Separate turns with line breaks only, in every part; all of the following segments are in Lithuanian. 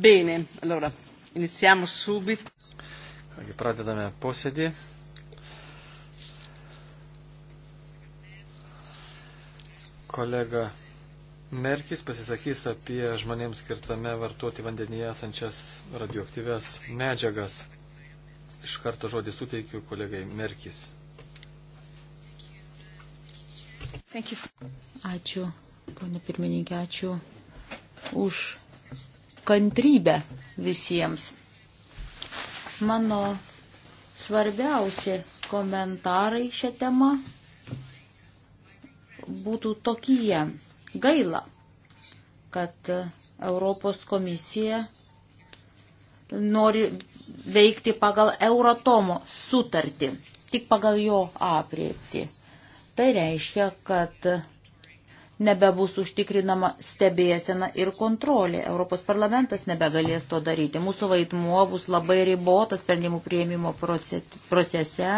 Bene, allora, iniziamo subito.
Kągi, pradedame posėdį. Kolega Merkis pasisakys apie žmonėms skirtame vartoti vandenyje esančias radioaktyves medžiagas. Iš karto žodį suteikiu kolegai Merkis.
Ačiū, ponė pirmininkė, ačiū už kantrybę visiems. Mano svarbiausi komentarai šią temą būtų tokie. Gaila, kad Europos komisija nori veikti pagal Euratomo sutartį, tik pagal jo apriepti. Tai reiškia, kad nebebus užtikrinama stebėsena ir kontrolė. Europos parlamentas nebegalės to daryti. Mūsų vaidmuo bus labai ribotas sprendimų prieimimo procese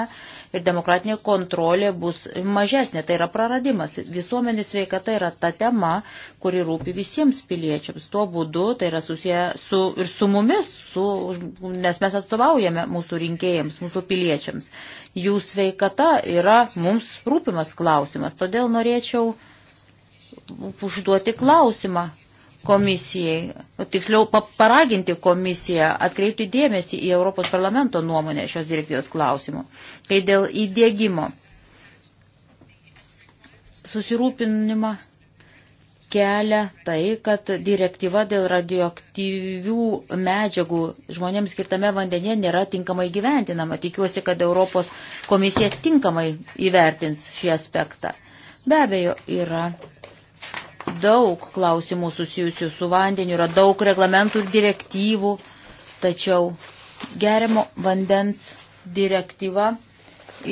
ir demokratinė kontrolė bus mažesnė. Tai yra praradimas. Visuomenės sveikata yra ta tema, kuri rūpi visiems piliečiams. Tuo būdu tai yra susiję su, ir su mumis, su, nes mes atstovaujame mūsų rinkėjams, mūsų piliečiams. Jų sveikata yra mums rūpimas klausimas. Todėl norėčiau užduoti klausimą komisijai, tiksliau paraginti komisiją atkreipti dėmesį į Europos parlamento nuomonę šios direktyvos klausimų. Kai dėl įdėgymo susirūpinimą kelia tai, kad direktyva dėl radioaktyvių medžiagų žmonėms skirtame vandenyje nėra tinkamai gyventinama. Tikiuosi, kad Europos komisija tinkamai įvertins šį aspektą. Be abejo, yra daug klausimų susijusių su vandeniu, yra daug reglamentų ir direktyvų, tačiau gerimo vandens direktyva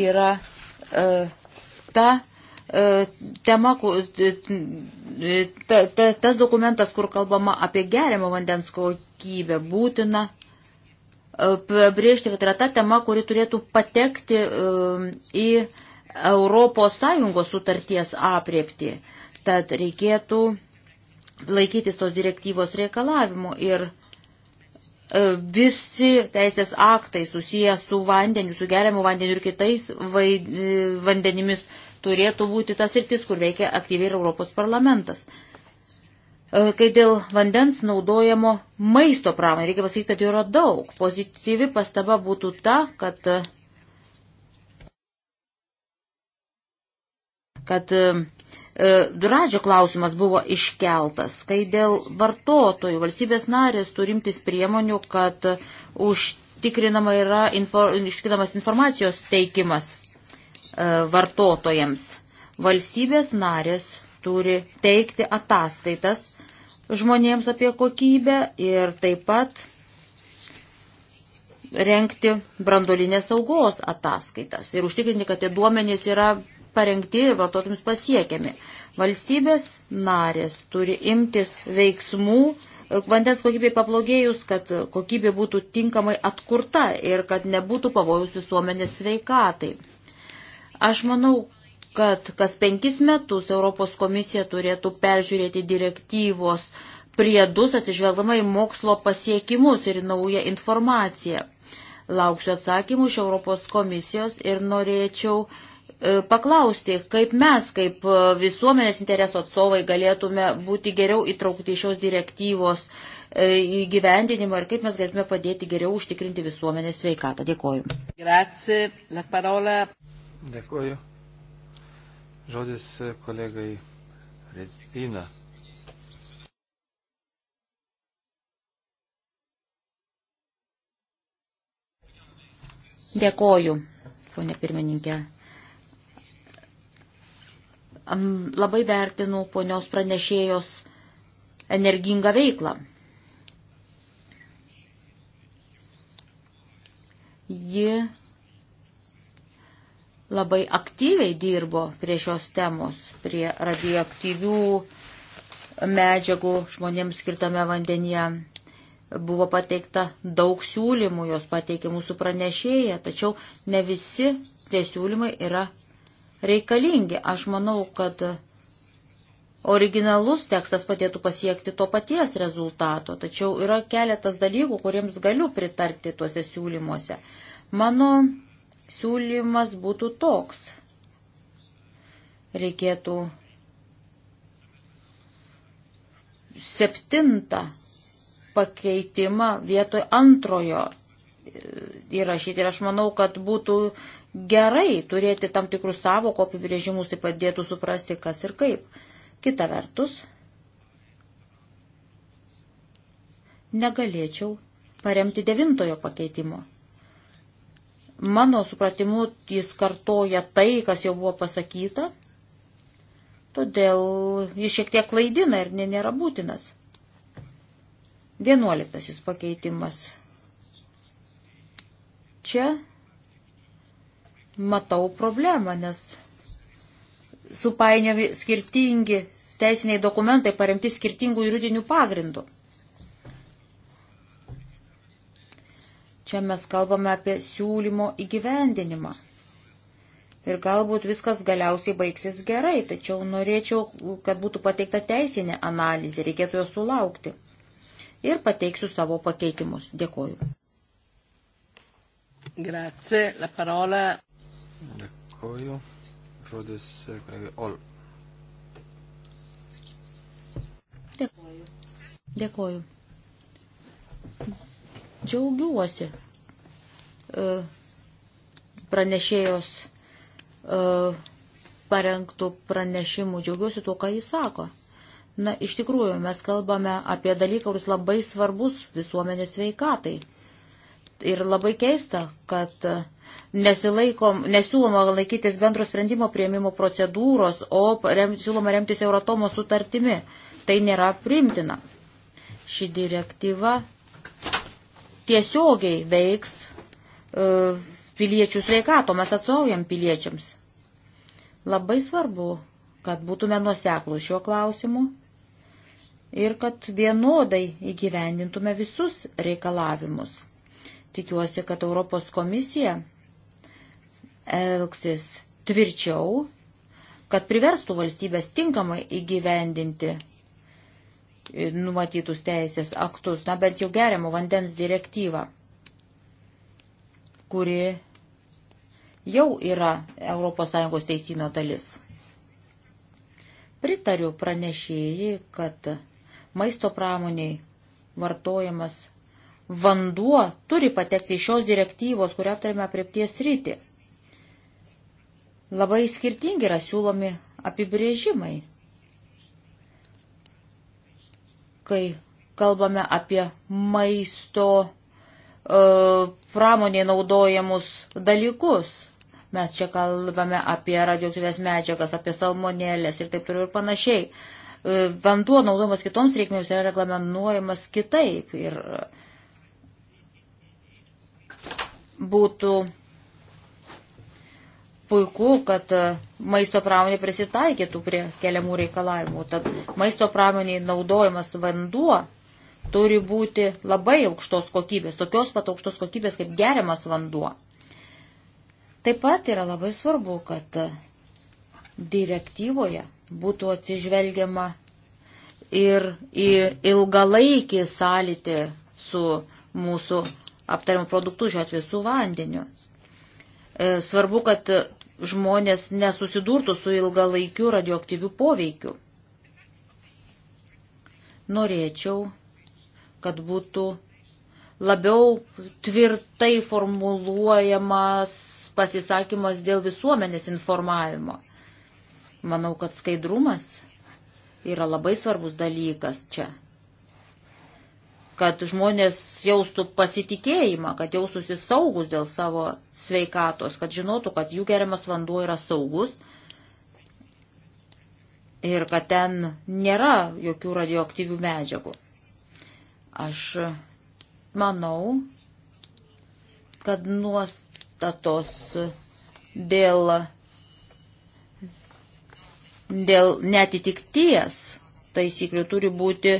yra e, ta e, tema, ta, ta, tas dokumentas, kur kalbama apie gerimo vandens kokybę, būtina e, brėžti, kad yra ta tema, kuri turėtų patekti e, į Europos Sąjungos sutarties apriepti. Tad reikėtų laikytis tos direktyvos reikalavimų ir e, visi teisės aktai susiję su vandeniu, su geriamu vandeniu ir kitais e, vandenimis turėtų būti tas irtis, kur veikia aktyviai ir Europos parlamentas. E, kai dėl vandens naudojamo maisto pramonė, reikia pasakyti, kad jo yra daug. Pozityvi pastaba būtų ta, kad, kad E, Radžio klausimas buvo iškeltas, kai dėl vartotojų valstybės narės turimtis priemonių, kad užtikrinama yra info, užtikrinamas informacijos teikimas e, vartotojams. Valstybės narės turi teikti ataskaitas žmonėms apie kokybę ir taip pat renkti brandolinės saugos ataskaitas ir užtikrinti, kad tie duomenys yra parengti ir vartotojams pasiekiami. Valstybės narės turi imtis veiksmų vandens kokybei pablogėjus, kad kokybė būtų tinkamai atkurta ir kad nebūtų pavojus visuomenės sveikatai. Aš manau, kad kas penkis metus Europos komisija turėtų peržiūrėti direktyvos priedus atsižvelgdama į mokslo pasiekimus ir naują informaciją. Lauksiu atsakymų iš Europos komisijos ir norėčiau E, paklausti, kaip mes, kaip e, visuomenės interesų atstovai, galėtume būti geriau įtraukti į šios direktyvos e, įgyvendinimą ir kaip mes galėtume padėti geriau užtikrinti visuomenės sveikatą. Dėkoju. Grazie, la parola. Dėkoju.
Žodis kolegai Rezina.
Dėkoju, ponė pirmininkė. Labai vertinu ponios pranešėjos energingą veiklą. Ji labai aktyviai dirbo prie šios temos, prie radioaktyvių medžiagų žmonėms skirtame vandenyje. Buvo pateikta daug siūlymų, jos pateikė mūsų pranešėja, tačiau ne visi tie siūlymai yra reikalingi. Aš manau, kad originalus tekstas padėtų pasiekti to paties rezultato, tačiau yra keletas dalykų, kuriems galiu pritarti tuose siūlymuose. Mano siūlymas būtų toks. Reikėtų septintą pakeitimą vietoj antrojo e, įrašyti. Ir aš manau, kad būtų gerai turėti tam tikrus savoko apibrėžimus, tai padėtų suprasti, kas ir kaip. Kita vertus, negalėčiau paremti devintojo pakeitimo. Mano supratimu, jis kartoja tai, kas jau buvo pasakyta, todėl jis šiek tiek klaidina ir nėra būtinas. Vienuoliktasis pakeitimas. Čia matau problemą, nes supainiami skirtingi teisiniai dokumentai paremti skirtingų juridinių pagrindų. Čia mes kalbame apie siūlymo įgyvendinimą. Ir galbūt viskas galiausiai baigsis gerai, tačiau norėčiau, kad būtų pateikta teisinė analizė, reikėtų jos sulaukti. Ir pateiksiu savo pakeitimus. Dėkoju. Grazie, la parola.
Dėkoju. Žodis e, kolegai Ol.
Dėkoju. Dėkoju. Džiaugiuosi e, pranešėjos e, parengtų pranešimų. Džiaugiuosi tuo, ką jis sako. Na, iš tikrųjų, mes kalbame apie dalyką, kuris labai svarbus visuomenės veikatai. Ir labai keista, kad e, nesilaikom, nesiūloma laikytis bendro sprendimo prieimimo procedūros, o rem, siūloma remtis Euratomo sutartimi. Tai nėra primtina. Ši direktyva tiesiogiai veiks e, piliečių sveikato, mes atstovaujam piliečiams. Labai svarbu, kad būtume nuoseklų šiuo klausimu ir kad vienodai įgyvendintume visus reikalavimus tikiuosi, kad Europos komisija elgsis tvirčiau, kad priverstų valstybės tinkamai įgyvendinti numatytus teisės aktus, na bent jau geriamo vandens direktyvą, kuri jau yra ES teisino dalis. Pritariu pranešėjai, kad maisto pramoniai vartojamas vanduo turi patekti iš šios direktyvos, kurią aptarėme apriepties rytį. Labai skirtingi yra siūlomi apibrėžimai, kai kalbame apie maisto e, pramonėje naudojamus dalykus. Mes čia kalbame apie radioaktyvės medžiagas, apie salmonėlės ir taip toliau ir panašiai. E, vanduo naudojamas kitoms reikmėms yra reglamentuojamas kitaip. Ir uh, būtų puiku, kad maisto pramonė prisitaikytų prie keliamų reikalavimų. Tad maisto pramoniai naudojamas vanduo turi būti labai aukštos kokybės, tokios pat aukštos kokybės kaip geriamas vanduo. Taip pat yra labai svarbu, kad direktyvoje būtų atsižvelgiama ir į ilgalaikį sąlytį su mūsų aptariamų produktų, šiuo atveju su vandeniu. E, svarbu, kad žmonės nesusidurtų su ilgalaikiu radioaktyviu poveikiu. Norėčiau, kad būtų labiau tvirtai formuluojamas pasisakymas dėl visuomenės informavimo. Manau, kad skaidrumas yra labai svarbus dalykas čia kad žmonės jaustų pasitikėjimą, kad jaustųsi saugus dėl savo sveikatos, kad žinotų, kad jų geriamas vanduo yra saugus ir kad ten nėra jokių radioaktyvių medžiagų. Aš manau, kad nuostatos dėl, dėl netitikties taisyklių turi būti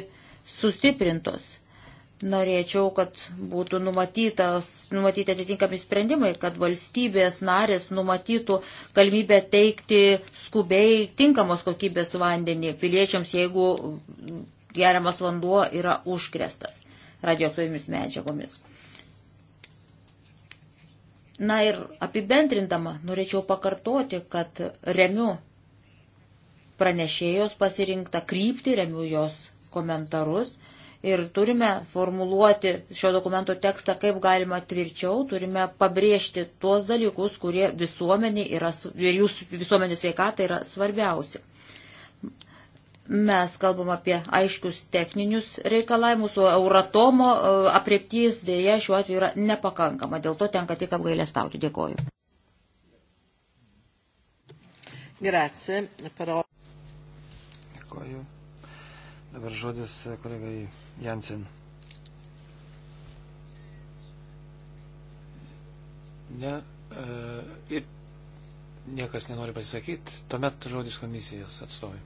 sustiprintos norėčiau, kad būtų numatyti atitinkami sprendimai, kad valstybės narės numatytų galimybę teikti skubiai tinkamos kokybės vandenį piliečiams, jeigu geriamas vanduo yra užkrestas radioaktyvimis medžiagomis. Na ir apibendrindama, norėčiau pakartoti, kad remiu pranešėjos pasirinktą kryptį, remiu jos komentarus ir turime formuluoti šio dokumento tekstą kaip galima tvirčiau, turime pabrėžti tuos dalykus, kurie visuomenė yra, jūsų visuomenės sveikata yra svarbiausi. Mes kalbam apie aiškius techninius reikalavimus, o Euratomo e, aprieptys dėja šiuo atveju yra nepakankama. Dėl to tenka tik apgailę stauti. Dėkoju. Grazie. Però...
Dėkoju. Dabar žodis e, kolegai Jansen. Ne, e, ir niekas nenori pasisakyti, tuomet žodis komisijos atstovai.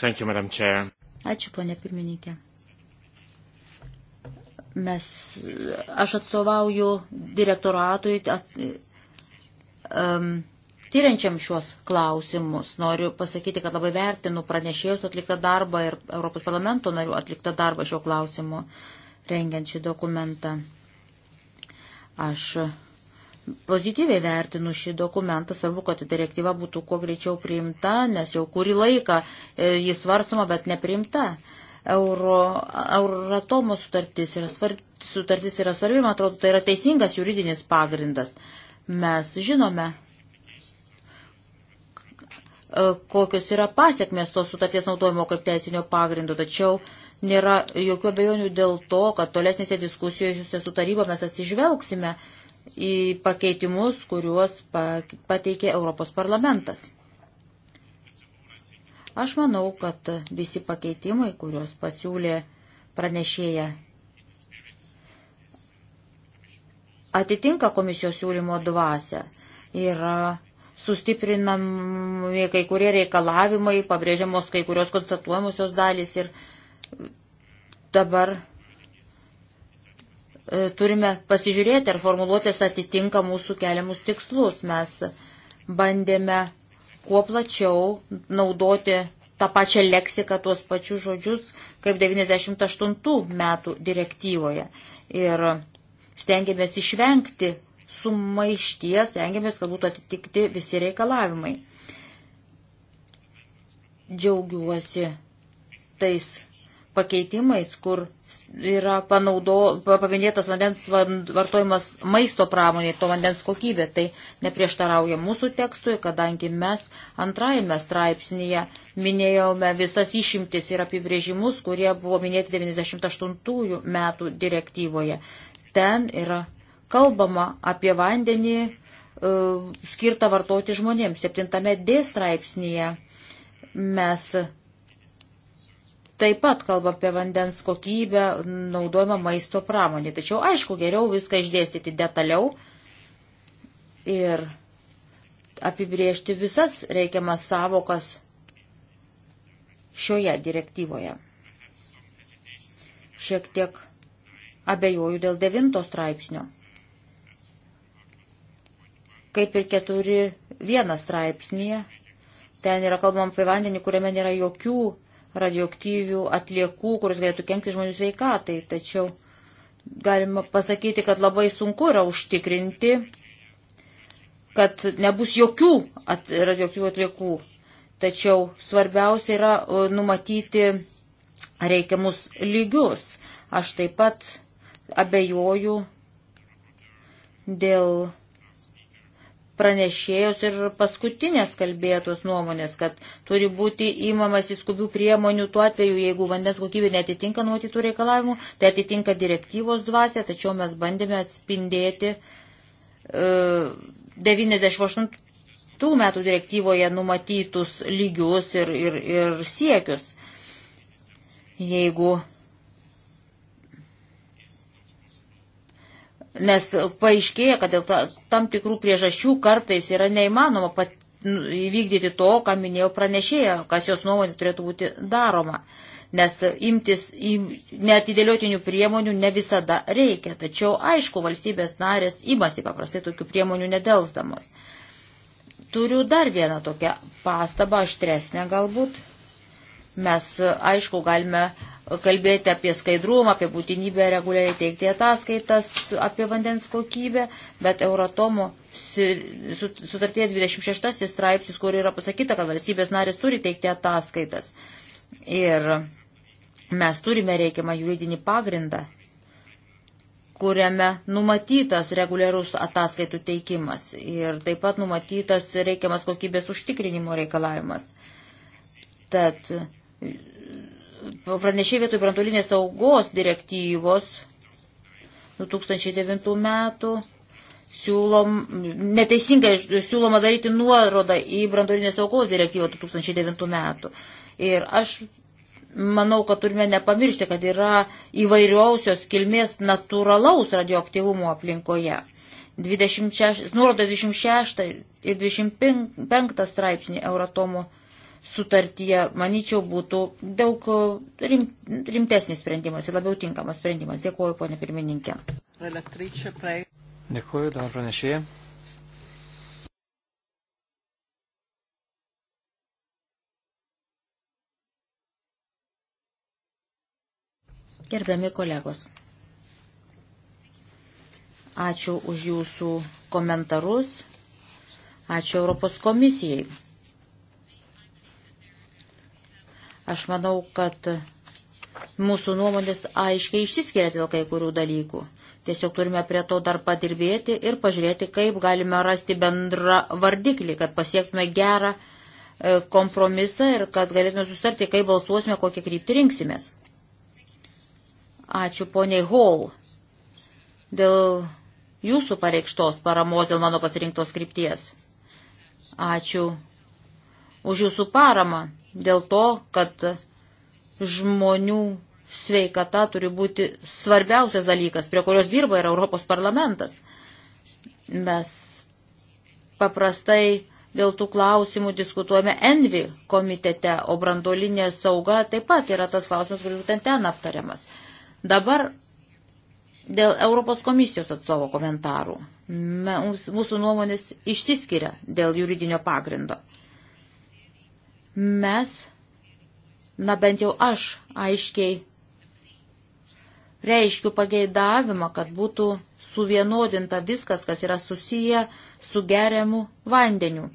Thank you, Madam Chair.
Ačiū, ponė pirmininkė. Mes, aš atstovauju direktoratui at, um, tyriančiam šios klausimus. Noriu pasakyti, kad labai vertinu pranešėjus atliktą darbą ir Europos parlamento narių atliktą darbą šio klausimu rengiant šį dokumentą. Aš pozityviai vertinu šį dokumentą, svarbu, kad direktyva būtų kuo greičiau priimta, nes jau kurį laiką e, jis svarstoma, bet nepriimta. Euro, Euratomo sutartis yra, svar, sutartis yra svarbi, man atrodo, tai yra teisingas juridinis pagrindas. Mes žinome, E, kokios yra pasiekmes tos sutarties naudojimo kaip teisinio pagrindo, tačiau nėra jokių abejonių dėl to, kad tolesnėse diskusijose su taryba mes atsižvelgsime į pakeitimus, kuriuos pateikė Europos parlamentas. Aš manau, kad visi pakeitimai, kuriuos pasiūlė pranešėja, atitinka komisijos siūlymo dvasę, yra sustiprinami kai kurie reikalavimai, pabrėžiamos kai kurios konstatuojamosios dalys ir dabar e, turime pasižiūrėti, ar formuluotės atitinka mūsų keliamus tikslus. Mes bandėme kuo plačiau naudoti tą pačią leksiką, tuos pačius žodžius, kaip 98 metų direktyvoje. Ir stengiamės išvengti sumaišties, rengiamės, kad būtų atitikti visi reikalavimai. Džiaugiuosi tais pakeitimais, kur yra panaudo, paminėtas vandens vartojimas maisto pramonėje, to vandens kokybė, tai neprieštarauja mūsų tekstui, kadangi mes antrajame straipsnėje minėjome visas išimtis ir apibrėžimus, kurie buvo minėti 98 metų direktyvoje. Ten yra kalbama apie vandenį e, skirtą vartoti žmonėms. Septintame D straipsnėje mes taip pat kalba apie vandens kokybę naudojimą maisto pramonį. Tačiau, aišku, geriau viską išdėstyti detaliau ir apibriežti visas reikiamas savokas šioje direktyvoje. Šiek tiek abejoju dėl devinto straipsnio kaip ir 4.1 straipsnėje. Ten yra kalbama apie vandenį, kuriame nėra jokių radioaktyvių atliekų, kuris galėtų kenkti žmonių sveikatai. Tačiau galima pasakyti, kad labai sunku yra užtikrinti, kad nebus jokių at radioaktyvių atliekų. Tačiau svarbiausia yra numatyti reikiamus lygius. Aš taip pat abejoju dėl pranešėjos ir paskutinės kalbėtos nuomonės, kad turi būti įmamas įskubių priemonių tuo atveju, jeigu vandens kokybė netitinka nuotytų reikalavimų, tai atitinka direktyvos dvasia, tačiau mes bandėme atspindėti e, 98 metų direktyvoje numatytus lygius ir, ir, ir siekius. Jeigu nes paaiškėja, kad dėl ta, tam tikrų priežasčių kartais yra neįmanoma pat, nu, įvykdyti to, ką minėjo pranešėja, kas jos nuomonė turėtų būti daroma. Nes imtis neatidėliotinių priemonių ne visada reikia, tačiau aišku, valstybės narės imasi paprastai tokių priemonių nedelsdamos. Turiu dar vieną tokią pastabą, aštresnę galbūt. Mes, aišku, galime uh, kalbėti apie skaidrumą, apie būtinybę reguliariai teikti ataskaitas apie vandens kokybę, bet Euratomo sutartie 26 straipsnis, kur yra pasakyta, kad valstybės narės turi teikti ataskaitas. Ir mes turime reikiamą juridinį pagrindą, kuriame numatytas reguliarus ataskaitų teikimas ir taip pat numatytas reikiamas kokybės užtikrinimo reikalavimas. Tad pranešiai vietoj branduolinės saugos direktyvos 2009 metų siūlom, neteisingai siūloma daryti nuorodą į branduolinės saugos direktyvą 2009 metų. Ir aš manau, kad turime nepamiršti, kad yra įvairiausios kilmės natūralaus radioaktyvumo aplinkoje. 26, nuorodo 26 ir 25 straipsnį Euratomo sutartyje, manyčiau, būtų daug e, rim, rimtesnis sprendimas ir labiau tinkamas sprendimas. Dėkuoju, ponė pirmininkė.
Dėkuoju, dar pranešėjai.
Gerbiami kolegos, ačiū už jūsų komentarus, ačiū Europos komisijai Aš manau, kad mūsų nuomonės aiškiai išsiskiria dėl kai kurių dalykų. Tiesiog turime prie to dar padirbėti ir pažiūrėti, kaip galime rasti bendrą vardiklį, kad pasiektume gerą e, kompromisą ir kad galėtume sustarti, kaip balsuosime, kokią kryptį rinksimės. Ačiū poniai Hall dėl jūsų pareikštos paramos dėl mano pasirinktos krypties. Ačiū už jūsų paramą dėl to, kad žmonių sveikata turi būti svarbiausias dalykas, prie kurios dirba ir Europos parlamentas. Mes paprastai dėl tų klausimų diskutuojame Envi komitete, o brandolinė sauga taip pat yra tas klausimas, kuris būtent ten aptariamas. Dabar dėl Europos komisijos atstovo komentarų. Mums, mūsų nuomonės išsiskiria dėl juridinio pagrindo mes, na bent jau aš aiškiai reiškiu pageidavimą, kad būtų suvienodinta viskas, kas yra susiję su geriamu vandeniu.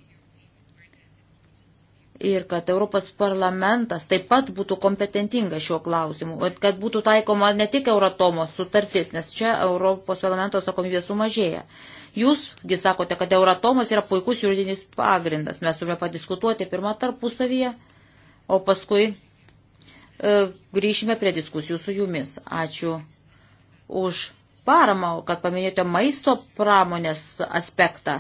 Ir kad Europos parlamentas taip pat būtų kompetentingas šiuo klausimu, kad būtų taikoma ne tik Euratomo sutartis, nes čia Europos parlamento atsakomybė sumažėja. Jūsgi sakote, kad Euratomas yra puikus juridinis pagrindas. Mes turime padiskutuoti pirmą tarpusavyje, o paskui e, grįšime prie diskusijų su jumis. Ačiū už paramą, kad paminėjote maisto pramonės aspektą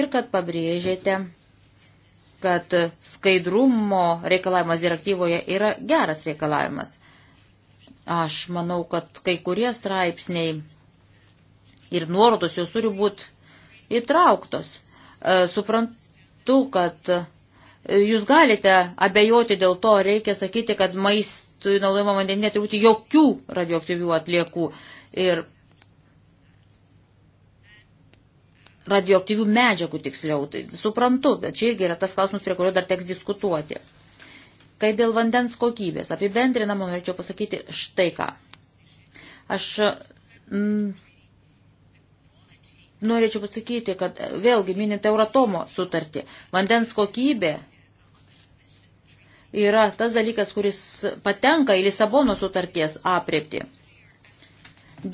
ir kad pabrėžėte kad skaidrumo reikalavimas direktyvoje yra geras reikalavimas. Aš manau, kad kai kurie straipsniai ir nuorodos jos turi būti įtrauktos. E, suprantu, kad e, jūs galite abejoti dėl to, reikia sakyti, kad maistui naudojama vandeninė turi būti jokių radioaktyvių atliekų ir radioaktyvių medžiagų tiksliau. Tai suprantu, bet čia irgi yra tas klausimas, prie kurio dar teks diskutuoti. Kai dėl vandens kokybės apibendrinama, norėčiau pasakyti štai ką. Aš mm, Norėčiau pasakyti, kad e, vėlgi minint Euratomo sutartį, vandens kokybė yra tas dalykas, kuris patenka į Lisabono sutarties apriepti.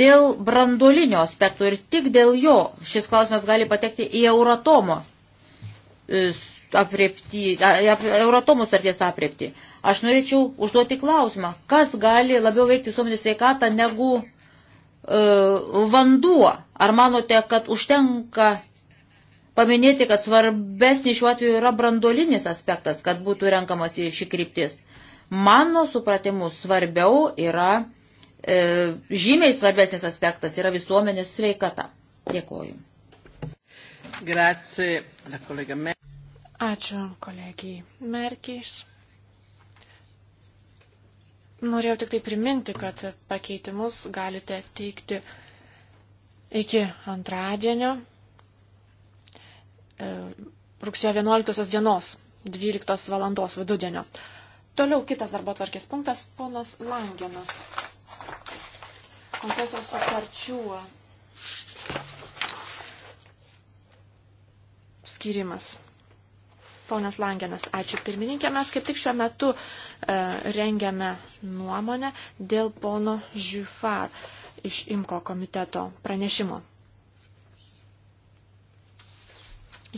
Dėl brandolinio aspektų ir tik dėl jo šis klausimas gali patekti į Euratomo e, apriepti, Euratomų sutarties apriepti. Aš norėčiau užduoti klausimą, kas gali labiau veikti suomenės sveikatą negu E, vanduo. Ar manote, kad užtenka paminėti, kad svarbesnis šiuo atveju yra brandolinis aspektas, kad būtų renkamas į šį kryptis? Mano supratimu svarbiau yra, e, žymiai svarbesnis aspektas yra visuomenės sveikata. Dėkuoju. Grazie, la kolega Merkis. Ačiū kolegijai
Merkis. Norėjau tik tai priminti, kad pakeitimus galite teikti iki antradienio, e, rugsėjo 11 dienos, 12 valandos vidudienio. Toliau kitas darbo tvarkės punktas, ponas Langenas. Koncesijos sutarčių skirimas. Ponas Langenas, ačiū pirmininkė. Mes kaip tik šiuo metu e, rengiame nuomonę dėl pono Žiufar iš Imko komiteto pranešimo.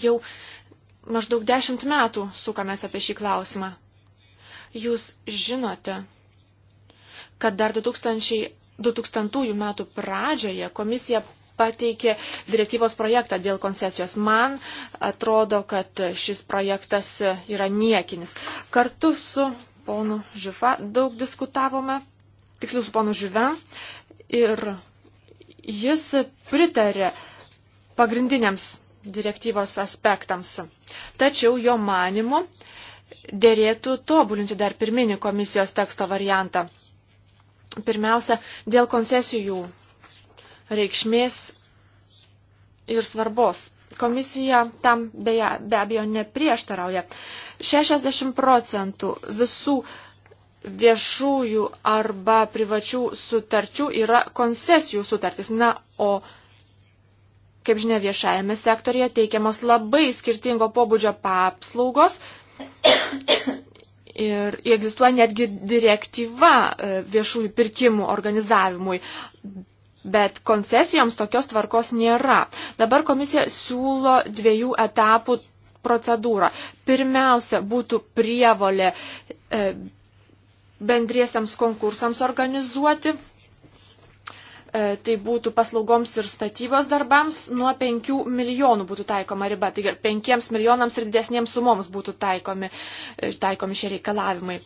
Jau maždaug dešimt metų sukamės apie šį klausimą. Jūs žinote, kad dar 2000, 2000 metų pradžioje komisija pateikė direktyvos projektą dėl koncesijos. Man atrodo, kad šis projektas yra niekinis. Kartu su ponu Žifa daug diskutavome, tiksliau su ponu Žive, ir jis pritarė pagrindiniams direktyvos aspektams. Tačiau jo manimu dėrėtų tobulinti dar pirminį komisijos teksto variantą. Pirmiausia, dėl koncesijų reikšmės ir svarbos. Komisija tam beje, be abejo neprieštarauja. 60 procentų visų viešųjų arba privačių sutarčių yra koncesijų sutartis. Na, o Kaip žinia, viešajame sektorija teikiamos labai skirtingo pobūdžio paslaugos ir egzistuoja netgi direktyva e, viešųjų pirkimų organizavimui. Bet koncesijoms tokios tvarkos nėra. Dabar komisija siūlo dviejų etapų procedūrą. Pirmiausia, būtų prievolė e, bendriesiams konkursams organizuoti. E, tai būtų paslaugoms ir statybos darbams nuo 5 milijonų būtų taikoma riba. Taigi 5 milijonams ir didesniems sumoms būtų taikomi, e, taikomi šie reikalavimai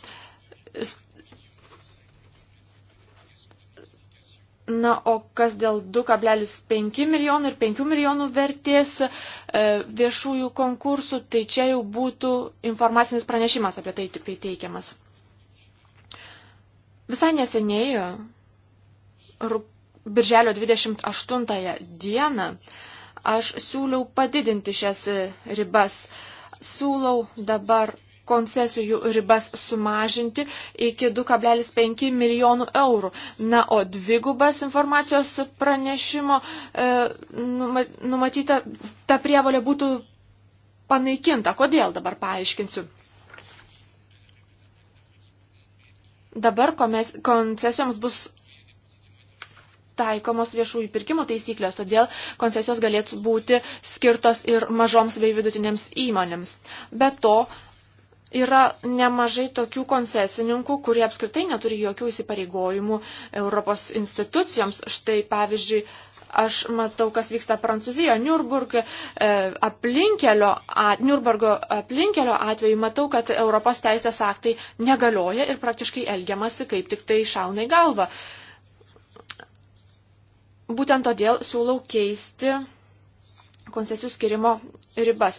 Na, o kas dėl 2,5 milijonų ir 5 milijonų vertės e, viešųjų konkursų, tai čia jau būtų informacinis pranešimas apie tai tik tai teikiamas. Visai neseniai, birželio 28 dieną, aš siūliau padidinti šias ribas. Siūlau dabar koncesijų ribas sumažinti iki 2,5 milijonų eurų. Na, o dvigubas informacijos pranešimo e, numatyta, ta prievalė būtų panaikinta. Kodėl dabar paaiškinsiu? Dabar koncesijoms bus taikomos viešųjų pirkimų taisyklės, todėl koncesijos galėtų būti skirtos ir mažoms bei vidutinėms įmonėms. Be to, yra nemažai tokių koncesininkų, kurie apskritai neturi jokių įsipareigojimų Europos institucijoms. Štai pavyzdžiui, aš matau, kas vyksta Prancūzijoje, Nürburg, e, aplinkelio, Nürburgo aplinkelio atveju, matau, kad Europos teisės aktai negalioja ir praktiškai elgiamasi, kaip tik tai šauna į galvą. Būtent todėl siūlau keisti koncesijų skirimo ribas.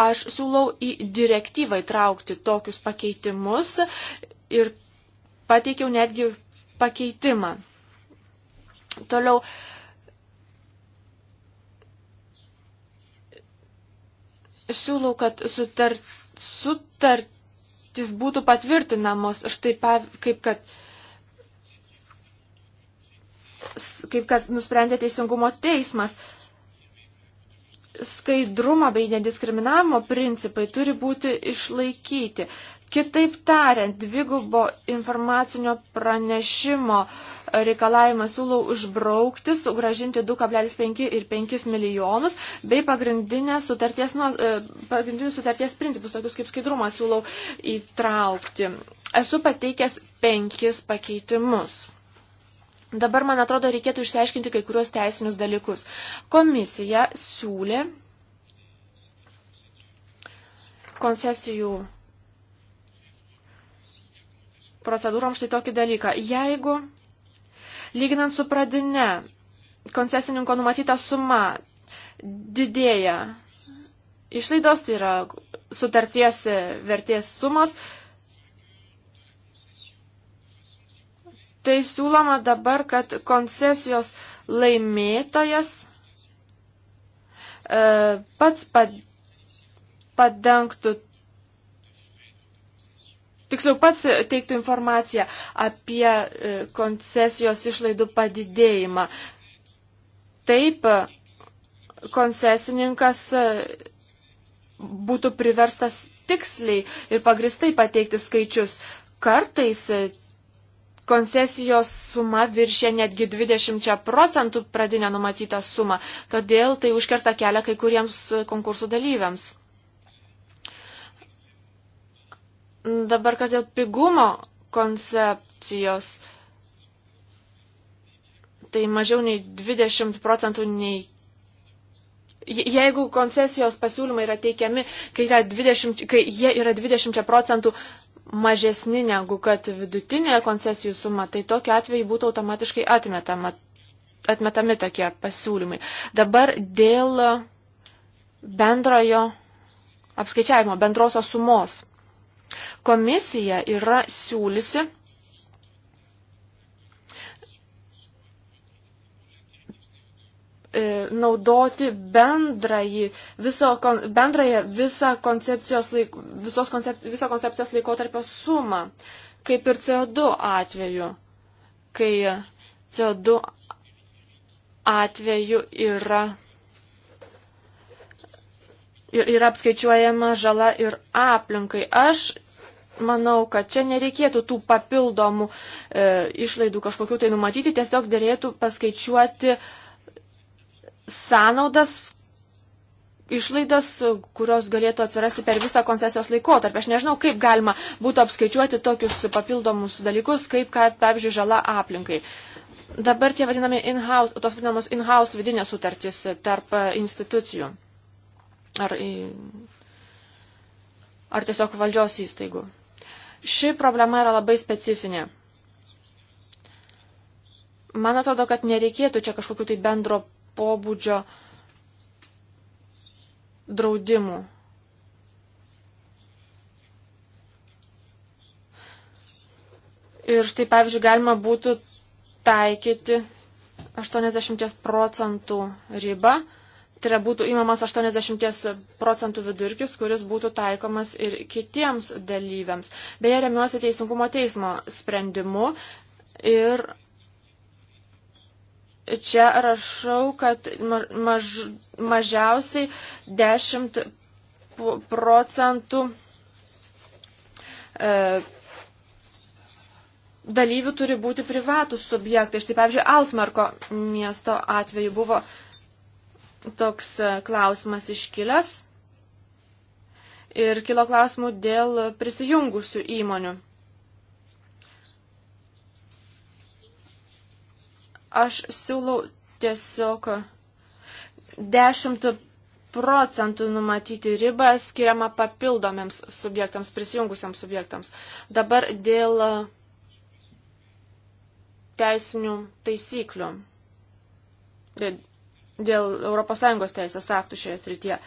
Aš siūlau į direktyvą įtraukti tokius pakeitimus ir pateikiau netgi pakeitimą. Toliau. Siūlau, kad sutart, sutartis būtų patvirtinamos, štai kaip kad kaip kad nusprendė teisingumo teismas skaidrumo bei nediskriminavimo principai turi būti išlaikyti. Kitaip tariant, dvigubo informacinio pranešimo reikalavimą siūlau užbraukti, sugražinti 2,5 ir 5 milijonus, bei pagrindinės sutarties, nu, pagrindinius sutarties principus, tokius kaip skaidrumą, siūlau įtraukti. Esu pateikęs penkis pakeitimus. Dabar, man atrodo, reikėtų išsiaiškinti kai kurios teisinius dalykus. Komisija siūlė koncesijų procedūrom štai tokį dalyką. Jeigu, lyginant su pradinė, koncesininko numatyta suma didėja išlaidos, tai yra sutarties vertės sumos, tai siūloma dabar, kad koncesijos laimėtojas e, pats padengtų, tiksliau pats teiktų informaciją apie e, koncesijos išlaidų padidėjimą. Taip, koncesininkas e, būtų priverstas tiksliai ir pagristai pateikti skaičius. Kartais e, koncesijos suma viršė netgi 20 procentų pradinę numatytą sumą, todėl tai užkerta kelią kai kuriems konkursų dalyviams. Dabar kas dėl pigumo koncepcijos, tai mažiau nei 20 procentų nei. Jeigu koncesijos pasiūlymai yra teikiami, kai, yra 20, kai jie yra 20 procentų mažesni negu kad vidutinė koncesijų suma, tai tokiu atveju būtų automatiškai atmetama, atmetami tokie pasiūlymai. Dabar dėl bendrojo apskaičiavimo, bendrosios sumos. Komisija yra siūlysi E, naudoti bendrąjį, viso, bendrąją visą koncepcijos, laik, visos koncep, viso koncepcijos laikotarpio sumą, kaip ir CO2 atveju, kai CO2 atveju yra, yra apskaičiuojama žala ir aplinkai. Aš manau, kad čia nereikėtų tų papildomų e, išlaidų kažkokių tai numatyti, tiesiog dėlėtų paskaičiuoti sąnaudas, išlaidas, kurios galėtų atsirasti per visą koncesijos laikotarpį. Aš nežinau, kaip galima būtų apskaičiuoti tokius papildomus dalykus, kaip, kad, pavyzdžiui, žala aplinkai. Dabar tie vadinami in-house, tos vadinamos in-house vidinės sutartys tarp institucijų ar, ar tiesiog valdžios įstaigų. Ši problema yra labai specifinė. Man atrodo, kad nereikėtų čia kažkokiu tai bendro pobūdžio draudimų. Ir štai, pavyzdžiui, galima būtų taikyti 80 procentų ribą, tai yra būtų įmamas 80 procentų vidurkis, kuris būtų taikomas ir kitiems dalyviams. Beje, remiuosi Teisingumo teismo sprendimu ir čia rašau, kad maž, mažiausiai 10 procentų e, dalyvių turi būti privatus subjektai. Štai pavyzdžiui, Alsmarko miesto atveju buvo toks e, klausimas iškilęs ir kilo klausimų dėl prisijungusių įmonių. Aš siūlau tiesiog 10 procentų numatyti ribą skiriamą papildomiems subjektams, prisijungusiams subjektams. Dabar dėl teisinių taisyklių, dėl ES teisės aktų šioje srityje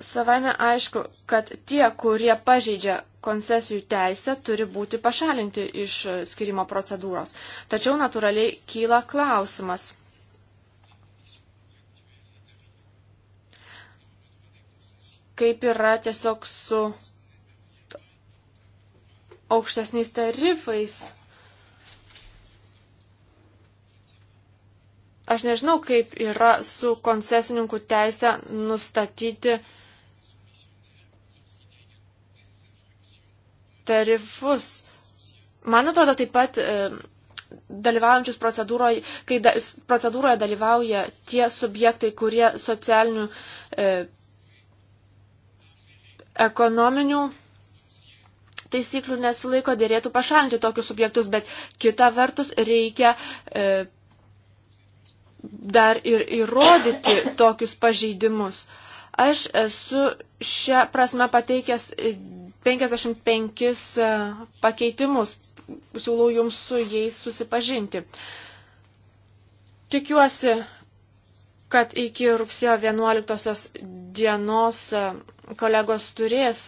savame aišku, kad tie, kurie pažeidžia koncesijų teisę, turi būti pašalinti iš skirimo procedūros. Tačiau natūraliai kyla klausimas. Kaip yra tiesiog su aukštesniais tarifais? Aš nežinau, kaip yra su koncesininku teisė nustatyti uh, tarifus. Man atrodo taip pat e, dalyvaujančius procedūroje, kai da, procedūroje dalyvauja tie subjektai, kurie socialinių, e, ekonominių taisyklių nesilaiko, dėrėtų pašalinti tokius subjektus, bet kita vertus reikia e, dar ir įrodyti tokius pažeidimus. Aš esu šią prasme pateikęs 55 e, pakeitimus. Siūlau jums su jais susipažinti. Tikiuosi, kad iki rugsėjo 11 dienos e, kolegos turės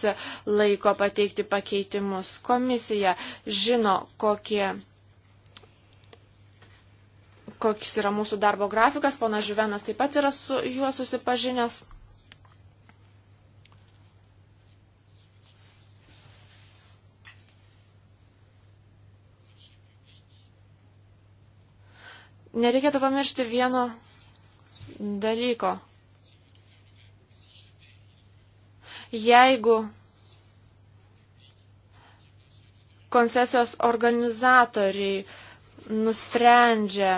laiko pateikti pakeitimus. Komisija žino, kokie, koks yra mūsų darbo grafikas. Pana Živenas taip pat yra su juo susipažinęs. Nereikėtų pamiršti vieno dalyko. Jeigu koncesijos organizatoriai nusprendžia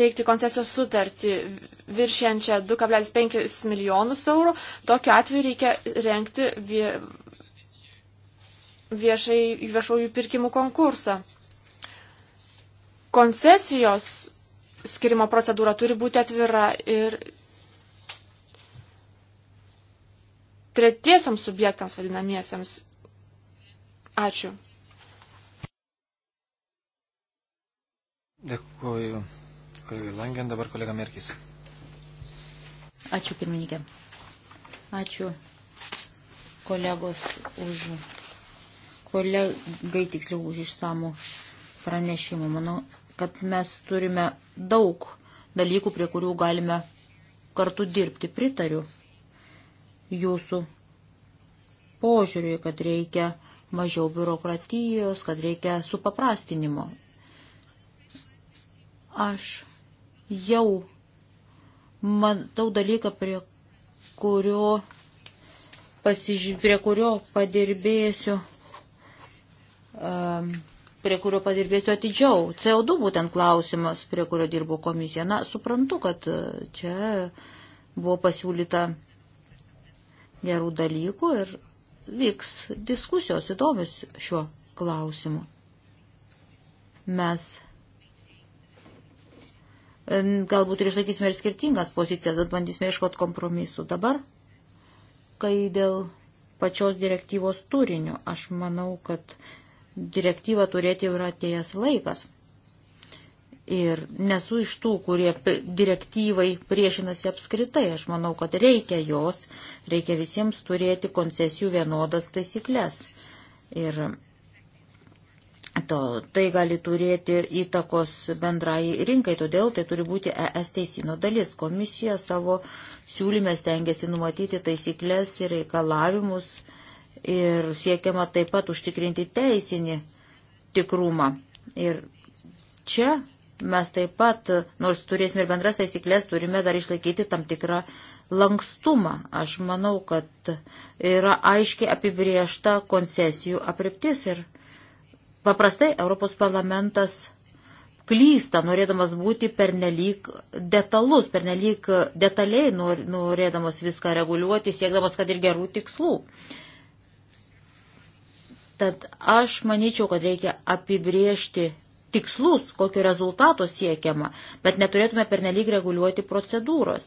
teikti koncesijos sutartį viršiančią 2,5 milijonus eurų, tokiu atveju reikia renkti vie, viešai, viešųjų pirkimų konkursą. Koncesijos skirimo procedūra turi būti atvira ir tretiesiams subjektams vadinamiesiems. Ačiū.
Dėkuoju kolegai Langen, dabar kolega Merkis.
Ačiū pirmininkė. Ačiū kolegos už kolegai tiksliau už išsamų pranešimų. Manau, kad mes turime daug dalykų, prie kurių galime kartu dirbti. Pritariu jūsų požiūriui, kad reikia mažiau biurokratijos, kad reikia supaprastinimo. Aš jau matau dalyką, prie kurio, pasiž... prie kurio padirbėsiu. Um, prie kurio padirbėsiu atidžiau. CO2 būtent klausimas, prie kurio dirbo komisija. Na, suprantu, kad e, čia buvo pasiūlyta gerų dalykų ir vyks diskusijos įdomius šiuo klausimu. Mes e, galbūt ir išlaikysime ir skirtingas pozicijas, bet bandysime iškoti kompromisų. Dabar, kai dėl pačios direktyvos turinio, aš manau, kad direktyvą turėti yra atėjęs laikas. Ir nesu iš tų, kurie direktyvai priešinasi apskritai. Aš manau, kad reikia jos, reikia visiems turėti koncesijų vienodas taisyklės. Ir to, tai gali turėti įtakos bendrai rinkai, todėl tai turi būti ES teisino dalis. Komisija savo siūlymę stengiasi numatyti taisyklės ir reikalavimus ir siekiama taip pat užtikrinti teisinį tikrumą. Ir čia mes taip pat, nors turėsime ir bendras taisyklės, turime dar išlaikyti tam tikrą lankstumą. Aš manau, kad yra aiškiai apibriešta koncesijų apriptis ir paprastai Europos parlamentas klysta, norėdamas būti pernelyg detalus, pernelyg detaliai norėdamas viską reguliuoti, siekdamas, kad ir gerų tikslų. Uh, Tad aš manyčiau, kad reikia apibriežti tikslus, kokio rezultato siekiama, bet neturėtume pernelyg reguliuoti procedūros.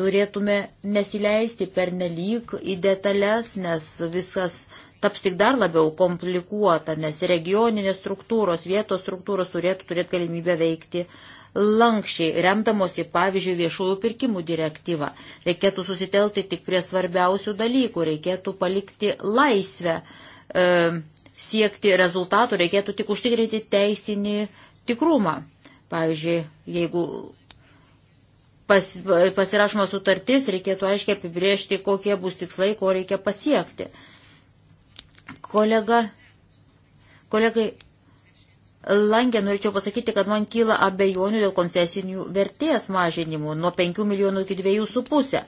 Turėtume nesileisti pernelyg į detalės, nes viskas taps tik dar labiau komplikuota, nes regioninės struktūros, vietos struktūros turėtų turėti galimybę veikti lankščiai, remdamosi, pavyzdžiui, viešųjų pirkimų direktyvą. Reikėtų susitelti tik prie svarbiausių dalykų, reikėtų palikti laisvę E, siekti rezultatų, reikėtų tik užtikrinti teisinį tikrumą. Pavyzdžiui, jeigu pas, pasirašoma sutartis, reikėtų aiškiai apibriežti, kokie bus tikslai, ko reikia pasiekti. Kolega, kolegai Langė, norėčiau pasakyti, kad man kyla abejonių dėl koncesinių vertės mažinimų nuo 5 milijonų iki 2,5.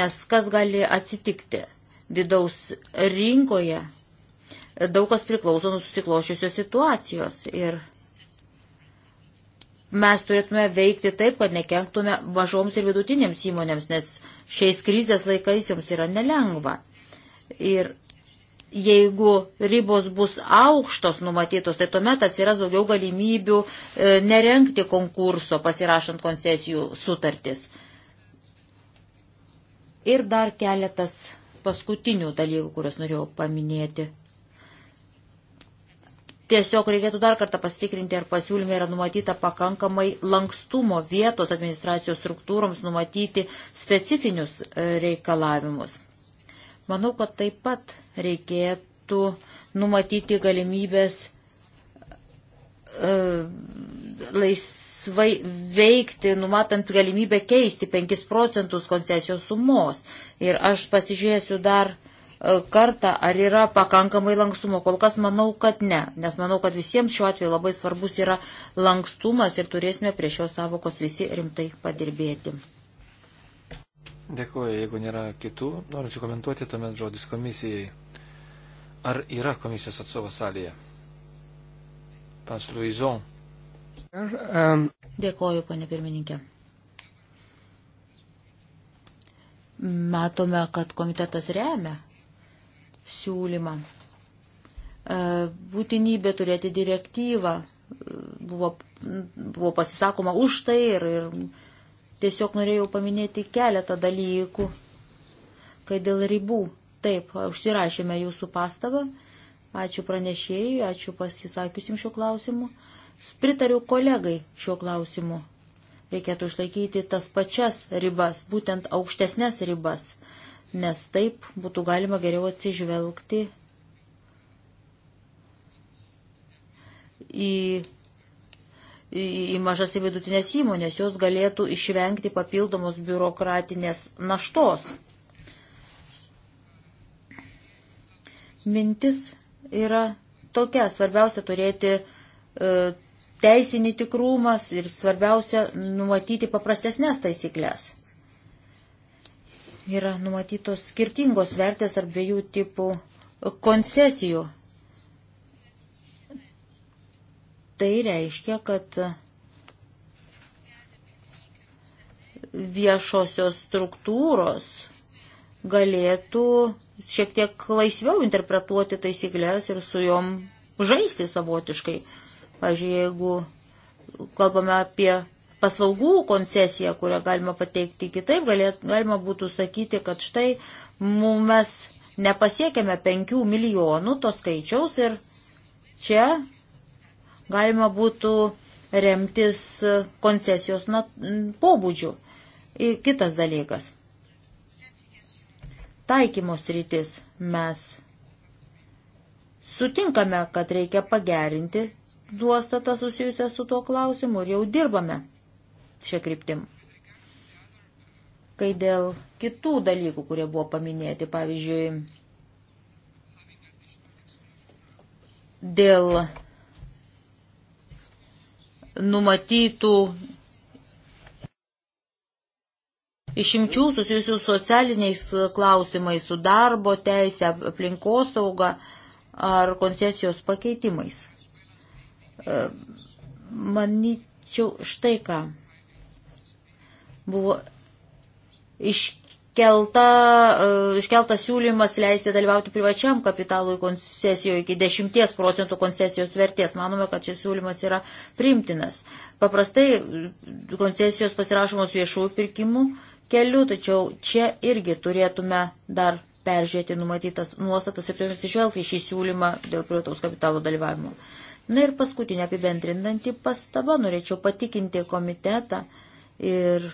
Nes kas gali atsitikti? vidaus rinkoje daug kas priklauso nuo susiklošiusios situacijos. Ir mes turėtume veikti taip, kad nekenktume mažoms ir vidutinėms įmonėms, nes šiais krizės laikais joms yra nelengva. Ir jeigu ribos bus aukštos numatytos, tai tuomet atsiras daugiau galimybių e, nerenkti konkurso pasirašant koncesijų sutartis. Ir dar keletas paskutinių dalykų, kuriuos norėjau paminėti. Tiesiog reikėtų dar kartą pasitikrinti, ar pasiūlyme yra numatyta pakankamai lankstumo vietos administracijos struktūroms numatyti specifinius e, reikalavimus. Manau, kad taip pat reikėtų numatyti galimybės e, lais, laisvai veikti, numatant galimybę keisti 5 procentus koncesijos sumos. Ir aš pasižiūrėsiu dar e, kartą, ar yra pakankamai lankstumo. Kol kas manau, kad ne, nes manau, kad visiems šiuo atveju labai svarbus yra lankstumas ir turėsime prie šios savokos visi rimtai padirbėti.
Dėkuoju, jeigu nėra kitų, norinčių komentuoti, tuomet žodis komisijai. Ar yra komisijos atstovas salėje? Pas Luizon.
Um, Dėkoju, ponė pirmininkė. Matome, kad komitetas remia siūlymą. E, būtinybė turėti direktyvą e, buvo, buvo pasisakoma už tai ir, ir tiesiog norėjau paminėti keletą dalykų, kai dėl ribų. Taip, užsirašėme jūsų pastabą. Ačiū pranešėjui, ačiū pasisakiusim šiuo klausimu. Pritariu kolegai šiuo klausimu. Reikėtų išlaikyti tas pačias ribas, būtent aukštesnės ribas, nes taip būtų galima geriau atsižvelgti į, į, į mažas ir vidutinės įmonės, jos galėtų išvengti papildomos biurokratinės naštos. Mintis yra tokia, svarbiausia turėti e, teisinį tikrumas ir svarbiausia numatyti paprastesnės taisyklės. Yra numatytos skirtingos vertės tarp dviejų tipų koncesijų. Tai reiškia, kad viešosios struktūros galėtų šiek tiek laisviau interpretuoti taisyklės ir su jom žaisti savotiškai. Pavyzdžiui, jeigu kalbame apie paslaugų koncesiją, kurią galima pateikti kitaip, galėt, galima būtų sakyti, kad štai mes nepasiekėme 5 milijonų to skaičiaus ir čia galima būtų remtis koncesijos na, pobūdžių. Ir kitas dalykas. Taikymos rytis mes sutinkame, kad reikia pagerinti nuostatą susijusią su tuo klausimu ir jau dirbame šią kryptim. Kai dėl kitų dalykų, kurie buvo paminėti, pavyzdžiui, dėl numatytų išimčių susijusių socialiniais klausimais, su darbo teisė, aplinkosauga ar koncesijos pakeitimais. E, manyčiau štai ką. Buvo iškelta, e, iškeltas siūlymas leisti dalyvauti privačiam kapitalui koncesijoje iki 10 procentų koncesijos vertės. Manome, kad šis siūlymas yra primtinas. Paprastai koncesijos pasirašomos viešųjų pirkimų keliu, tačiau čia irgi turėtume dar peržiūrėti numatytas nuostatas ir turime atsižvelgti šį siūlymą dėl privataus kapitalo dalyvavimo. Na ir paskutinė apibendrinanti pastaba, norėčiau patikinti komitetą ir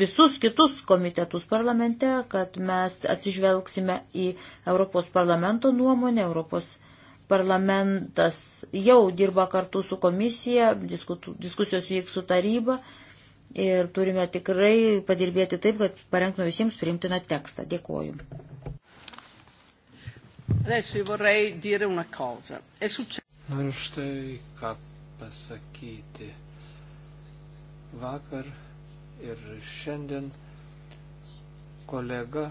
visus kitus komitetus parlamente, kad mes atsižvelgsime į Europos parlamento nuomonę. Europos parlamentas jau dirba kartu su komisija, diskusijos vyks su taryba ir turime tikrai padirbėti taip, kad parengtume visiems priimtiną tekstą. Dėkoju.
Adesso io vorrei dire una cosa. È successo.
Noriu štai
ką pasakyti. Vakar ir šiandien kolega,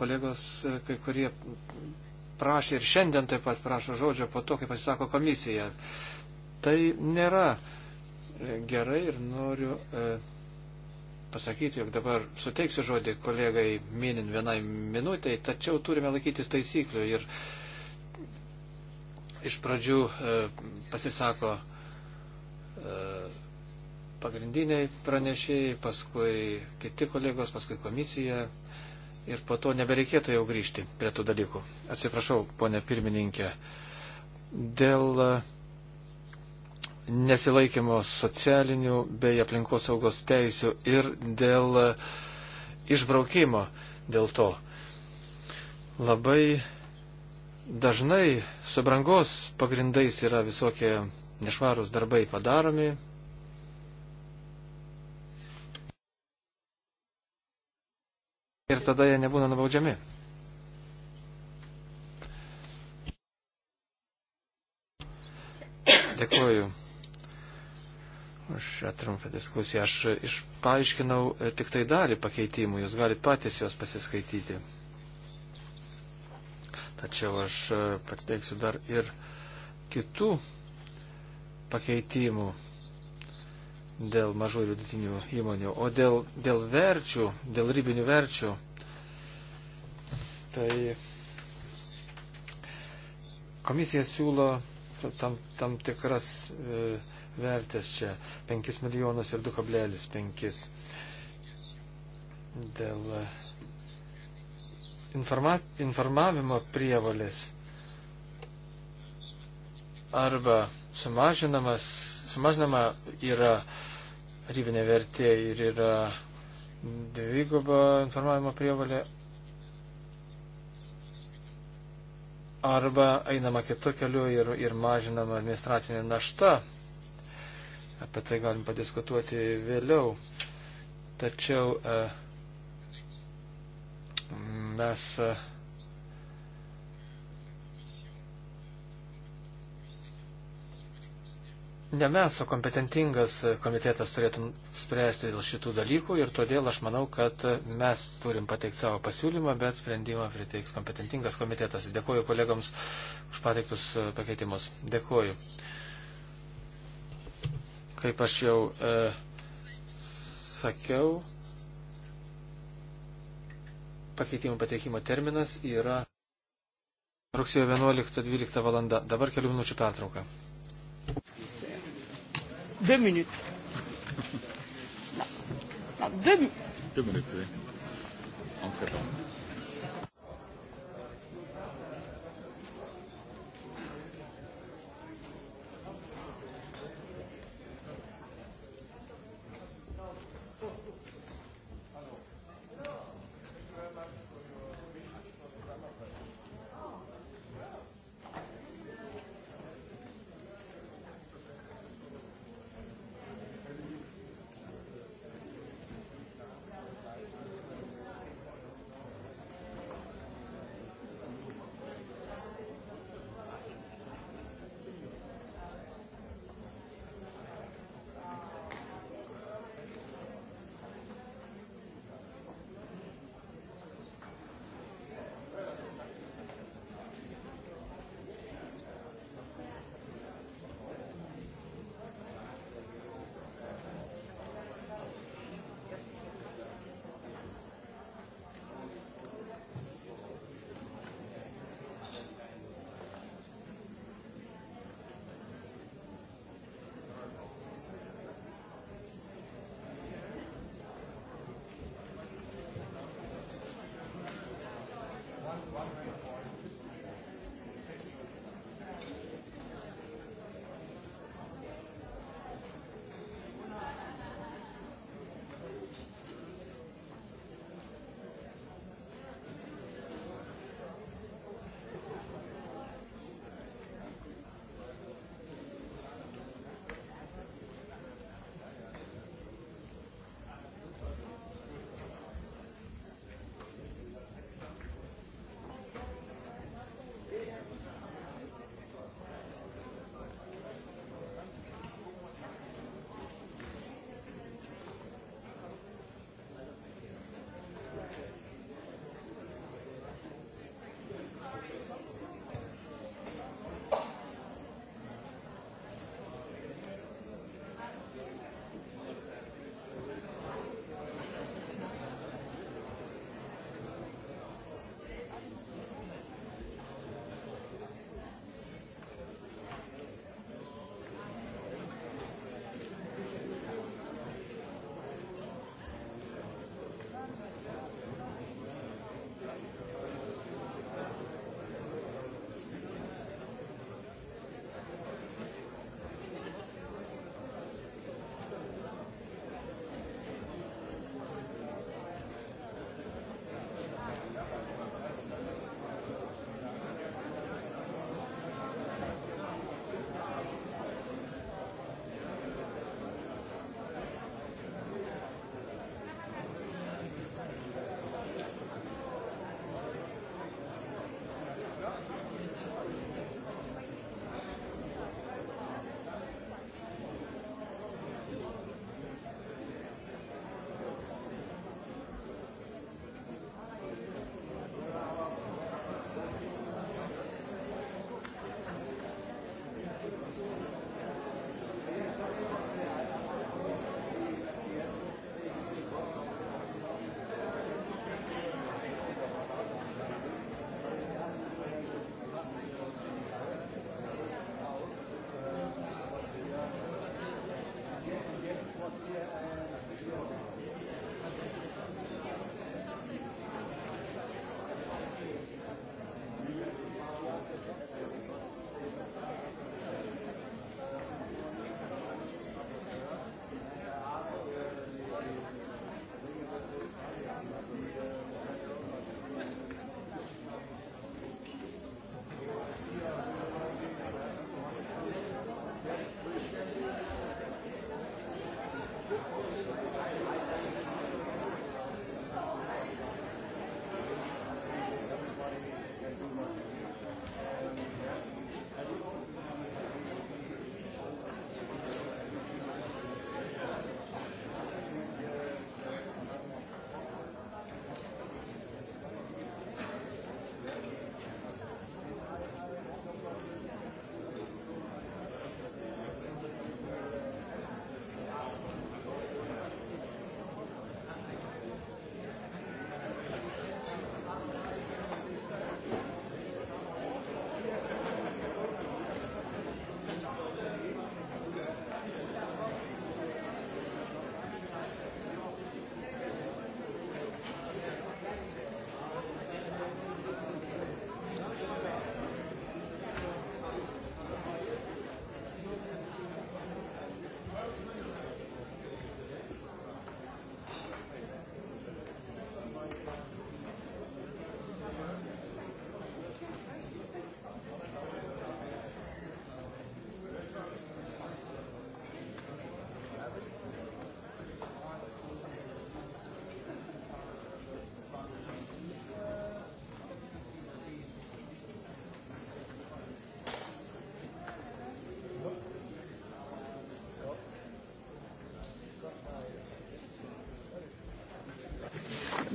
kolegos e, kai kurie prašė ir šiandien taip pat prašo žodžio po to, kai pasisako komisija. Tai nėra e, gerai ir noriu e, pasakyti, jog dabar suteiksiu žodį kolegai minint vienai minutiai, tačiau turime laikytis taisyklių ir e, iš pradžių e, pasisako e, pagrindiniai pranešėjai, paskui kiti kolegos, paskui komisija ir po to nebereikėtų jau grįžti prie tų dalykų. Atsiprašau, ponė pirmininkė, dėl e, nesilaikymo socialinių bei aplinkos saugos teisių ir dėl išbraukimo dėl to. Labai dažnai su brangos pagrindais yra visokie nešvarūs darbai padaromi. Ir tada jie nebūna nubaudžiami. Dėkuoju už šią trumpą diskusiją. Aš išpaaiškinau e, tik tai dalį pakeitimų, jūs galite patys juos pasiskaityti tačiau aš e, pateiksiu dar ir kitų pakeitimų dėl mažų ir vidutinių įmonių, o dėl, dėl verčių, dėl ribinių verčių. Tai komisija siūlo tam, tam tikras e, vertės čia 5 milijonus ir 2,5 dėl informa informavimo prievolės arba sumažinamas, sumažinama yra rybinė vertė ir yra dviguba informavimo prievalė arba einama kitu keliu ir, ir mažinama administracinė našta. Apie tai galim padiskutuoti vėliau. Tačiau e, Mes e, Ne mes, o kompetentingas komitetas turėtų spręsti dėl šitų dalykų ir todėl aš manau, kad mes turim pateikti savo pasiūlymą, bet sprendimą priteiks kompetentingas komitetas. Dėkuoju kolegams už pateiktus e, pakeitimus. Dėkuoju. Kaip aš jau e, sakiau pakeitimų pateikimo terminas yra rugsėjo 11-12 valanda. Dabar kelių minučių pertrauka. Dvi minutės. Dvi minutės. Dvi minutės.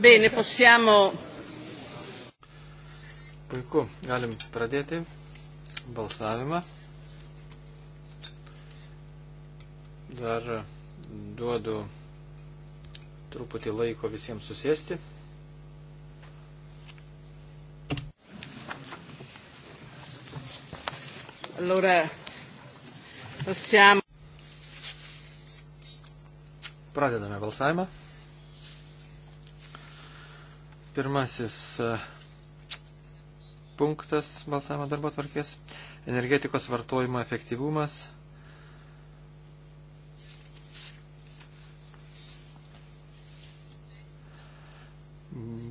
Bene, possiamo.
Puiku, galim pradėti balsavimą. Dar duodu truputį laiko visiems susėsti.
Allora, possiamo.
Pradedame balsavimą. Pirmasis e, punktas balsavimo darbo tvarkės - energetikos vartojimo efektyvumas.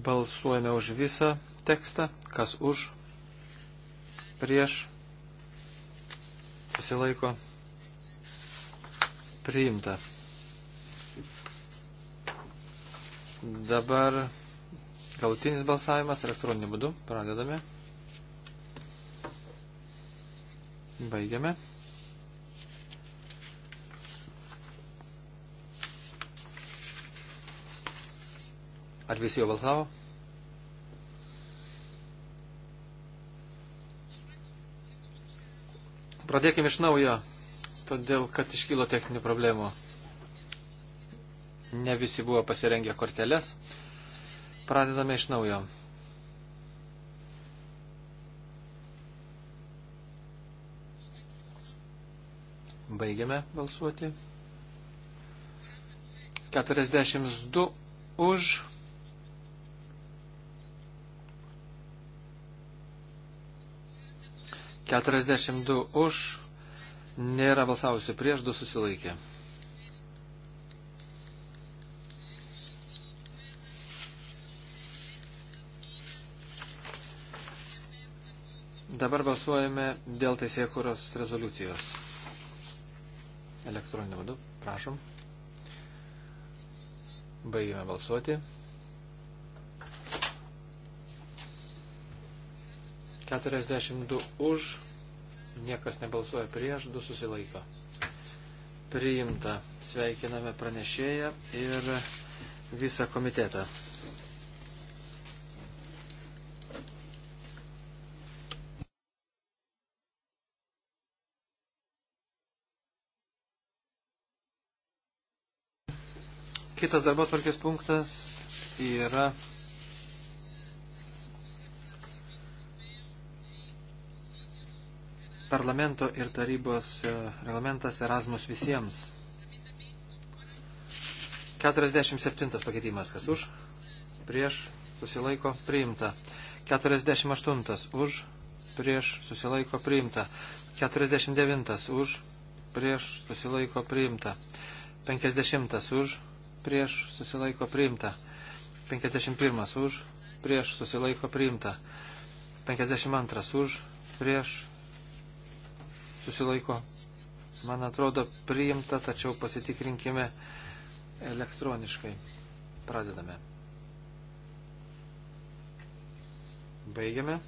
Balsuojame už visą tekstą, kas už, prieš, susilaiko, priimta. Dabar Galutinis balsavimas elektroniniu būdu. Pradedame. Baigiame. Ar visi jau balsavo? Pradėkime iš naujo, todėl kad iškilo techninių problemų. Ne visi buvo pasirengę korteles pradedame iš naujo. Baigiame balsuoti. 42 už. Keturiasdešimt du už, nėra balsavusių prieš, du susilaikė. Dabar balsuojame dėl teisėkuros rezoliucijos. Elektroninė vadu, prašom. Baigime balsuoti. 42 už, niekas nebalsuoja prieš, du susilaiko. Priimta, sveikiname pranešėją ir visą komitetą. Kitas darbo tvarkės punktas yra parlamento ir tarybos e, reglamentas Erasmus visiems. 47 pakeitimas, kas už, prieš, susilaiko, priimta. 48 už, prieš, susilaiko, priimta. 49 už, prieš, susilaiko, priimta. 50 už, prieš susilaiko priimta. 51 už, prieš susilaiko priimta. 52 už, prieš susilaiko. Man atrodo priimta, tačiau pasitikrinkime elektroniškai. Pradedame. Baigiame.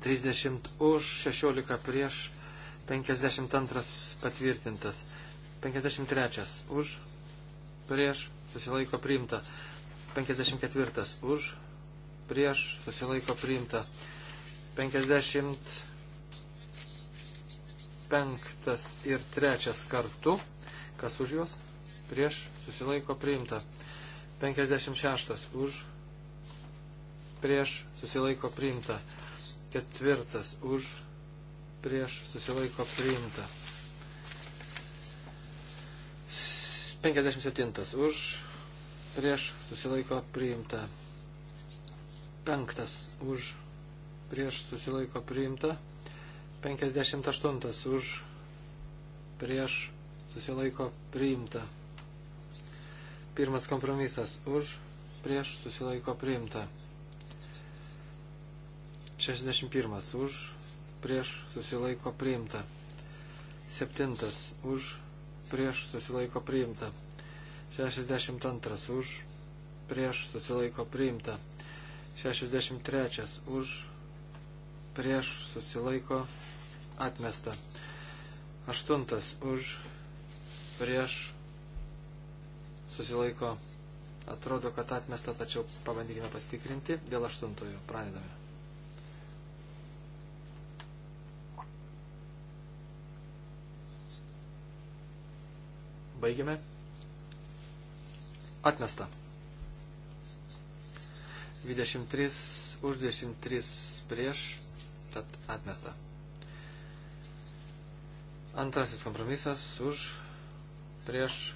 30 už, 16 prieš, 52 patvirtintas. 53 už, prieš, susilaiko priimta. 54 už, prieš, susilaiko priimta. 55 ir 3 kartu, kas už juos, prieš, susilaiko priimta. 56 už, prieš, susilaiko priimta. 4 už, prieš, susilaiko priimta. 57 už, prieš susilaiko priimta. 5 už, prieš susilaiko priimta. 58 už, prieš susilaiko priimta. Pirmas kompromisas už, prieš susilaiko priimta. 61 už, prieš susilaiko priimta. 7 už, prieš susilaiko priimta. 62 už, prieš susilaiko priimta. 63 už, prieš susilaiko atmesta. 8 už, prieš susilaiko atrodo, kad atmesta, tačiau pabandykime pasitikrinti dėl aštuntojo. Pradedame. Baigiame. Atmesta. 23 už 23 prieš, tad atmesta. Antrasis kompromisas už prieš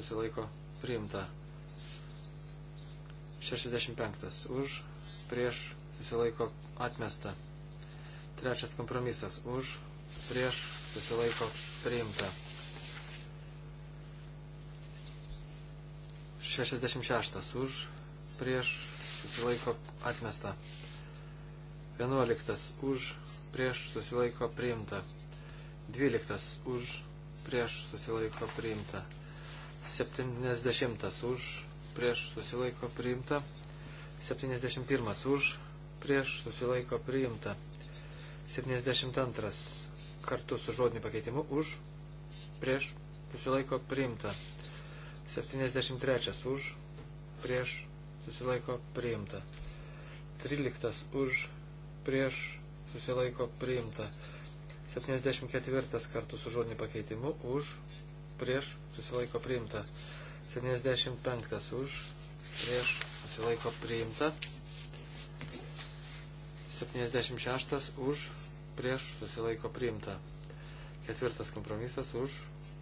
susilaiko priimta. 65 už prieš susilaiko atmesta. Trečias kompromisas už prieš susilaiko priimta. 66 už, prieš, susilaiko atmesta. 11 už, prieš, susilaiko priimta. 12 už, prieš, susilaiko priimta. 70 už, prieš, susilaiko priimta. 71 už, prieš, susilaiko priimta. 72 kartu su žodiniu pakeitimu už, prieš, susilaiko priimta. 73 už, prieš, susilaiko priimta. 13 už, prieš, susilaiko priimta. 74 kartu su žodiniu pakeitimu už, prieš, susilaiko priimta. 75 už, prieš, susilaiko priimta. 76 už, prieš, susilaiko priimta. Ketvirtas kompromisas už,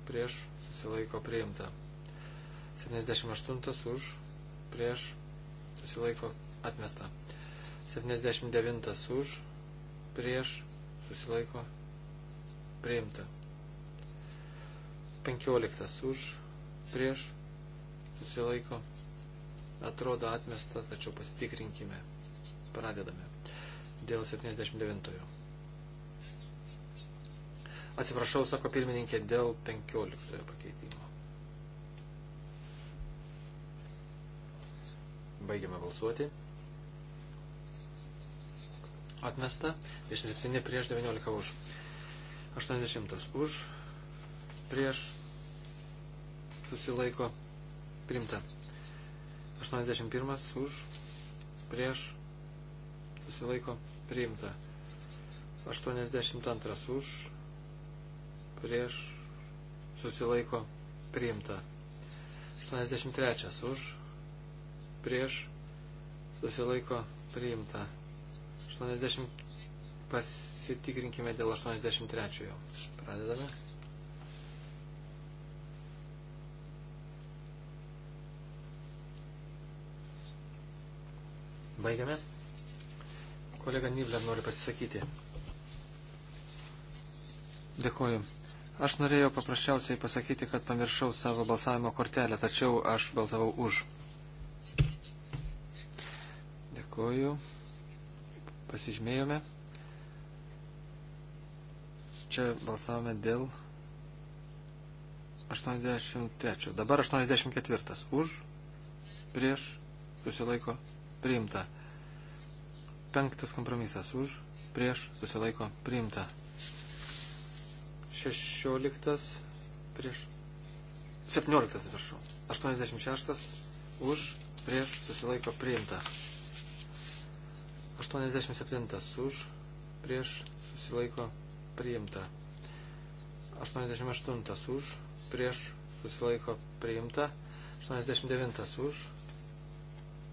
prieš, susilaiko priimta. 78 už, prieš, susilaiko, atmesta. 79 už, prieš, susilaiko, priimta. 15 už, prieš, susilaiko, atrodo atmesta, tačiau pasitikrinkime. Pradedame. Dėl 79-ojo. Atsiprašau, sako pirmininkė, dėl 15-ojo pakeitimo. Baigiame balsuoti. Atmesta. 27 prieš 19 už. 80 už. Prieš. Susilaiko. Primta. 81 už. Prieš. Susilaiko. Priimta. 82 už. Prieš. Susilaiko. Priimta. 83 už prieš susilaiko priimta. 80 pasitikrinkime dėl 83. -ojo. Pradedame. Baigiame. Kolega Nibler nori pasisakyti. Dėkuoju. Aš norėjau paprasčiausiai pasakyti, kad pamiršau savo balsavimo kortelę, tačiau aš balsavau už. Dėkoju. Pasižymėjome. Čia balsavome dėl 83. Dabar 84. Už, prieš, susilaiko, priimta. Penktas kompromisas. Už, prieš, susilaiko, priimta. 16 prieš 17, atsiprašau. 86 už prieš susilaiko priimta. 87 už, prieš susilaiko priimta. 88 už, prieš susilaiko priimta. 89 už,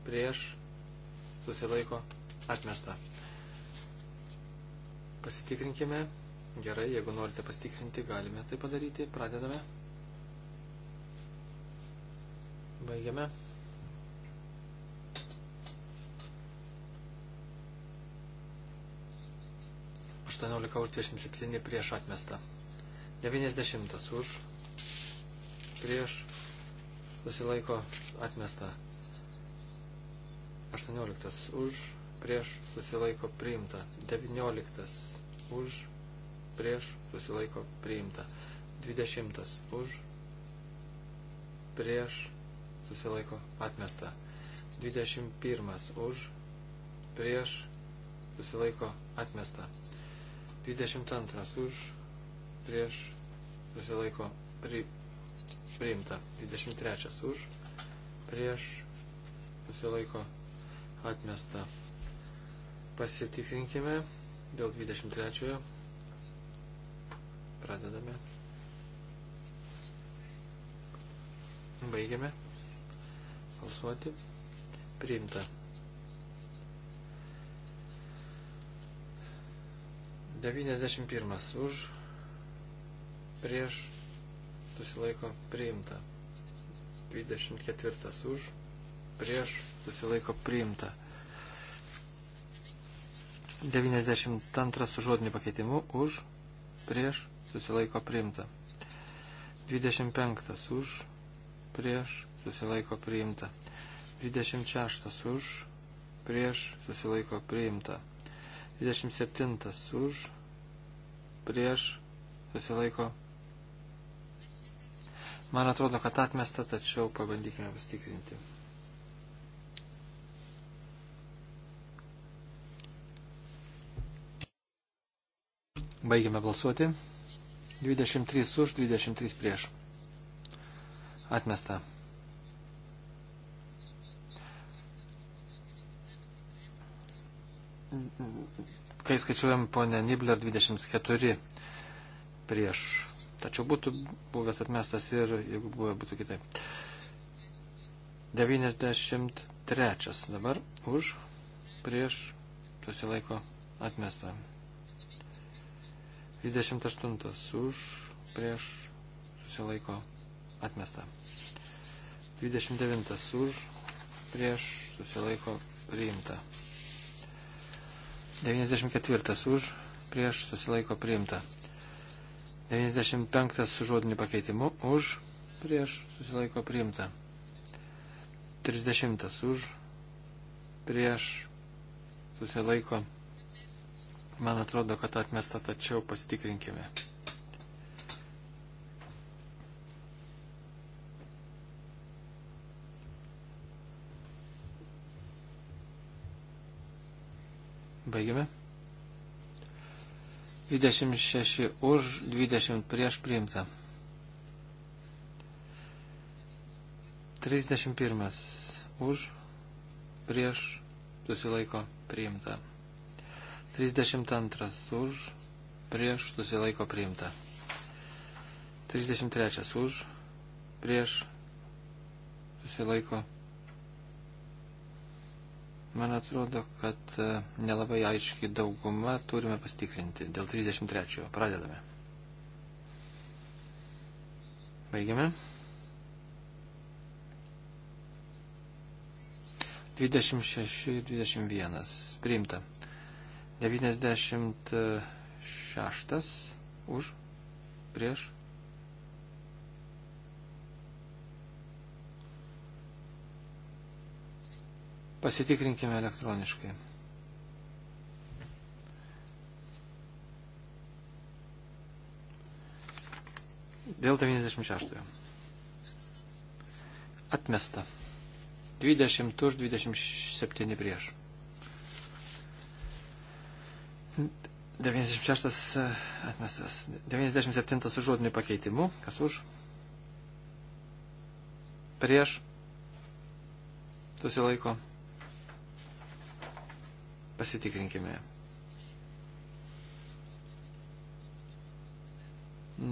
prieš susilaiko atmesta. Pasitikrinkime. Gerai, jeigu norite pasitikrinti, galime tai padaryti. Pradedame. Baigiame. 18 už 27 prieš atmestą. 90 už prieš susilaiko atmestą. 18 už prieš susilaiko priimta. 19 už prieš susilaiko priimta. 20 už prieš susilaiko atmesta. 21 už prieš susilaiko atmesta. 22 už, prieš, susilaiko, pri, priimta. 23 už, prieš, susilaiko, atmesta. Pasitikrinkime dėl 23. Pradedame. Baigiame. Balsuoti. Priimta. 91 už, prieš, susilaiko priimta. 24 už, prieš, susilaiko priimta. 92 su žodiniu pakeitimu už, prieš, susilaiko priimta. 25 už, prieš, susilaiko priimta. 26 už, prieš, susilaiko priimta. 27 už, prieš, susilaiko. Man atrodo, kad atmesta, tačiau pabandykime pastikrinti. Baigime balsuoti. 23 už, 23 prieš. Atmesta. kai skaičiuojam ponę Nibler 24 prieš. Tačiau būtų buvęs atmestas ir jeigu buvo, būtų kitaip. 93 dabar už prieš susilaiko atmestą. 28 už prieš susilaiko atmestą. 29 už prieš susilaiko priimta. 94 už, prieš susilaiko priimta. 95 su žodiniu pakeitimu už, prieš susilaiko priimta. 30 už, prieš susilaiko. Man atrodo, kad atmesta, tačiau pasitikrinkime. Baigiame. 26 už, 20 prieš priimta. 31 už, prieš susilaiko priimta. 32 už, prieš susilaiko priimta. 33 už, prieš susilaiko priimta. Man atrodo, kad e, nelabai aiški dauguma turime pastikrinti. Dėl 33. Pradedame. Baigiame. 26 ir 21. Priimta. 96 už. Prieš. Pasitikrinkime elektroniškai. Dėl 96. Atmesta. 20 už 27 prieš. 96 e, atmestas. 97 su žodiniu pakeitimu. Kas už? Prieš. Susilaiko. Pasitikrinkime.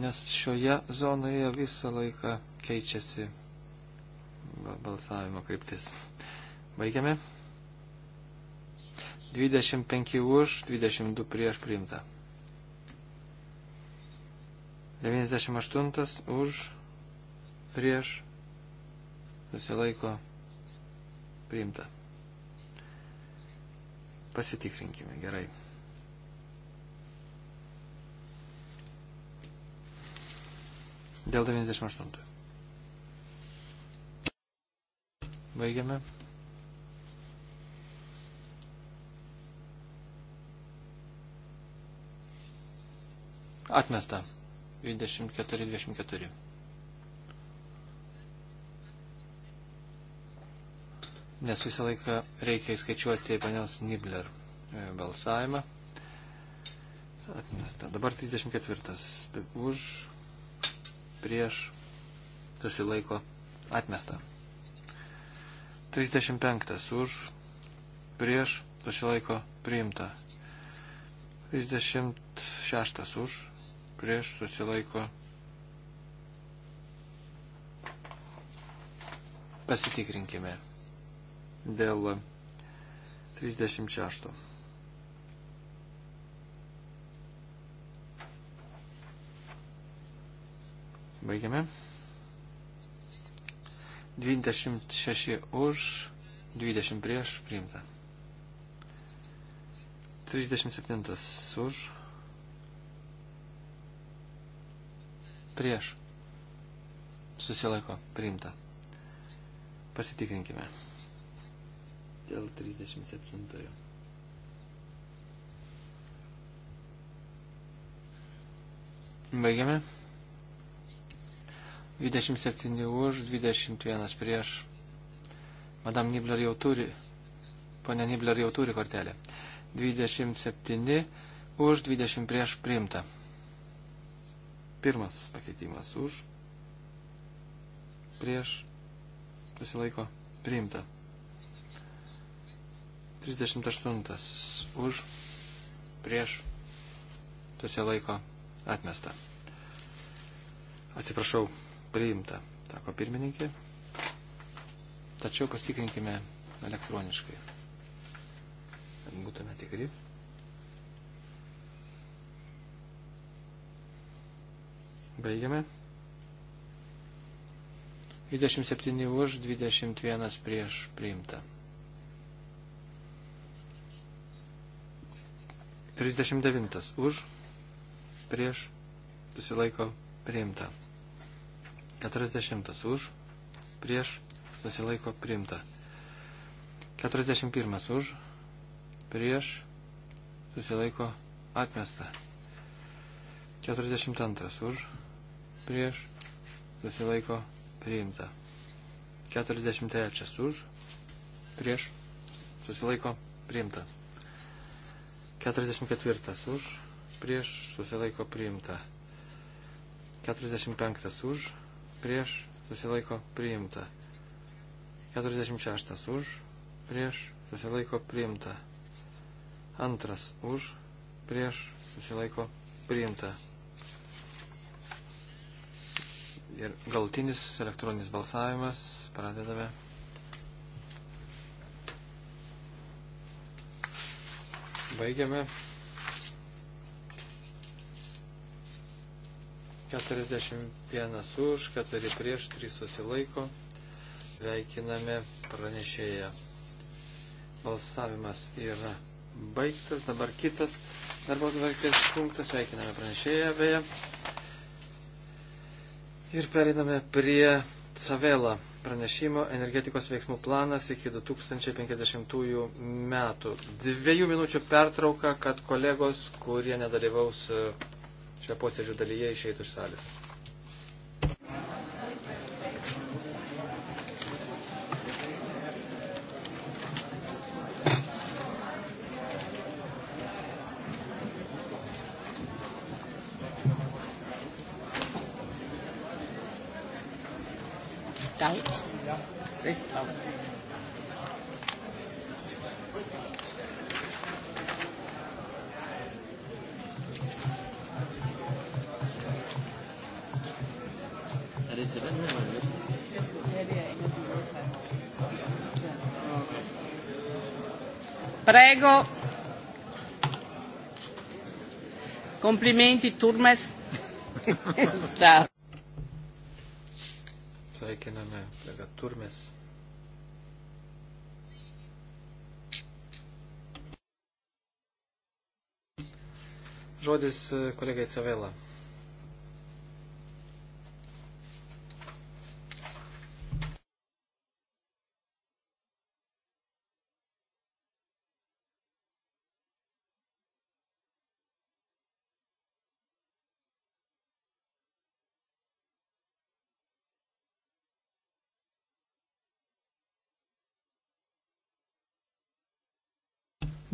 Nes šioje zonoje visą laiką keičiasi balsavimo kryptis. Baigiame. 25 už, 22 prieš priimta. 98 už, prieš, susilaiko priimta. Pasitikrinkime, gerai. Dėl 98. Baigiame. Atmesta. 24-24. nes visą laiką reikia įskaičiuoti panios Nibler e, balsavimą. Atmesta. Dabar 34. Už, prieš, susilaiko, atmesta. 35. Už, prieš, susilaiko, priimta. 36. Už, prieš, susilaiko, pasitikrinkime dėl 36. Baigiame. 26 už, 20 prieš, priimta. 37 už, prieš, susilaiko, priimta. Pasitikrinkime dėl 37. Baigiame. 27 už, 21 prieš. Madame Nibler jau turi, ponia Nibler jau turi kortelę. 27 už, 20 prieš priimta. Pirmas pakeitimas už, prieš, susilaiko, priimta. 38 už, prieš, susilaiko, atmesta. Atsiprašau, priimta, sako pirmininkė. Tačiau pasitikrinkime elektroniškai, kad būtume tikri. Baigiame. 27 už, 21 prieš priimta. 39. Už, prieš, susilaiko, priimta. 40. Už, prieš, susilaiko, priimta. 41. Už, prieš, susilaiko, atmesta. 42. Už, prieš, susilaiko, priimta. 43. Už, prieš, susilaiko, priimta. 44 už, prieš susilaiko priimta. 45 už, prieš susilaiko priimta. 46 už, prieš susilaiko priimta. Antras už, prieš susilaiko priimta. Ir galtinis elektroninis balsavimas pradedame. Baigiame. 41 už, 4 prieš, 3 susilaiko. Veikiname pranešėją. Balsavimas yra baigtas. Dabar kitas darbo tvarkės punktas. Veikiname pranešėją beje. Ir periname prie Cavela pranešimo energetikos veiksmų planas iki 2050 metų. Dviejų minučių pertrauka, kad kolegos, kurie nedalyvaus e, šio posėdžio dalyje, išeitų iš salės.
Prego. Komplimenti, Turmes.
Ciao.
Sveikiname, kolega Turmes. Žodis e, kolegai Cavela.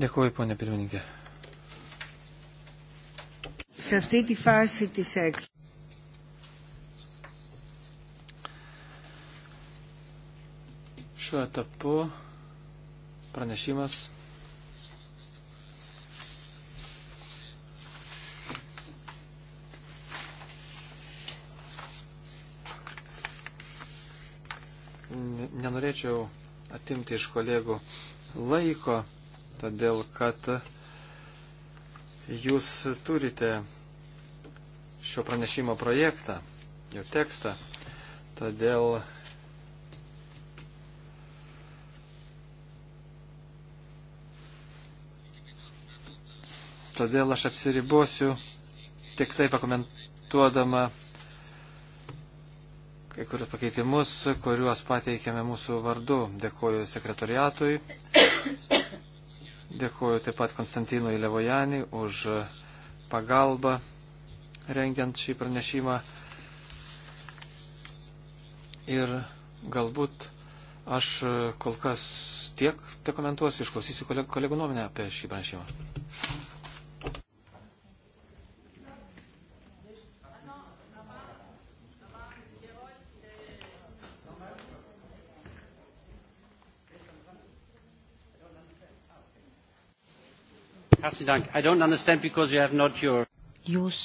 Dėkuoju, ponė pirmininkė.
Σε αυτή τη φάση της έκθεσης.
Šiuo etapu pranešimas nenorėčiau atimti iš kolegų laiko todėl kad jūs turite šio pranešimo projektą, jo tekstą, todėl Todėl aš apsiribosiu tik tai pakomentuodama kai kurios pakeitimus, kuriuos pateikėme mūsų vardu. Dėkoju sekretoriatui, Dėkuoju taip pat Konstantinui Levojanį už e, pagalbą rengiant šį pranešimą. Ir galbūt aš e, kol kas tiek te komentuosiu, išklausysiu kolegų nuomonę apie šį pranešimą. Mr. Dank, I don't understand because you have not your...
Jūs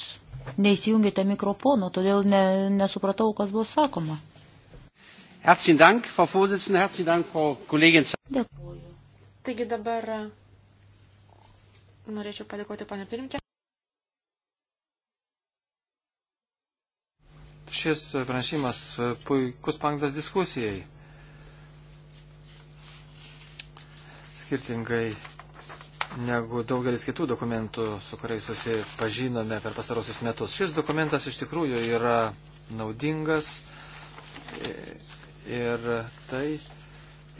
neįsijungėte mikrofono, todėl ne, nesupratau, kas buvo sakoma.
Herzlichen Dank, Frau Vorsitzende, herzlichen Dank, Frau Kollegin.
Dėkuoju.
Taigi dabar uh, norėčiau padėkoti, pane pirmininkė.
Šis pranešimas uh, puikus pangdas diskusijai. Skirtingai negu daugelis kitų dokumentų, su kuriais susipažinome per pastarosius metus. Šis dokumentas iš tikrųjų yra naudingas ir tai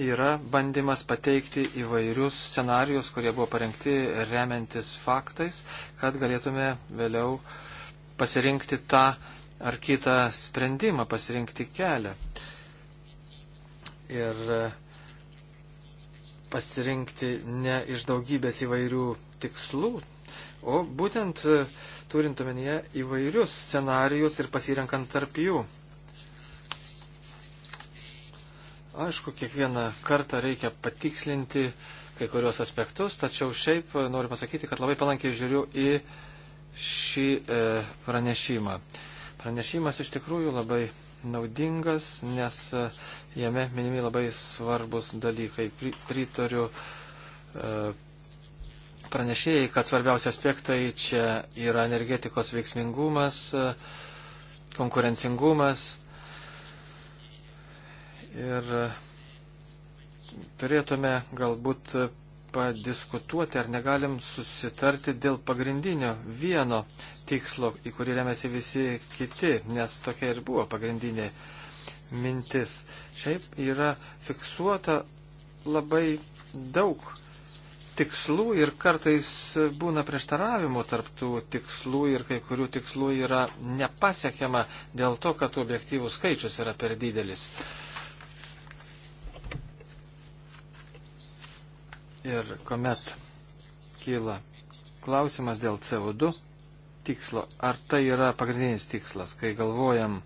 yra bandymas pateikti įvairius scenarius, kurie buvo parengti remiantis faktais, kad galėtume vėliau pasirinkti tą ar kitą sprendimą, pasirinkti kelią. Ir pasirinkti ne iš daugybės įvairių tikslų, o būtent e, turint omenyje įvairius scenarius ir pasirenkant tarp jų. Aišku, kiekvieną kartą reikia patikslinti kai kurios aspektus, tačiau šiaip e, noriu pasakyti, kad labai palankiai žiūriu į šį e, pranešimą. Pranešimas iš tikrųjų labai naudingas, nes e, jame minimi labai svarbus dalykai. Pritariu e, pranešėjai, kad svarbiausi aspektai čia yra energetikos veiksmingumas, e, konkurencingumas ir turėtume galbūt padiskutuoti, ar negalim susitarti dėl pagrindinio vieno tikslo, į kurį remiasi visi kiti, nes tokia ir buvo pagrindinė mintis. Šiaip yra fiksuota labai daug tikslų ir kartais būna prieštaravimų tarptų tikslų ir kai kurių tikslų yra nepasiekiama dėl to, kad objektyvų skaičius yra per didelis. Uh, Ir kuomet kyla klausimas dėl CO2 tikslo, ar tai yra pagrindinis tikslas, kai galvojam,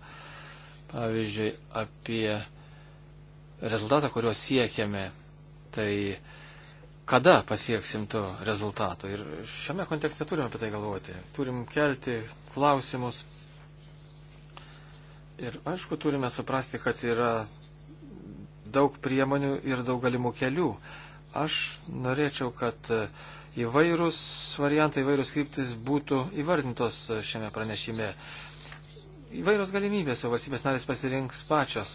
pavyzdžiui, apie rezultatą, kurio siekiame, tai kada pasieksim to rezultato. Ir šiame kontekste turim apie tai galvoti. Turim kelti klausimus. Ir aišku, turime suprasti, kad yra daug priemonių ir daug galimų kelių. Aš norėčiau, kad e, įvairūs variantai, įvairūs kryptis būtų įvardintos e, šiame pranešime. Įvairios galimybės, o valstybės narės pasirinks pačios.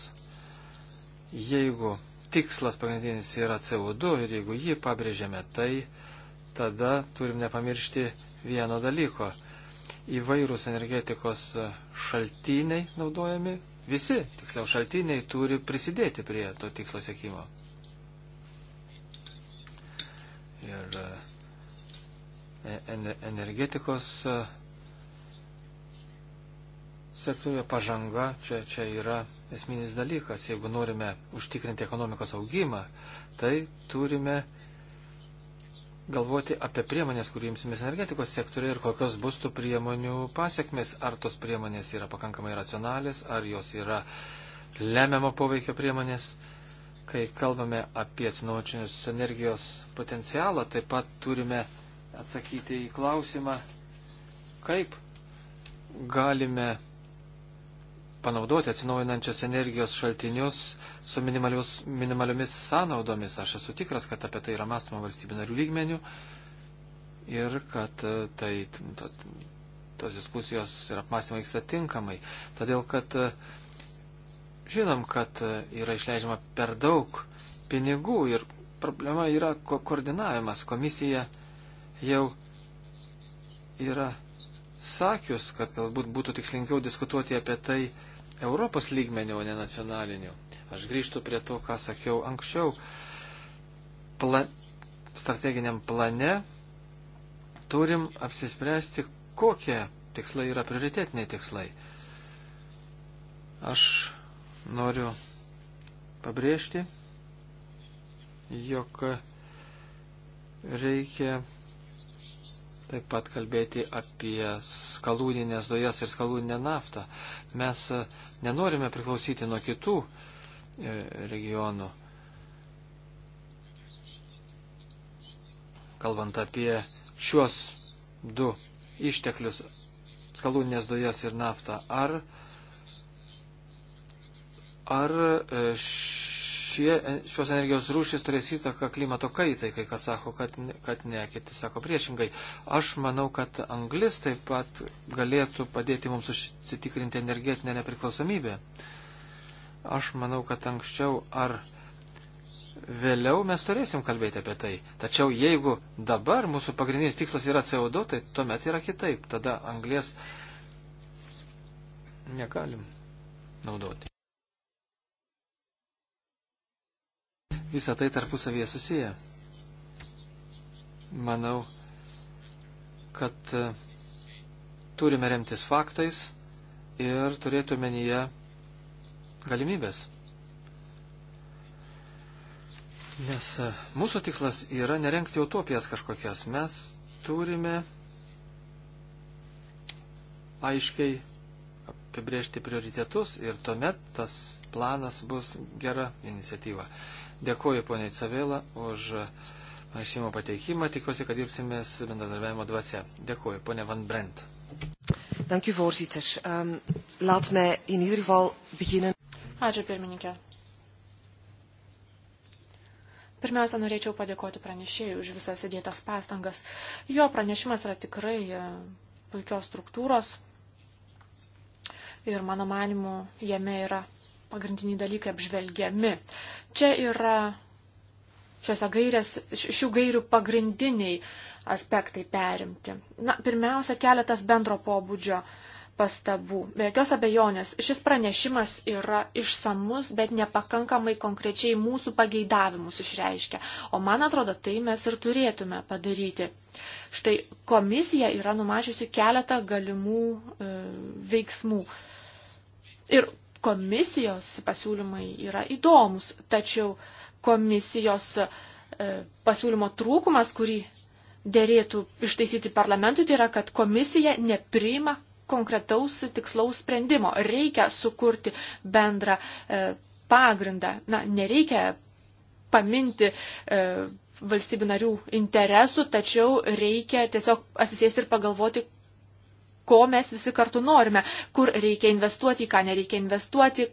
Jeigu tikslas pagrindinis yra CO2 ir jeigu jį pabrėžiame, tai tada turim nepamiršti vieno dalyko. Įvairūs energetikos e, šaltiniai naudojami, visi tiksliau šaltiniai turi prisidėti prie to tikslo sėkimo. ir e, e, energetikos e, sektoriuje pažanga čia, čia yra esminis dalykas. Jeigu norime užtikrinti ekonomikos augimą, tai turime galvoti apie priemonės, kurį imsimės energetikos sektoriuje ir kokios bus tų priemonių pasiekmes. Ar tos priemonės yra pakankamai racionalis, ar jos yra lemiamo poveikio priemonės. Uh, kai kalbame apie atsinaujančios energijos potencialą, taip pat turime atsakyti į klausimą, kaip galime panaudoti atsinaujinančios energijos šaltinius su minimaliomis sąnaudomis. Aš esu tikras, kad apie tai yra mąstoma valstybių narių lygmenių ir kad e, tai, tos diskusijos ir apmąstymai vyksta tinkamai. Todėl, kad uh, žinom, kad e, yra išleidžiama per daug pinigų ir problema yra ko koordinavimas. Komisija jau yra sakius, kad galbūt būtų tikslingiau diskutuoti apie tai Europos lygmenių, o ne nacionalinių. Aš grįžtu prie to, ką sakiau anksčiau. Pla strateginiam plane turim apsispręsti, kokie tikslai yra prioritetiniai tikslai. Aš noriu pabrėžti, jog reikia taip pat kalbėti apie skalūninės dujas ir skalūninę naftą. Mes nenorime priklausyti nuo kitų e, regionų. Kalbant apie šiuos du išteklius, skalūninės dujas ir naftą, ar Ar e, šie, e, šios energijos rūšis turės įtaką klimato kaitai, kai kas sako, kad, kad ne, kiti sako priešingai. Aš manau, kad anglis taip pat galėtų padėti mums užsitikrinti energetinę nepriklausomybę. Aš manau, kad anksčiau ar vėliau mes turėsim kalbėti apie tai. Tačiau jeigu dabar mūsų pagrindinis tikslas yra CO2, tai tuomet yra kitaip. Tada anglės negalim naudoti. Visą tai tarpusavėje susiję. Manau, kad e, turime remtis faktais ir turėti omenyje galimybės. Nes e, mūsų tikslas yra nerenkti utopijas kažkokias. Mes turime aiškiai apibriežti prioritetus ir tuomet tas planas bus gera iniciatyva. Dėkuoju poniai Cavėlą už pranešimo pateikimą. Tikiuosi, kad dirbsime bendradarbiavimo dvasia. Dėkuoju, ponia Van Brent.
Dank u, voorzitter. Um, laat mij in ieder geval beginnen. Ačiū, pirmininkė. Pirmiausia, norėčiau padėkoti pranešėjui už visas įdėtas pastangas. Jo pranešimas yra tikrai e, puikios struktūros ir mano manimu jame yra pagrindiniai dalykai apžvelgiami. Čia yra šiuose gairės, šių gairių pagrindiniai aspektai perimti. Na, pirmiausia, keletas bendro pobūdžio pastabų. Be jokios abejonės, šis pranešimas yra išsamus, bet nepakankamai konkrečiai mūsų pageidavimus išreiškia. O man atrodo, tai mes ir turėtume padaryti. Štai komisija yra numačiusi keletą galimų e, veiksmų. Ir Komisijos pasiūlymai yra įdomus, tačiau komisijos e, pasiūlymo trūkumas, kurį dėrėtų ištaisyti parlamentui, tai yra, kad komisija nepriima konkretaus tikslaus sprendimo. Reikia sukurti bendrą e, pagrindą. Na, nereikia paminti e, valstybių narių interesų, tačiau reikia tiesiog atsisėsti ir pagalvoti, ko mes visi kartu norime, kur reikia investuoti, ką nereikia investuoti,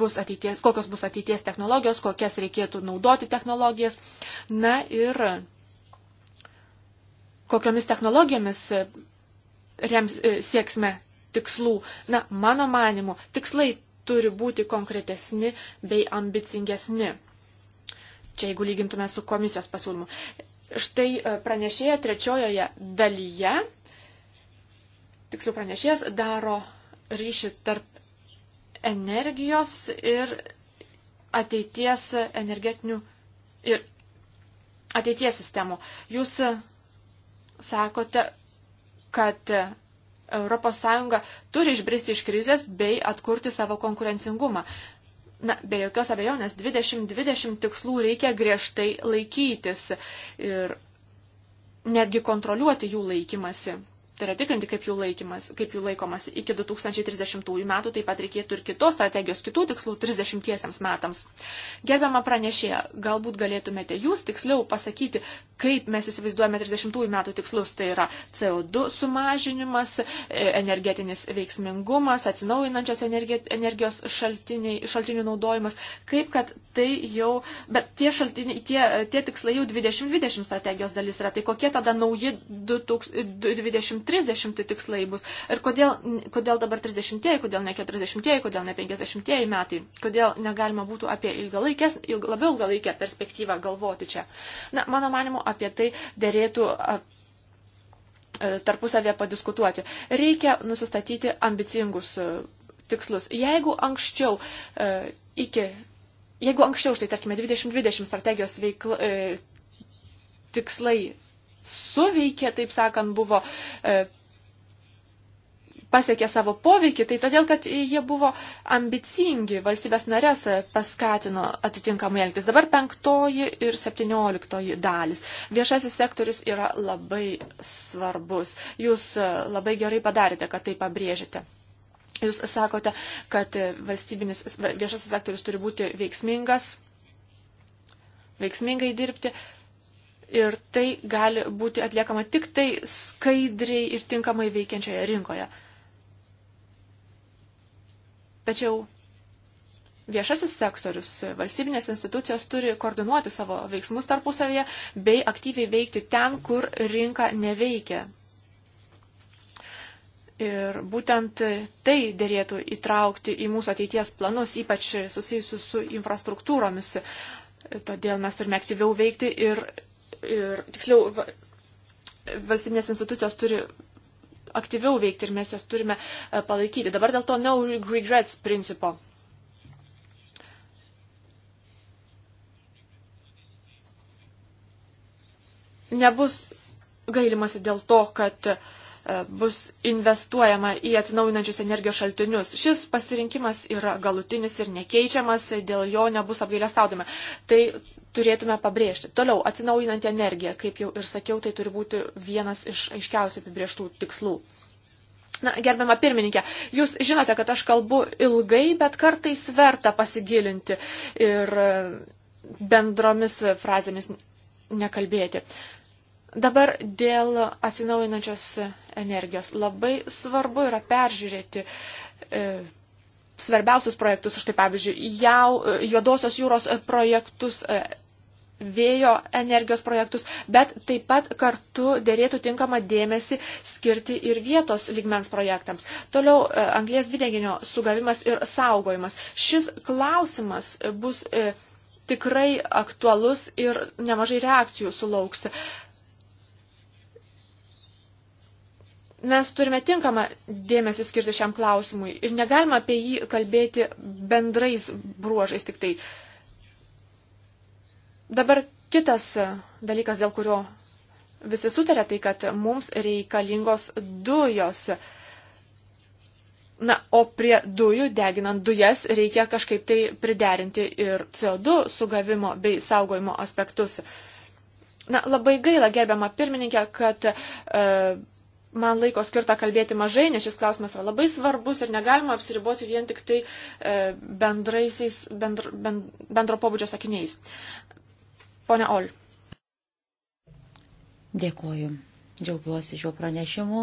bus ateities, kokios bus ateities technologijos, kokias reikėtų naudoti technologijas. Na ir kokiomis technologijomis e, rems, e, sieksime tikslų. Na, mano manimu, tikslai turi būti konkretesni bei ambicingesni. Čia jeigu lygintume su komisijos pasiūlymu. Štai e, pranešėja trečiojoje dalyje tiksliau pranešėjas daro ryšį tarp energijos ir ateities energetinių ir ateities sistemų. Jūs sakote, kad ES turi išbristi iš krizės bei atkurti savo konkurencingumą. Na, be jokios abejonės, 2020 tikslų reikia griežtai laikytis ir netgi kontroliuoti jų laikymasi tai yra tikrinti, kaip jų, laikymas, kaip jų laikomas iki 2030 metų, taip pat reikėtų ir kitos strategijos, kitų tikslų 30 metams. Gerbiama pranešėja, galbūt galėtumėte jūs tiksliau pasakyti, kaip mes įsivaizduojame 30 metų tikslus, tai yra CO2 sumažinimas, e, energetinis veiksmingumas, atsinaujinančios energijos šaltiniai, šaltinių naudojimas, kaip kad tai jau, bet tie, šaltiniai, tie, tie tikslai jau 2020 strategijos dalis yra, tai kokie tada nauji 2020 30 tikslai bus. Ir kodėl, kodėl dabar 30-ieji, kodėl ne 40-ieji, kodėl ne 50-ieji metai, kodėl negalima būtų apie ilgalaikės, ilg, labiau ilgalaikę perspektyvą galvoti čia. Na, mano manimu, apie tai dėrėtų e, tarpusavėje padiskutuoti. Reikia nusistatyti ambicingus e, tikslus. Jeigu anksčiau e, iki. Jeigu anksčiau, štai tarkime, 2020 strategijos veikla, tikslai suveikė, taip sakant, buvo e, pasiekė savo poveikį, tai todėl, kad jie buvo ambicingi, valstybės narės paskatino atitinkamai elgtis. Dabar penktoji ir septynioliktoji dalis. Viešasis sektorius yra labai svarbus. Jūs e, labai gerai padarėte, kad tai pabrėžėte. Jūs sakote, kad valstybinis viešasis sektorius turi būti veiksmingas, veiksmingai dirbti, ir tai gali būti atliekama tik tai skaidriai ir tinkamai veikiančioje rinkoje. Tačiau viešasis sektorius, valstybinės institucijos turi koordinuoti savo veiksmus tarpusavėje bei aktyviai veikti ten, kur rinka neveikia. Ir būtent tai dėrėtų įtraukti į mūsų ateities planus, ypač susijusius su infrastruktūromis. Todėl mes turime aktyviau veikti ir ir tiksliau valstybinės institucijos turi aktyviau veikti ir mes jas turime e, palaikyti. Dabar dėl to no regrets principo. Nebus gailimasi dėl to, kad e, bus investuojama į atsinaujinančius energijos šaltinius. Šis pasirinkimas yra galutinis ir nekeičiamas, dėl jo nebus apgailestaudama. Tai turėtume pabrėžti. Toliau, atsinaujinanti energija, kaip jau ir sakiau, tai turi būti vienas iš aiškiausiai apibrieštų tikslų. Na, gerbiama pirmininkė, jūs žinote, kad aš kalbu ilgai, bet kartais verta pasigilinti ir bendromis frazėmis nekalbėti. Dabar dėl atsinaujinančios energijos. Labai svarbu yra peržiūrėti e, svarbiausius projektus, štai pavyzdžiui, jau, e, juodosios jūros e, projektus, e, vėjo energijos projektus, bet taip pat kartu dėrėtų tinkamą dėmesį skirti ir vietos lygmens projektams. Toliau e, anglės dvideginio sugavimas ir saugojimas. Šis klausimas bus e, tikrai aktualus ir nemažai reakcijų sulauks. Mes turime tinkamą dėmesį skirti šiam klausimui ir negalima apie jį kalbėti bendrais bruožais tik tai. Uh, Dabar kitas dalykas, dėl kurio visi sutarė, tai kad mums reikalingos dujos. Na, o prie dujų, deginant dujas, reikia kažkaip tai priderinti ir CO2 sugavimo bei saugojimo aspektus. Na, labai gaila, gerbiama pirmininkė, kad e, man laiko skirta kalbėti mažai, nes šis klausimas yra labai svarbus ir negalima apsiriboti vien tik tai e, bendraisiais, bendr, bend, bendro pobūdžio sakiniais.
Pone Ol. Dėkoju. Džiaugiuosi šio pranešimu.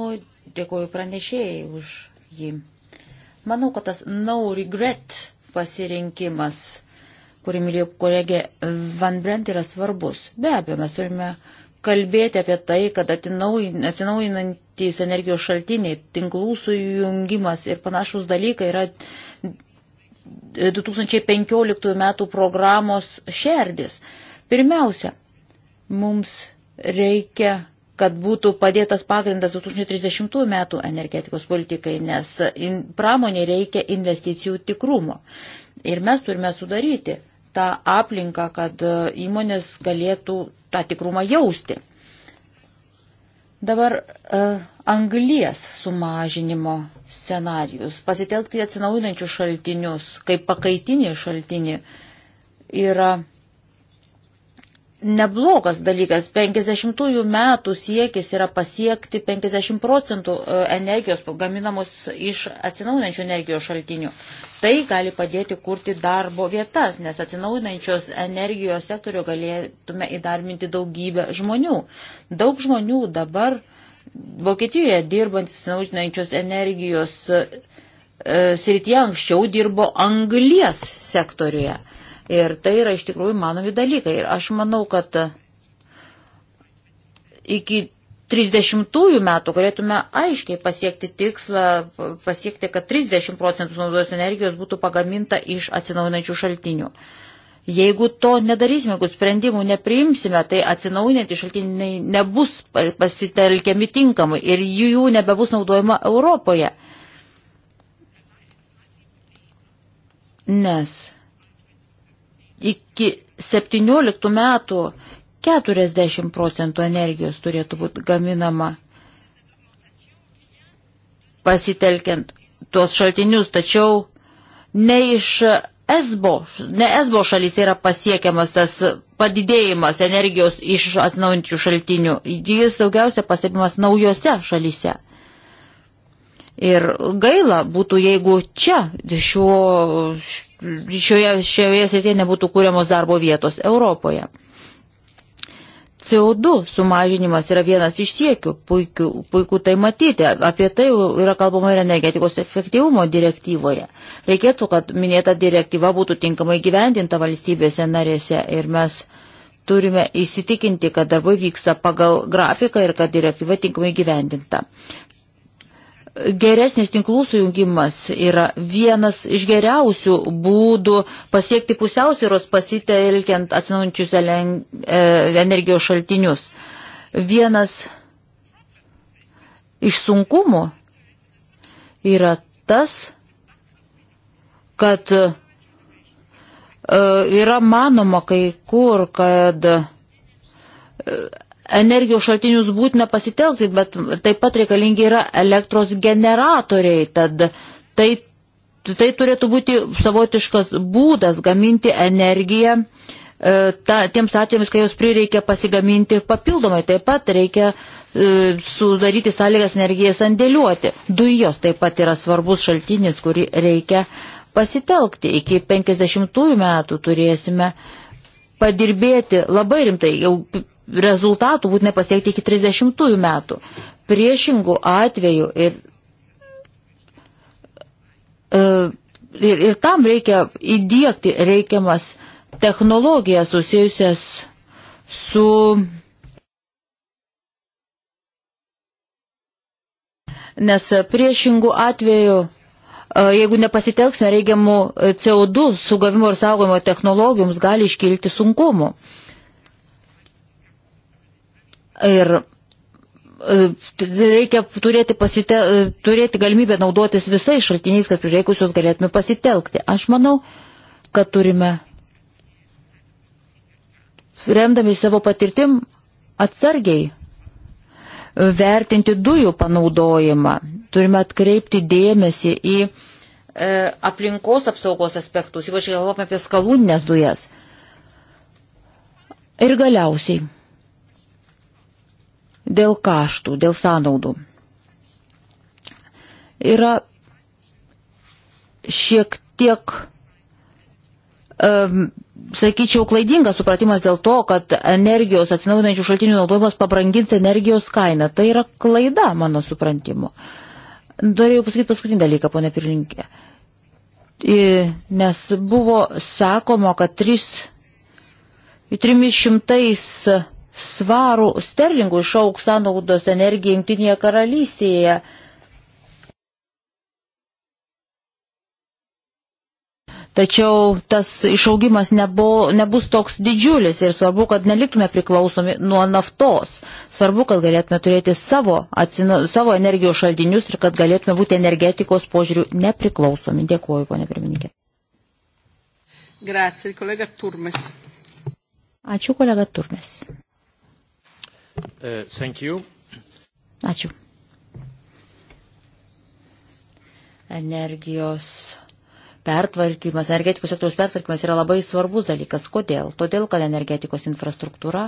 Dėkoju pranešėjai už jį. Manau, kad tas no regret pasirinkimas, kurį mylėjo kolegė Van Brent, yra svarbus. Be abejo, mes turime kalbėti apie tai, kad atsinaujinantys energijos šaltiniai, tinklų sujungimas ir panašus dalykai yra 2015 metų programos šerdis. Pirmiausia, mums reikia kad būtų padėtas pagrindas 2030 metų energetikos politikai, nes in, pramonė reikia investicijų tikrumo. Ir mes turime sudaryti tą aplinką, kad e, įmonės galėtų tą tikrumą jausti. Dabar uh, anglies sumažinimo scenarius, pasitelkti atsinaujinančius šaltinius kaip pakaitinį šaltinį yra neblogas dalykas. 50-ųjų metų siekis yra pasiekti 50 procentų e, energijos gaminamos iš atsinaujinančių energijos šaltinių. Tai gali padėti kurti darbo vietas, nes atsinaujinančios energijos sektorių galėtume įdarbinti daugybę žmonių. Daug žmonių dabar Vokietijoje dirbantis atsinaujinančios energijos e, srityje anksčiau dirbo anglies sektoriuje. Ir tai yra iš tikrųjų manomi dalykai. Ir aš manau, kad iki 30 metų galėtume aiškiai pasiekti tikslą, pasiekti, kad 30 procentų naudos energijos būtų pagaminta iš atsinaujinančių šaltinių. Jeigu to nedarysime, jeigu sprendimų nepriimsime, tai atsinaujinantys šaltiniai nebus pasitelkiami tinkamai ir jų nebebus naudojama Europoje. Nes iki 17 metų 40 procentų energijos turėtų būti gaminama pasitelkiant tuos šaltinius, tačiau ne iš esbo, ne esbo šalyse yra pasiekiamas tas padidėjimas energijos iš atsinaujančių šaltinių. Jis daugiausia pastebimas naujose šalyse. Ir gaila būtų, jeigu čia šiuo šioje, šioje srityje nebūtų kūriamos darbo vietos Europoje. CO2 sumažinimas yra vienas iš siekių, puikių, puiku tai matyti, apie tai yra kalbama ir energetikos efektyvumo direktyvoje. Reikėtų, kad minėta direktyva būtų tinkamai gyvendinta valstybėse narėse ir mes turime įsitikinti, kad darbai vyksta pagal grafiką ir kad direktyva tinkamai gyvendinta. Uh, Geresnis tinklų sujungimas yra vienas iš geriausių būdų pasiekti pusiausvyros pasitelkiant atsinaujančius e, energijos šaltinius. Vienas iš sunkumų yra tas, kad e, yra manoma kai kur, kad e, energijos šaltinius būtina pasitelkti, bet taip pat reikalingi yra elektros generatoriai, tad tai, tai turėtų būti savotiškas būdas gaminti energiją. E, ta, tiems atvejams, kai jos prireikia pasigaminti papildomai, taip pat reikia e, sudaryti sąlygas energijai sandėliuoti. Dujos taip pat yra svarbus šaltinis, kurį reikia pasitelkti. Iki 50 metų turėsime padirbėti labai rimtai, jau rezultatų būtinai pasiekti iki 30 metų. Priešingų atvejų ir, e, ir, ir tam reikia įdėkti reikiamas technologijas susijusias su nes priešingų atveju, e, jeigu nepasitelksime reikiamų CO2 sugavimo ir saugojimo technologijoms, gali iškilti sunkumų. Ir e, reikia turėti, pasite, e, turėti galimybę naudotis visais šaltiniais, kad prireikus juos galėtume pasitelkti. Aš manau, kad turime, remdami savo patirtim, atsargiai e, vertinti dujų panaudojimą. Turime atkreipti dėmesį į e, aplinkos apsaugos aspektus, ypač galvojame apie skalūninės dujas. Ir galiausiai dėl kaštų, dėl sąnaudų. Yra šiek tiek, um, sakyčiau, klaidingas supratimas dėl to, kad energijos atsinaujinančių šaltinių naudojimas pabrangins energijos kainą. Tai yra klaida, mano suprantimu. Norėjau pasakyti paskutinį dalyką, ponė Pirlinkė. Nes buvo sakoma, kad 3, 300 svarų sterlingų išauks sąnaudos energija Junktinėje karalystėje. Tačiau tas išaugimas nebu, nebus toks didžiulis ir svarbu, kad neliktume priklausomi nuo naftos. Svarbu, kad galėtume turėti savo, atsina, savo energijos šaltinius ir kad galėtume būti energetikos požiūrių nepriklausomi. Dėkuoju, ponė pirmininkė. Grazie, kolega Turmes. Ačiū, kolega Turmes. Uh, Ačiū. Energijos pertvarkymas, energetikos sektoriaus pertvarkymas yra labai svarbus dalykas. Kodėl? Todėl, kad energetikos infrastruktūra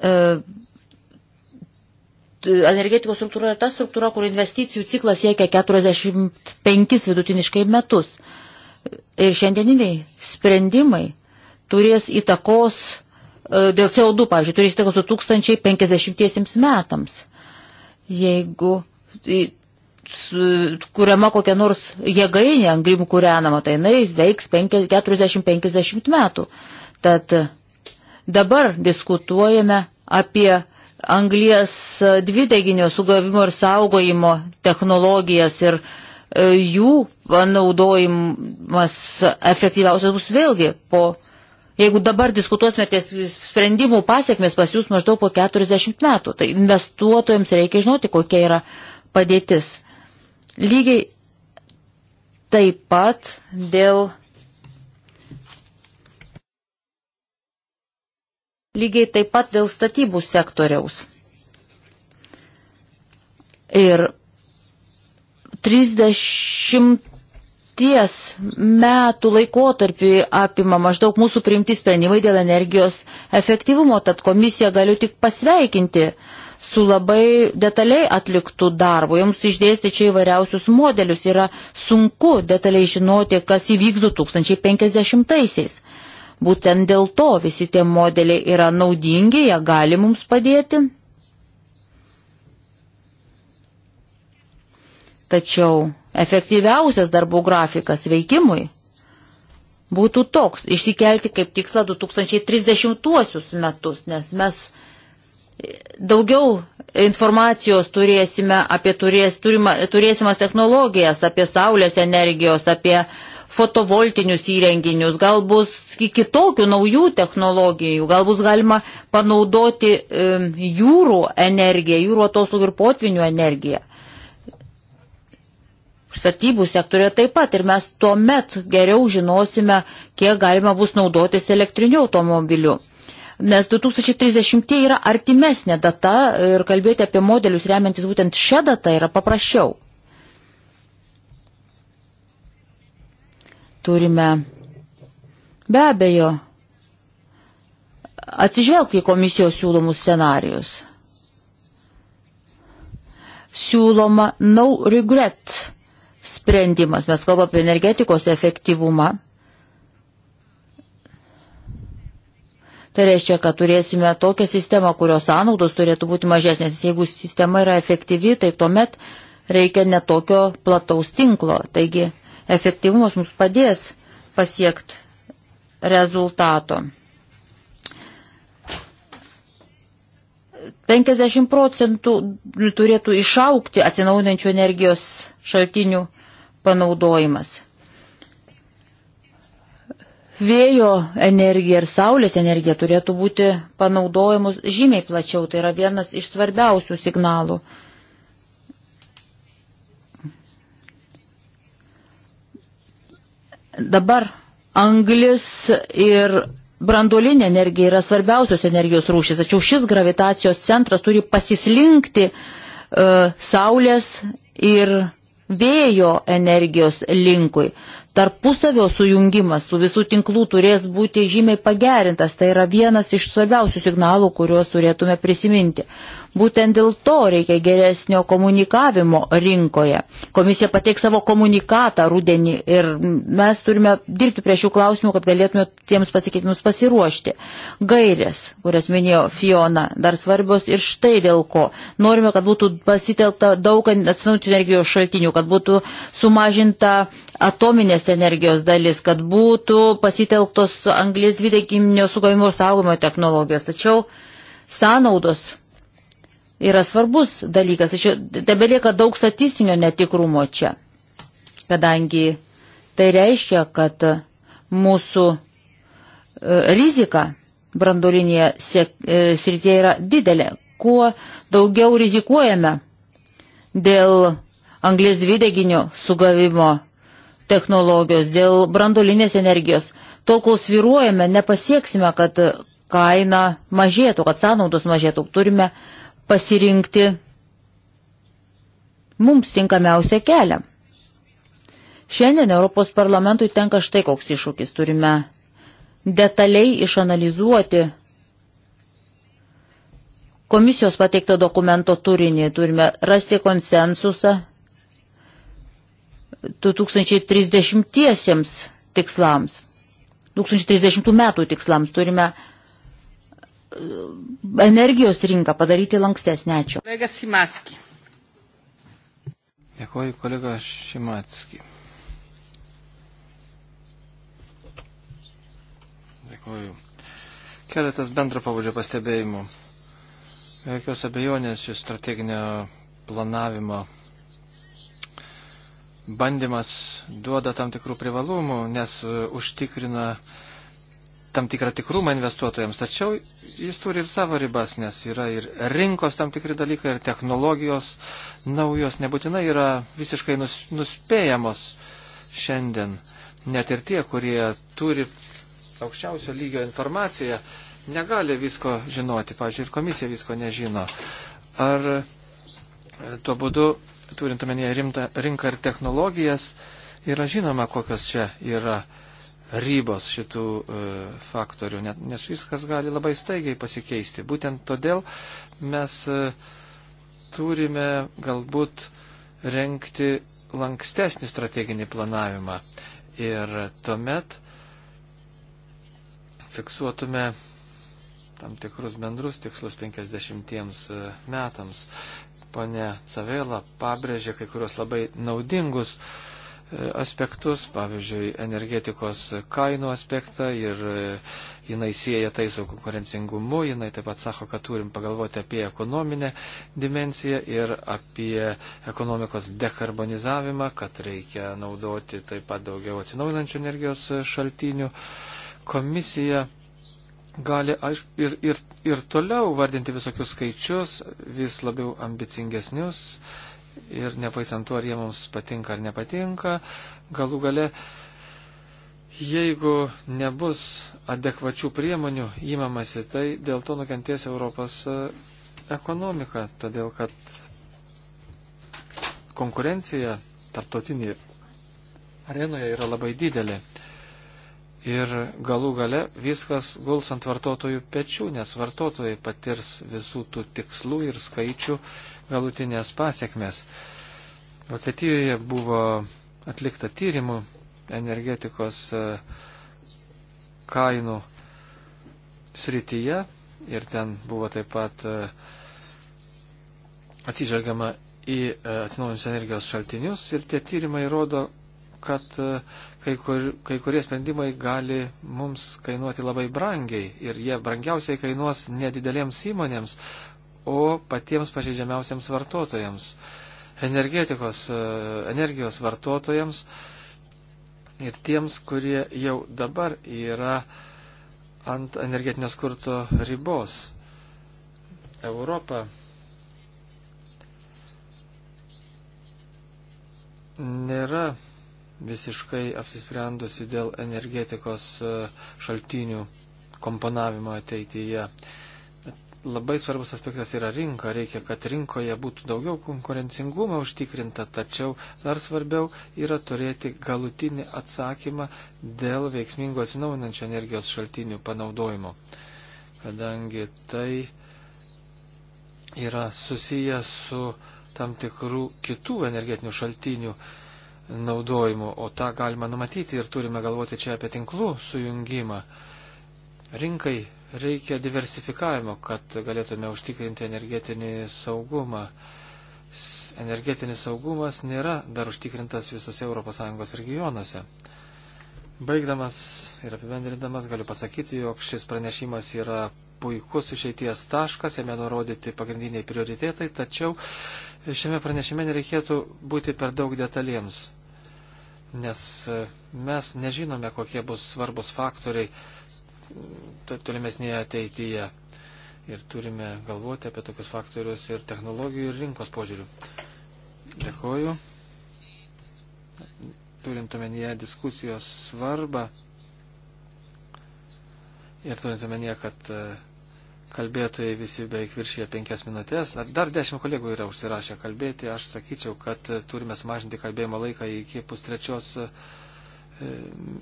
uh, energetikos struktūra yra ta struktūra, kur investicijų ciklas siekia 45 vidutiniškai metus. Ir šiandieniniai sprendimai turės įtakos e, dėl CO2, pavyzdžiui, turės įtakos 2050 metams. Jeigu kuriama kokia nors jėgainė anglimų kūrenama, tai jinai veiks 40-50 metų. Tad dabar diskutuojame apie anglijas dvideginio sugavimo ir saugojimo technologijas ir e, jų panaudojimas efektyviausias bus vėlgi po Jeigu dabar diskutuosime ties sprendimų pasiekmes pas jūs maždaug po 40 metų, tai investuotojams reikia žinoti, kokia yra padėtis. Lygiai taip pat dėl. Lygiai taip pat dėl statybų sektoriaus. Ir 30 dešimties metų laikotarpį apima maždaug mūsų priimti sprendimai dėl energijos efektyvumo, tad komisiją galiu tik pasveikinti su labai detaliai atliktų darbų. Jums išdėstė čia įvairiausius modelius. Yra sunku detaliai žinoti, kas įvyks 2050-aisiais. Būtent dėl to visi tie modeliai yra naudingi, jie gali mums padėti. Tačiau efektyviausias darbų grafikas veikimui būtų toks - išsikelti kaip tiksla 2030 metus, nes mes daugiau informacijos turėsime apie turės, turima, turėsimas technologijas, apie saulės energijos, apie fotovoltinius įrenginius, gal bus kitokių naujų technologijų, gal bus galima panaudoti um, jūrų energiją, jūrų atostogų ir potvinių energiją statybų sektorio taip pat ir mes tuomet geriau žinosime, kiek galima bus naudotis elektriniu automobiliu. Nes 2030 yra artimesnė data ir kalbėti apie modelius remiantis būtent šią datą yra paprasčiau. Turime be abejo atsižvelgti į komisijos siūlomus scenarius. Siūloma no regret sprendimas. Mes kalbame apie energetikos efektyvumą. Tai reiškia, kad turėsime tokią sistemą, kurios sąnaudos turėtų būti mažesnės. Jeigu sistema yra efektyvi, tai tuomet reikia netokio plataus tinklo. Taigi efektyvumas mums padės pasiekti rezultato. 50 procentų turėtų išaukti atsinaujinančių energijos šaltinių panaudojimas. Vėjo energija ir saulės energija turėtų būti panaudojimus žymiai plačiau. Tai yra vienas iš svarbiausių signalų. Dabar anglis ir brandolinė energija yra svarbiausios energijos rūšis, tačiau šis gravitacijos centras turi pasislinkti uh, e, saulės ir vėjo energijos linkui. Tarpusavio sujungimas tų visų tinklų turės būti žymiai pagerintas. Tai yra vienas iš svarbiausių signalų, kuriuos turėtume prisiminti. Būtent dėl to reikia geresnio komunikavimo rinkoje. Komisija pateiks savo komunikatą rudenį ir mes turime dirbti prie šių klausimų, kad galėtume tiems pasikeitimus pasiruošti. Gairės, kurias minėjo Fiona, dar svarbios ir štai dėl ko. Norime, kad būtų pasitelta daug atsinaujančių energijos šaltinių, kad būtų sumažinta atominės energijos dalis, kad būtų pasitelktos anglės dvideginio sugavimo ir saugojimo technologijos. Tačiau sąnaudos yra svarbus dalykas. Tačiau tebelieka daug statistinio netikrumo čia, kadangi tai reiškia, kad mūsų e, rizika brandulinėje e, srityje yra didelė. Kuo daugiau rizikuojame dėl anglės dvideginio sugavimo technologijos, dėl brandulinės energijos, tol kol sviruojame, nepasieksime, kad kaina mažėtų, kad sąnaudos mažėtų. Turime uh, pasirinkti mums tinkamiausią kelią. Šiandien Europos parlamentui tenka štai koks iššūkis. Turime detaliai išanalizuoti komisijos pateikto dokumento turinį, turime rasti konsensusą 2030 tikslams, 2030 metų tikslams turime energijos rinką padaryti lankstesnę. Ačiū. Kolega Simaski.
Dėkuoju, kolega Šimatski. Dėkuoju. Keletas bendro pavadžio pastebėjimų. Be jokios abejonės šis strateginio planavimo bandymas duoda tam tikrų privalumų, nes e, užtikrina uh, tam tikrą tikrumą investuotojams, tačiau jis turi ir savo ribas, nes yra ir rinkos tam tikri dalykai, ir technologijos naujos nebūtinai yra visiškai nus, nuspėjamos šiandien. Net ir tie, kurie turi aukščiausio lygio informaciją, negali visko žinoti. Pavyzdžiui, ir komisija visko nežino. Ar e, tuo būdu, turint omenyje rinką ir technologijas, yra žinoma, kokios čia yra ribos šitų e, faktorių, nes viskas gali labai staigiai pasikeisti. Būtent todėl mes e, turime galbūt renkti lankstesnį strateginį planavimą ir tuomet fiksuotume tam tikrus bendrus tikslus 50 e, metams. Pane Cavela pabrėžė kai kurios labai naudingus uh, aspektus, pavyzdžiui, energetikos kainų aspektą ir e, jinai sieja tai su konkurencingumu, jinai taip pat sako, kad turim pagalvoti apie ekonominę dimenciją ir apie ekonomikos dekarbonizavimą, kad reikia naudoti taip pat daugiau atsinaujinančių energijos šaltinių. Komisija gali aš, ir, ir, ir toliau vardinti visokius skaičius, vis labiau ambicingesnius ir nepaisant to, ar jie mums patinka ar nepatinka, galų gale, jeigu nebus adekvačių priemonių įmamasi, tai dėl to nukentės Europos e, ekonomika, todėl kad konkurencija tarptautinėje arenoje yra labai didelė. Ir galų gale viskas guls ant vartotojų pečių, nes vartotojai patirs visų tų tikslų ir skaičių uh, galutinės pasiekmes. Vokietijoje buvo atlikta tyrimų energetikos e, kainų srityje ir ten buvo taip pat e, atsižvelgiama į e, atsinaujinus energijos šaltinius ir tie tyrimai rodo, kad kai, kur, kai kurie sprendimai gali mums kainuoti labai brangiai ir jie brangiausiai kainuos nedidelėms įmonėms, o patiems pažeidžiamiausiams vartotojams, energetikos, e, energijos vartotojams ir tiems, kurie jau dabar yra ant energetinio skurto ribos. Europa nėra visiškai apsisprendusi dėl energetikos e, šaltinių komponavimo ateityje labai svarbus aspektas yra rinka. Reikia, kad rinkoje būtų daugiau konkurencingumo užtikrinta, tačiau dar svarbiau yra turėti galutinį atsakymą dėl veiksmingo atsinaujinančio energijos šaltinių panaudojimo. Kadangi tai yra susiję su tam tikrų kitų energetinių šaltinių naudojimu, o tą galima numatyti ir turime galvoti čia apie tinklų sujungimą. Rinkai Reikia diversifikavimo, kad galėtume užtikrinti energetinį saugumą. Energetinis saugumas nėra dar užtikrintas visose ES regionuose. Baigdamas ir apibendrindamas galiu pasakyti, jog šis pranešimas yra puikus išeities taškas, jame nurodyti pagrindiniai prioritetai, tačiau šiame pranešime nereikėtų būti per daug detaliems, nes mes nežinome, kokie bus svarbus faktoriai tolimesnėje ateityje. Ir turime galvoti apie tokius faktorius ir technologijų ir rinkos požiūrių. Dėkoju. Turint omenyje diskusijos svarbą ir turint omenyje, kad e, kalbėtojai visi beveik viršyje penkias minutės. Dar dešimt kolegų yra užsirašę kalbėti. Aš sakyčiau, kad e, turime sumažinti kalbėjimo laiką iki pustrečios e,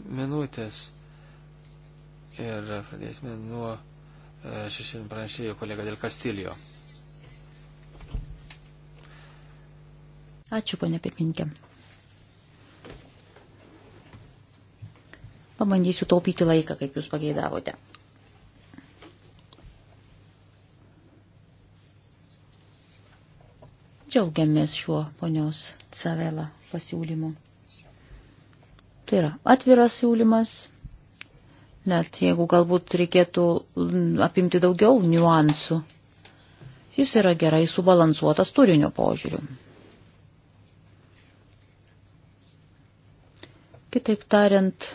minutės. Ir pradėsime nuo e, šešėlinių pranešėjų kolega Del Castillo.
Ačiū, ponė pirmininkė. Pabandysiu taupyti laiką, kaip jūs pageidavote. Džiaugiamės šiuo ponios Cavela pasiūlymu. Tai yra atviras siūlymas, net jeigu galbūt reikėtų mm, apimti daugiau niuansų. Jis yra gerai subalansuotas turinio požiūriu. Kitaip tariant,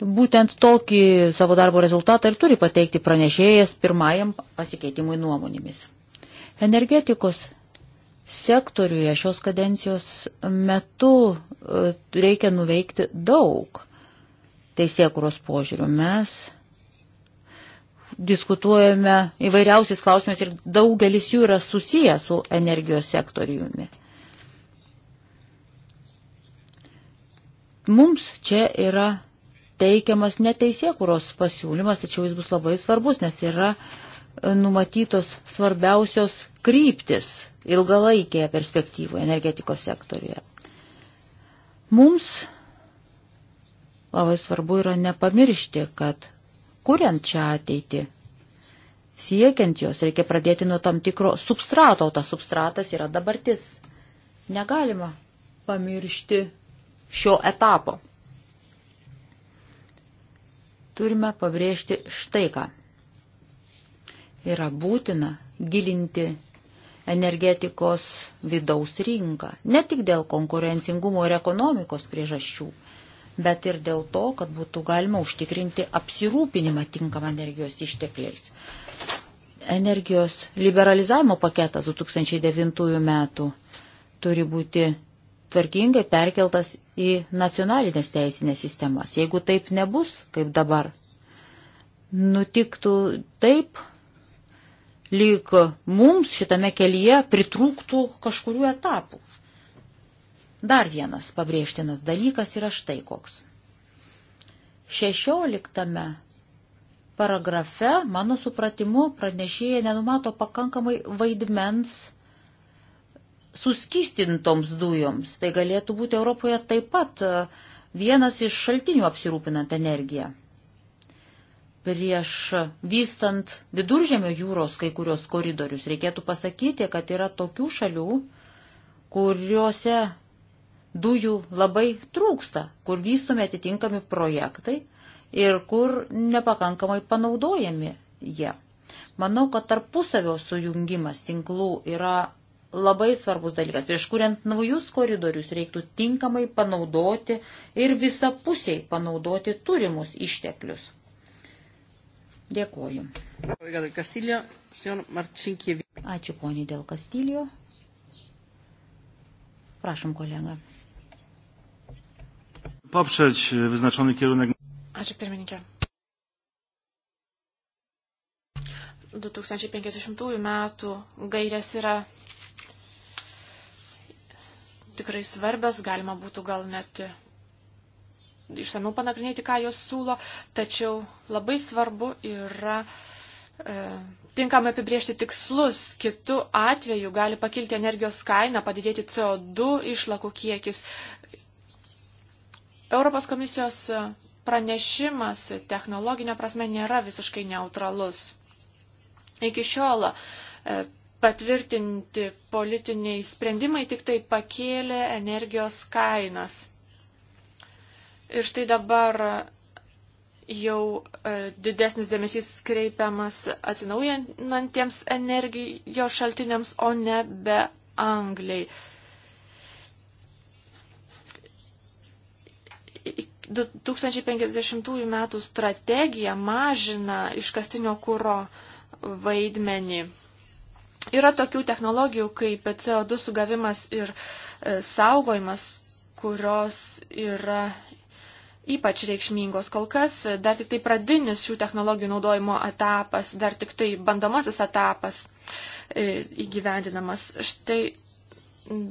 būtent tokį savo darbo rezultatą ir turi pateikti pranešėjas pirmajam pasikeitimui nuomonėmis. Energetikos sektoriuje šios kadencijos metu e, reikia nuveikti daug teisėkuros požiūrių. Mes diskutuojame įvairiausiais klausimais ir daugelis jų yra susiję su energijos sektoriumi. Mums čia yra teikiamas neteisėkuros pasiūlymas, tačiau jis bus labai svarbus, nes yra e, numatytos svarbiausios kryptis ilgalaikėje perspektyvoje energetikos sektoriuje. Mums Labai svarbu yra nepamiršti, kad kuriant šią ateitį, siekiant jos, reikia pradėti nuo tam tikro substrato, o tas substratas yra dabartis. Negalima pamiršti šio etapo. Turime pabrėžti štai ką. Yra būtina gilinti energetikos vidaus rinką, ne tik dėl konkurencingumo ir ekonomikos priežasčių bet ir dėl to, kad būtų galima užtikrinti apsirūpinimą tinkamą energijos ištekliais. Energijos liberalizavimo paketas 2009 metų turi būti tvarkingai perkeltas į nacionalinės teisinės sistemas. Jeigu taip nebus, kaip dabar, nutiktų taip, lyg mums šitame kelyje pritrūktų kažkurių etapų. Dar vienas pabrėžtinas dalykas yra štai koks. Šešioliktame paragrafe, mano supratimu, pranešėja nenumato pakankamai vaidmens suskystintoms dujoms. Tai galėtų būti Europoje taip pat e, vienas iš šaltinių apsirūpinant energiją. Prieš vystant viduržėmio jūros kai kurios koridorius reikėtų pasakyti, kad yra tokių šalių, kuriuose dujų labai trūksta, kur vystomi atitinkami projektai ir kur nepakankamai panaudojami jie. Manau, kad tarpusavio sujungimas tinklų yra labai svarbus dalykas. Prieš kuriant naujus koridorius reiktų tinkamai panaudoti ir visapusiai panaudoti turimus išteklius. Dėkoju. Ačiū poniai dėl Kastilio. Prašom, kolega. Poprzeć e, wyznaczony kierunek. Ačiū pirmininkė.
2050 metų gairės yra tikrai svarbios, galima būtų gal net išsamiau panagrinėti, ką jos siūlo, tačiau labai svarbu yra e, tinkamai apibriežti tikslus. Kitu atveju gali pakilti energijos kaina, padidėti CO2 išlakų kiekis, Europos komisijos pranešimas technologinė prasme nėra visiškai neutralus. Iki šiol e, patvirtinti politiniai sprendimai tik tai pakėlė energijos kainas. Ir štai dabar jau e, didesnis dėmesys kreipiamas atsinaujinantiems energijos šaltiniams, o ne be angliai. 2050 metų strategija mažina iškastinio kūro vaidmenį. Yra tokių technologijų kaip CO2 sugavimas ir e, saugojimas, kurios yra ypač reikšmingos. Kol kas e, dar tik tai pradinis šių technologijų naudojimo etapas, dar tik tai bandomasis etapas e, įgyvendinamas. Štai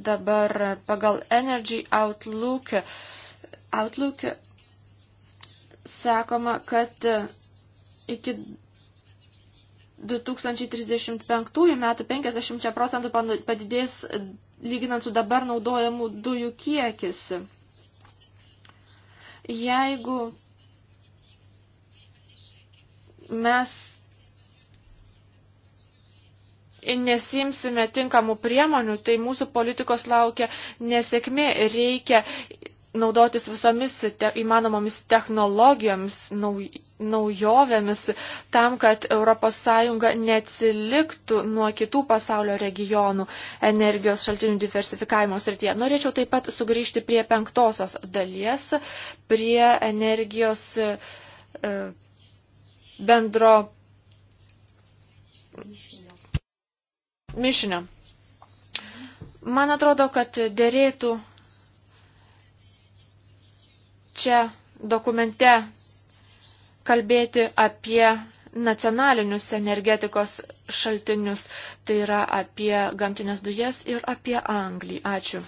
dabar pagal Energy Outlook, Outlook sakoma, kad e, iki 2035 metų 50 procentų padidės e, lyginant su dabar naudojamų dujų kiekis. Jeigu mes nesimsime tinkamų priemonių, tai mūsų politikos laukia nesėkmė, reikia naudotis visomis te, įmanomomis technologijomis, nauj, naujovėmis, tam, kad ES neatsiliktų nuo kitų pasaulio regionų energijos šaltinių diversifikavimo srityje. Norėčiau taip pat sugrįžti prie penktosios dalies, prie energijos e, bendro mišinio. Man atrodo, kad dėrėtų čia dokumente kalbėti apie nacionalinius energetikos šaltinius, tai yra apie gamtinės dujas ir apie Anglį. Ačiū.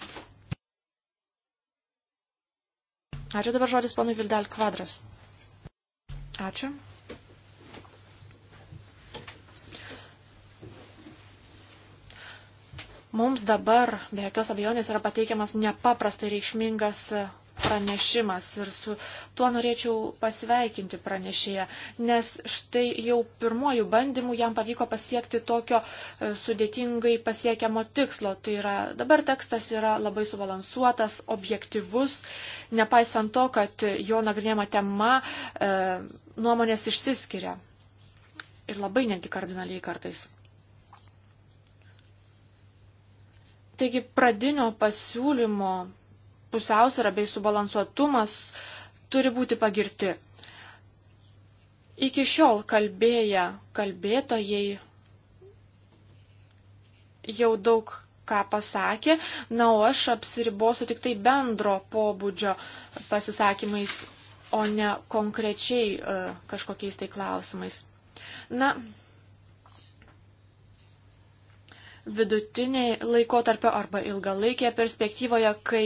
Ačiū dabar žodis ponui Vildel Kvadras. Ačiū. Mums dabar, be jokios abejonės, yra pateikiamas nepaprastai reikšmingas pranešimas ir su tuo norėčiau pasveikinti pranešėją, nes štai jau pirmojų bandymų jam pavyko pasiekti tokio e, sudėtingai pasiekiamo tikslo. Tai yra, dabar tekstas yra labai subalansuotas, objektivus, nepaisant to, kad jo nagrinėjama tema e, nuomonės išsiskiria. Ir labai netgi kardinaliai kartais. Taigi pradinio pasiūlymo pusiausvėra bei subalansuotumas turi būti pagirti. Iki šiol kalbėję kalbėtojai jau daug ką pasakė, na, o aš apsiribosiu tik tai bendro pobūdžio pasisakymais, o ne konkrečiai e, kažkokiais tai klausimais. Na, vidutiniai laikotarpio arba ilgalaikėje perspektyvoje, kai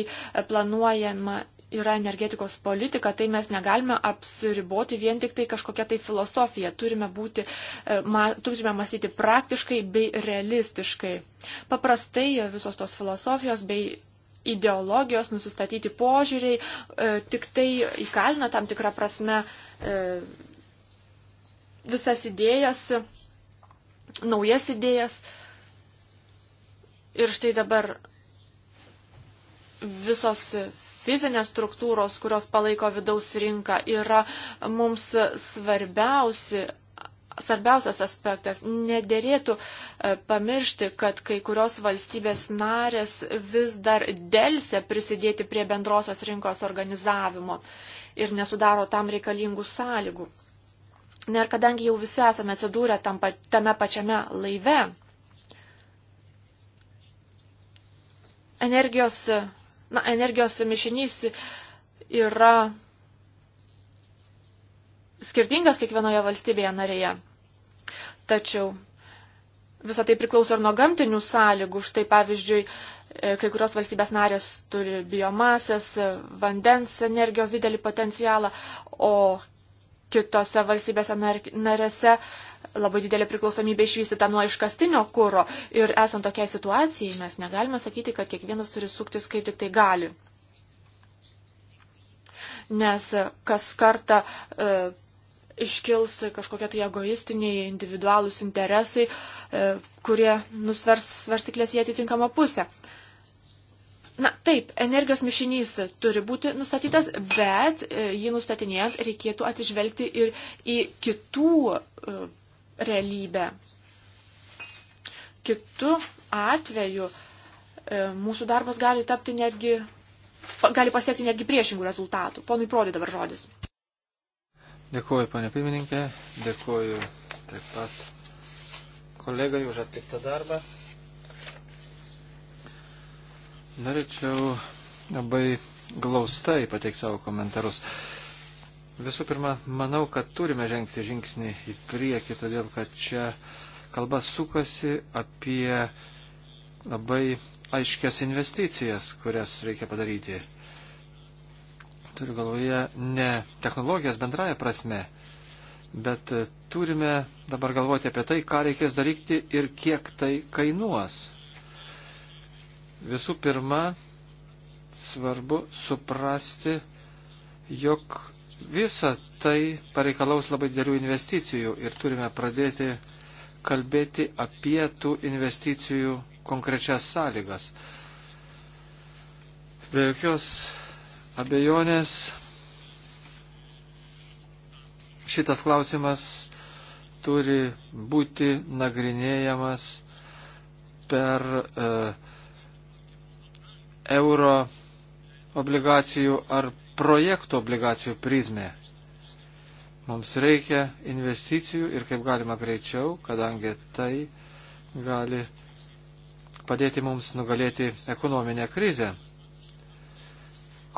planuojama yra energetikos politika, tai mes negalime apsiriboti vien tik tai kažkokia tai filosofija. Turime, būti, e, ma, turime mąstyti praktiškai bei realistiškai. Paprastai e, visos tos filosofijos bei ideologijos, nusistatyti požiūriai, e, tik tai įkalina tam tikrą prasme e, visas idėjas, naujas idėjas. E, Ir štai dabar visos fizinės struktūros, kurios palaiko vidaus rinką, yra mums svarbiausi. Svarbiausias aspektas - nedėrėtų e, pamiršti, kad kai kurios valstybės narės vis dar dėlse prisidėti prie bendrosios rinkos organizavimo ir nesudaro tam reikalingų sąlygų. Na ir kadangi jau visi esame atsidūrę tam, tame pačiame laive, Energijos, na, energijos mišinys yra skirtingas kiekvienoje valstybėje narėje. Tačiau visą tai priklauso ir nuo gamtinių sąlygų. Štai pavyzdžiui, e, kai kurios valstybės narės turi biomasės, e, vandens energijos didelį potencialą, o kitose valstybėse narėse labai didelė priklausomybė išvystyta nuo iškastinio kūro ir esant tokiai situacijai mes negalime sakyti, kad kiekvienas turi suktis kaip tik tai gali. Nes kas kartą e, iškils kažkokie tai egoistiniai, individualūs interesai, e, kurie nusvers svarstiklės į atitinkamą pusę. Na taip, energijos mišinys turi būti nustatytas, bet e, jį nustatinėjant reikėtų atižvelgti ir į kitų e, realybę. Kitu atveju e, mūsų darbas gali tapti netgi, gali pasiekti netgi priešingų rezultatų. Ponui Prodi dabar žodis.
Dėkuoju, ponė pirmininkė, dėkuoju taip pat kolegai už atliktą darbą. Norėčiau labai glaustai pateikti savo komentarus. Visų pirma, manau, kad turime žengti žingsnį į priekį, todėl kad čia kalba sukasi apie labai aiškias investicijas, kurias reikia padaryti. Turiu galvoje ne technologijas bendraja prasme, bet turime dabar galvoti apie tai, ką reikės daryti ir kiek tai kainuos. Visų pirma, svarbu suprasti, jog Visa tai pareikalaus labai dėlių investicijų ir turime pradėti kalbėti apie tų investicijų konkrečias sąlygas. Be jokios abejonės šitas klausimas turi būti nagrinėjamas per e, euro obligacijų ar projektų obligacijų prizmę. Mums reikia investicijų ir kaip galima greičiau, kadangi tai gali padėti mums nugalėti ekonominę krizę.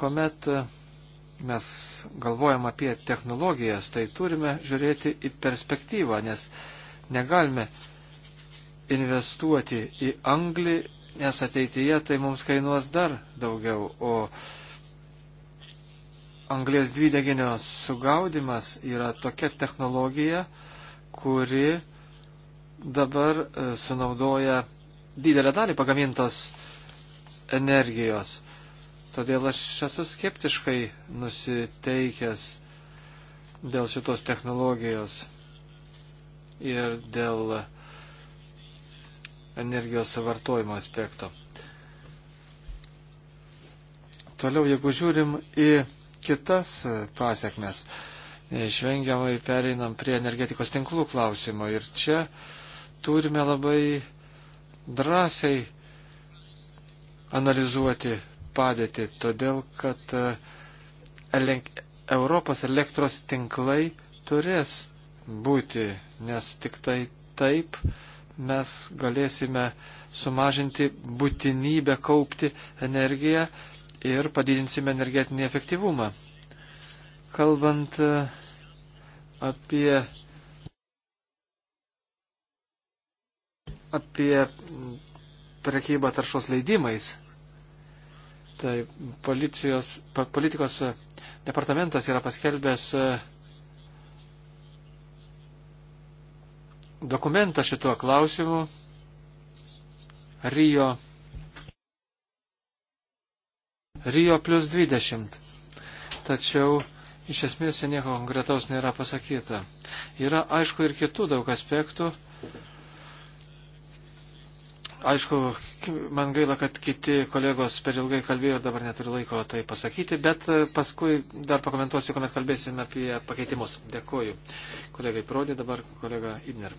Komet e, mes galvojam apie technologijas, tai turime žiūrėti į perspektyvą, nes negalime investuoti į anglį, nes ateityje tai mums kainuos dar daugiau, o anglės dvideginio sugaudimas yra tokia technologija, kuri dabar e, sunaudoja didelę dalį pagamintos energijos. Todėl aš esu skeptiškai nusiteikęs dėl šitos technologijos ir dėl energijos suvartojimo aspekto. Toliau, jeigu žiūrim į kitas e, pasiekmes. Neišvengiamai pereinam prie energetikos tinklų klausimo ir čia turime labai drąsiai analizuoti padėtį, todėl kad e, Europos elektros tinklai turės būti, nes tik tai taip mes galėsime sumažinti būtinybę kaupti energiją ir padidinsime energetinį efektyvumą. Kalbant e, apie, apie prekybą taršos leidimais, tai policijos, politikos departamentas yra paskelbęs e, dokumentą šituo klausimu Rio Rio plus 20. Tačiau iš esmės nieko konkretaus nėra pasakyta. Yra aišku ir kitų daug aspektų. Aišku, man gaila, kad kiti kolegos per ilgai kalbėjo ir dabar neturiu laiko tai pasakyti, bet e, paskui dar pakomentuosiu, kuomet kalbėsime apie pakeitimus. Dėkuoju. Kolegai Prodė, dabar kolega Ibner.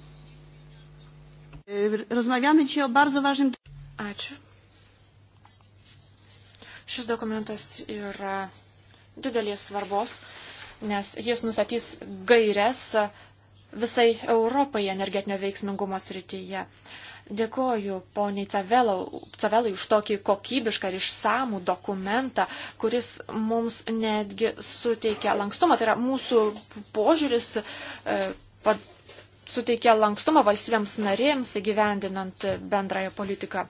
Rozmawiamy dzisiaj o bardzo ważnym. Ačiū. Šis dokumentas yra didelės svarbos, nes jis nustatys gairias visai Europai energetinio veiksmingumo srityje. Dėkoju poniai Cavelai už tokį kokybišką ir išsamų dokumentą, kuris mums netgi suteikia lankstumą. Tai yra mūsų požiūris e, pad, suteikia lankstumą valstybėms narėms įgyvendinant bendrąją politiką.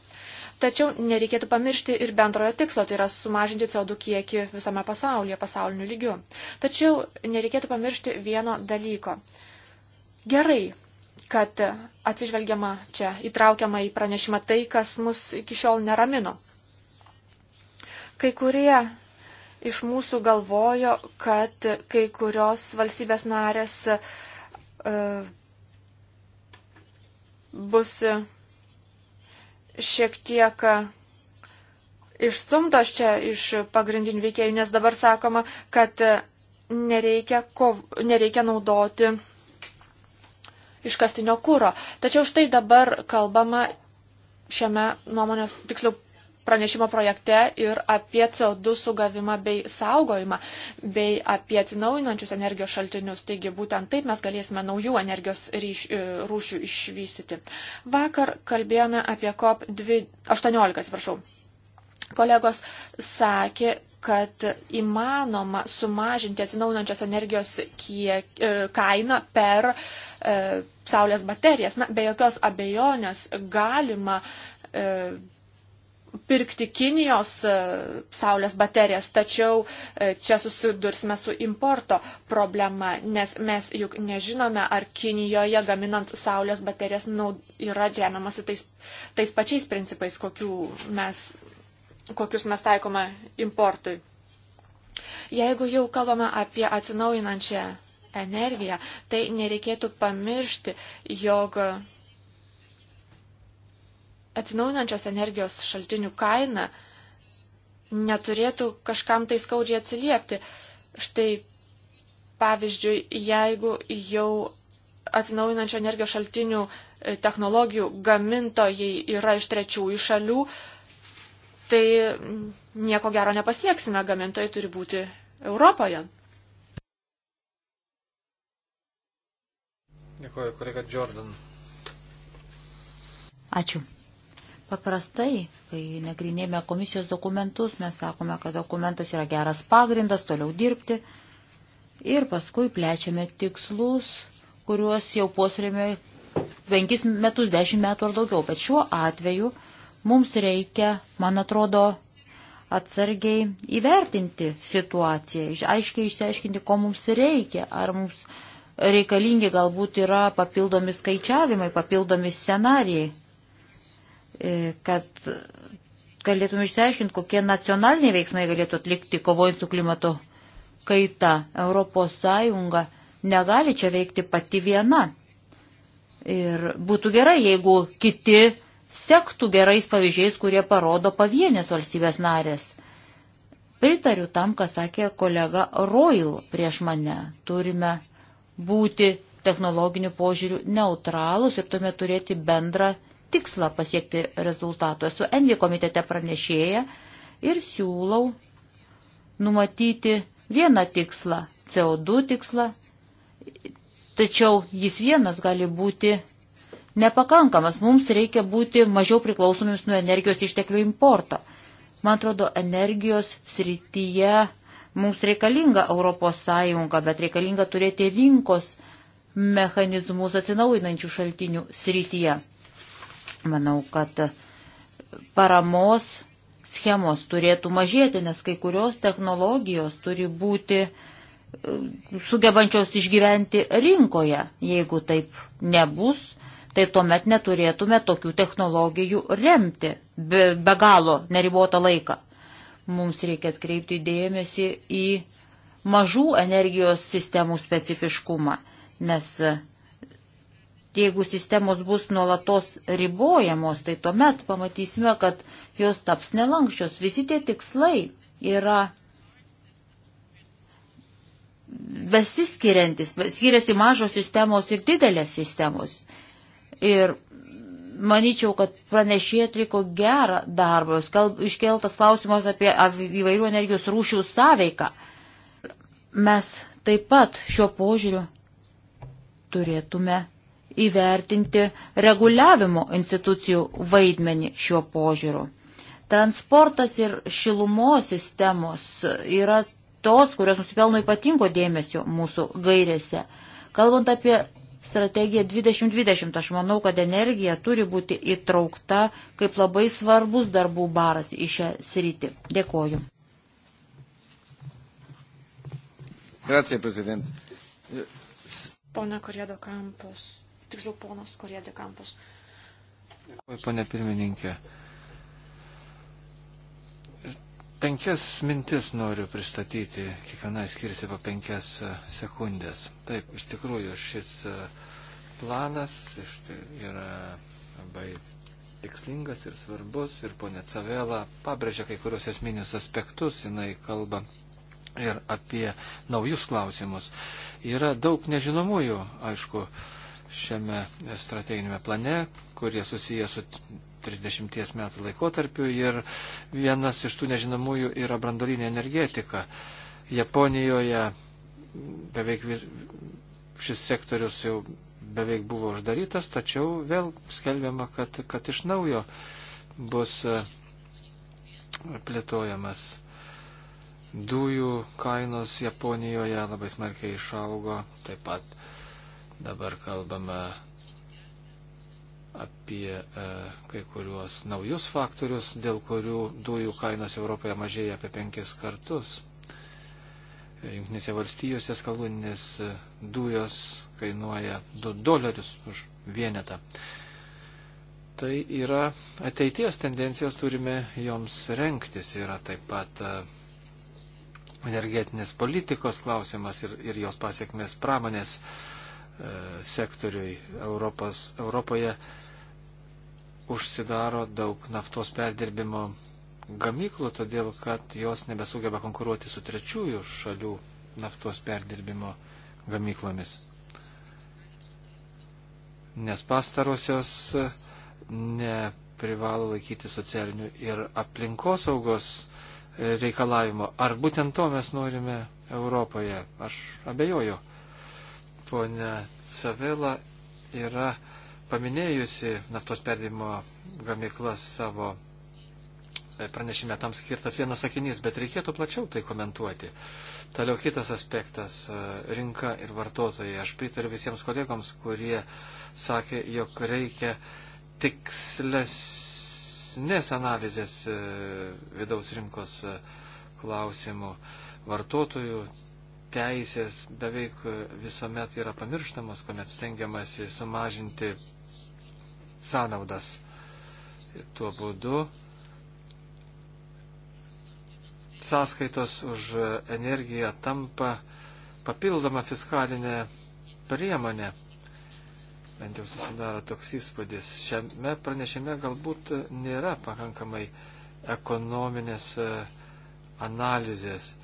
Tačiau nereikėtų pamiršti ir bendrojo tikslo, tai yra sumažinti CO2 kiekį visame pasaulyje, pasauliniu lygiu. Tačiau nereikėtų pamiršti vieno dalyko. Gerai, kad atsižvelgiama čia, įtraukiama į pranešimą tai, kas mus iki šiol neramino. Kai kurie iš mūsų galvojo, kad kai kurios valstybės narės uh, bus šiek tiek išstumtos čia iš pagrindinių veikėjų, nes dabar sakoma, kad nereikia, kov, nereikia naudoti iškastinio kūro. Tačiau štai dabar kalbama šiame nuomonės, tiksliau pranešimo projekte ir apie CO2 sugavimą bei saugojimą, bei apie atsinaujinančius energijos šaltinius. Taigi būtent taip mes galėsime naujų energijos ryš, e, rūšių išvystyti. Vakar kalbėjome apie COP18, atsiprašau. Kolegos sakė, kad įmanoma sumažinti atsinaujinančios energijos kiek, e, kainą per e, saulės baterijas. Na, be jokios abejonės galima e, pirkti Kinijos e, saulės baterijas, tačiau e, čia susidursime su importo problema, nes mes juk nežinome, ar Kinijoje gaminant saulės baterijas naud, yra remiamasi tais, tais pačiais principais, mes, kokius mes taikome importui. Jeigu jau kalbame apie atsinaujinančią energiją, tai nereikėtų pamiršti, jog atsinaujinančios energijos šaltinių kaina neturėtų kažkam tai skaudžiai atsiliepti. Štai, pavyzdžiui, jeigu jau atsinaujinančio energijos šaltinių e, technologijų gamintojai yra iš trečiųjų šalių, tai nieko gero nepasieksime, gamintojai turi būti Europoje.
Dėkuoju, kolega Jordan.
Ačiū. Paprastai, kai nagrinėjame komisijos dokumentus, mes sakome, kad dokumentas yra geras pagrindas toliau dirbti ir paskui plečiame tikslus, kuriuos jau posrėmė penkis metus, dešimt metų ar daugiau. Bet šiuo atveju mums reikia, man atrodo, atsargiai įvertinti situaciją, aiškiai išsiaiškinti, ko mums reikia, ar mums reikalingi galbūt yra papildomi skaičiavimai, papildomi scenarijai E, kad galėtume išsiaiškinti, kokie nacionaliniai veiksmai galėtų atlikti kovojant su klimato kaita. Europos Sąjunga negali čia veikti pati viena. Ir būtų gerai, jeigu kiti sektų gerais pavyzdžiais, kurie parodo pavienės valstybės narės. Pritariu tam, ką sakė kolega Royal prieš mane. Turime būti technologinių požiūrių neutralus ir turime turėti bendrą tikslą pasiekti rezultatų. Esu Envi komitete pranešėja ir siūlau numatyti vieną tikslą, CO2 tikslą, tačiau jis vienas gali būti nepakankamas. Mums reikia būti mažiau priklausomis nuo energijos išteklių importo. Man atrodo, energijos srityje mums reikalinga Europos Sąjunga, bet reikalinga turėti rinkos mechanizmus atsinaujinančių šaltinių srityje. Manau, kad paramos schemos turėtų mažėti, nes kai kurios technologijos turi būti e, sugebančios išgyventi rinkoje. Jeigu taip nebus, tai tuomet neturėtume tokių technologijų remti be, be galo neribotą laiką. Mums reikia atkreipti dėmesį į mažų energijos sistemų specifiškumą, nes jeigu sistemos bus nuolatos ribojamos, tai tuomet pamatysime, kad jos taps nelankščios. Visi tie tikslai yra besiskiriantis, skiriasi mažos sistemos ir didelės sistemos. Ir manyčiau, kad pranešėjai atliko gerą darbą. Iškeltas klausimas apie įvairių energijos rūšių sąveiką. Mes taip pat šiuo požiūriu turėtume įvertinti reguliavimo institucijų vaidmenį šiuo požiūriu. Transportas ir šilumos sistemos yra tos, kurios nusipelno ypatingo dėmesio mūsų gairėse. Kalbant apie strategiją 2020, aš manau, kad energija turi būti įtraukta kaip labai svarbus darbų baras į šią sritį. Dėkoju.
Grazie, prezident.
Pone Korėdo Kampus tiksliau ponas Korė de Kampus.
Dėkuoju, ponė pirmininkė. Penkias mintis noriu pristatyti, kiekvienai skiriasi po penkias e, sekundės. Taip, iš tikrųjų, šis e, planas tai yra labai tikslingas ir svarbus ir ponė Cavela pabrėžia kai kurios esminius aspektus, jinai kalba ir apie naujus klausimus. Yra daug nežinomųjų, aišku, šiame strateginėme plane, kurie susiję su 30 metų laikotarpiu ir vienas iš tų nežinomųjų yra brandolinė energetika. Japonijoje beveik šis sektorius jau beveik buvo uždarytas, tačiau vėl skelbiama, kad, kad iš naujo bus e, plėtojamas. Dujų kainos Japonijoje labai smarkiai išaugo, taip pat Dabar kalbame apie e, kai kuriuos naujus faktorius, dėl kurių dujų kainos Europoje mažėja apie penkis kartus. Junktinėse valstijose skalūninės e, dujos kainuoja 2 dolerius už vienetą. Tai yra ateities tendencijos, turime joms renktis. Yra taip pat e, energetinės politikos klausimas ir, ir jos pasiekmes pramonės uh, E, sektoriui Europos, Europoje užsidaro daug naftos perdirbimo gamyklų, todėl kad jos nebesugeba konkuruoti su trečiųjų šalių naftos perdirbimo gamyklomis. Nes pastarosios e, neprivalo laikyti socialinių ir aplinkosaugos e, reikalavimo. Ar būtent to mes norime Europoje? Aš abejoju ponia Savela yra paminėjusi naftos perdimo gamyklas savo e, pranešime tam skirtas vienas sakinys, bet reikėtų plačiau tai komentuoti. Toliau kitas aspektas e, - rinka ir vartotojai. Aš pritariu visiems kolegoms, kurie sakė, jog reikia tikslesnės analizės e, vidaus rinkos klausimų vartotojų teisės beveik visuomet yra pamirštamos, kuomet stengiamasi sumažinti sąnaudas. Tuo būdu sąskaitos už energiją tampa papildoma fiskalinė priemonė. Bent jau susidaro toks įspūdis. Šiame pranešime galbūt nėra pakankamai ekonominės e, analizės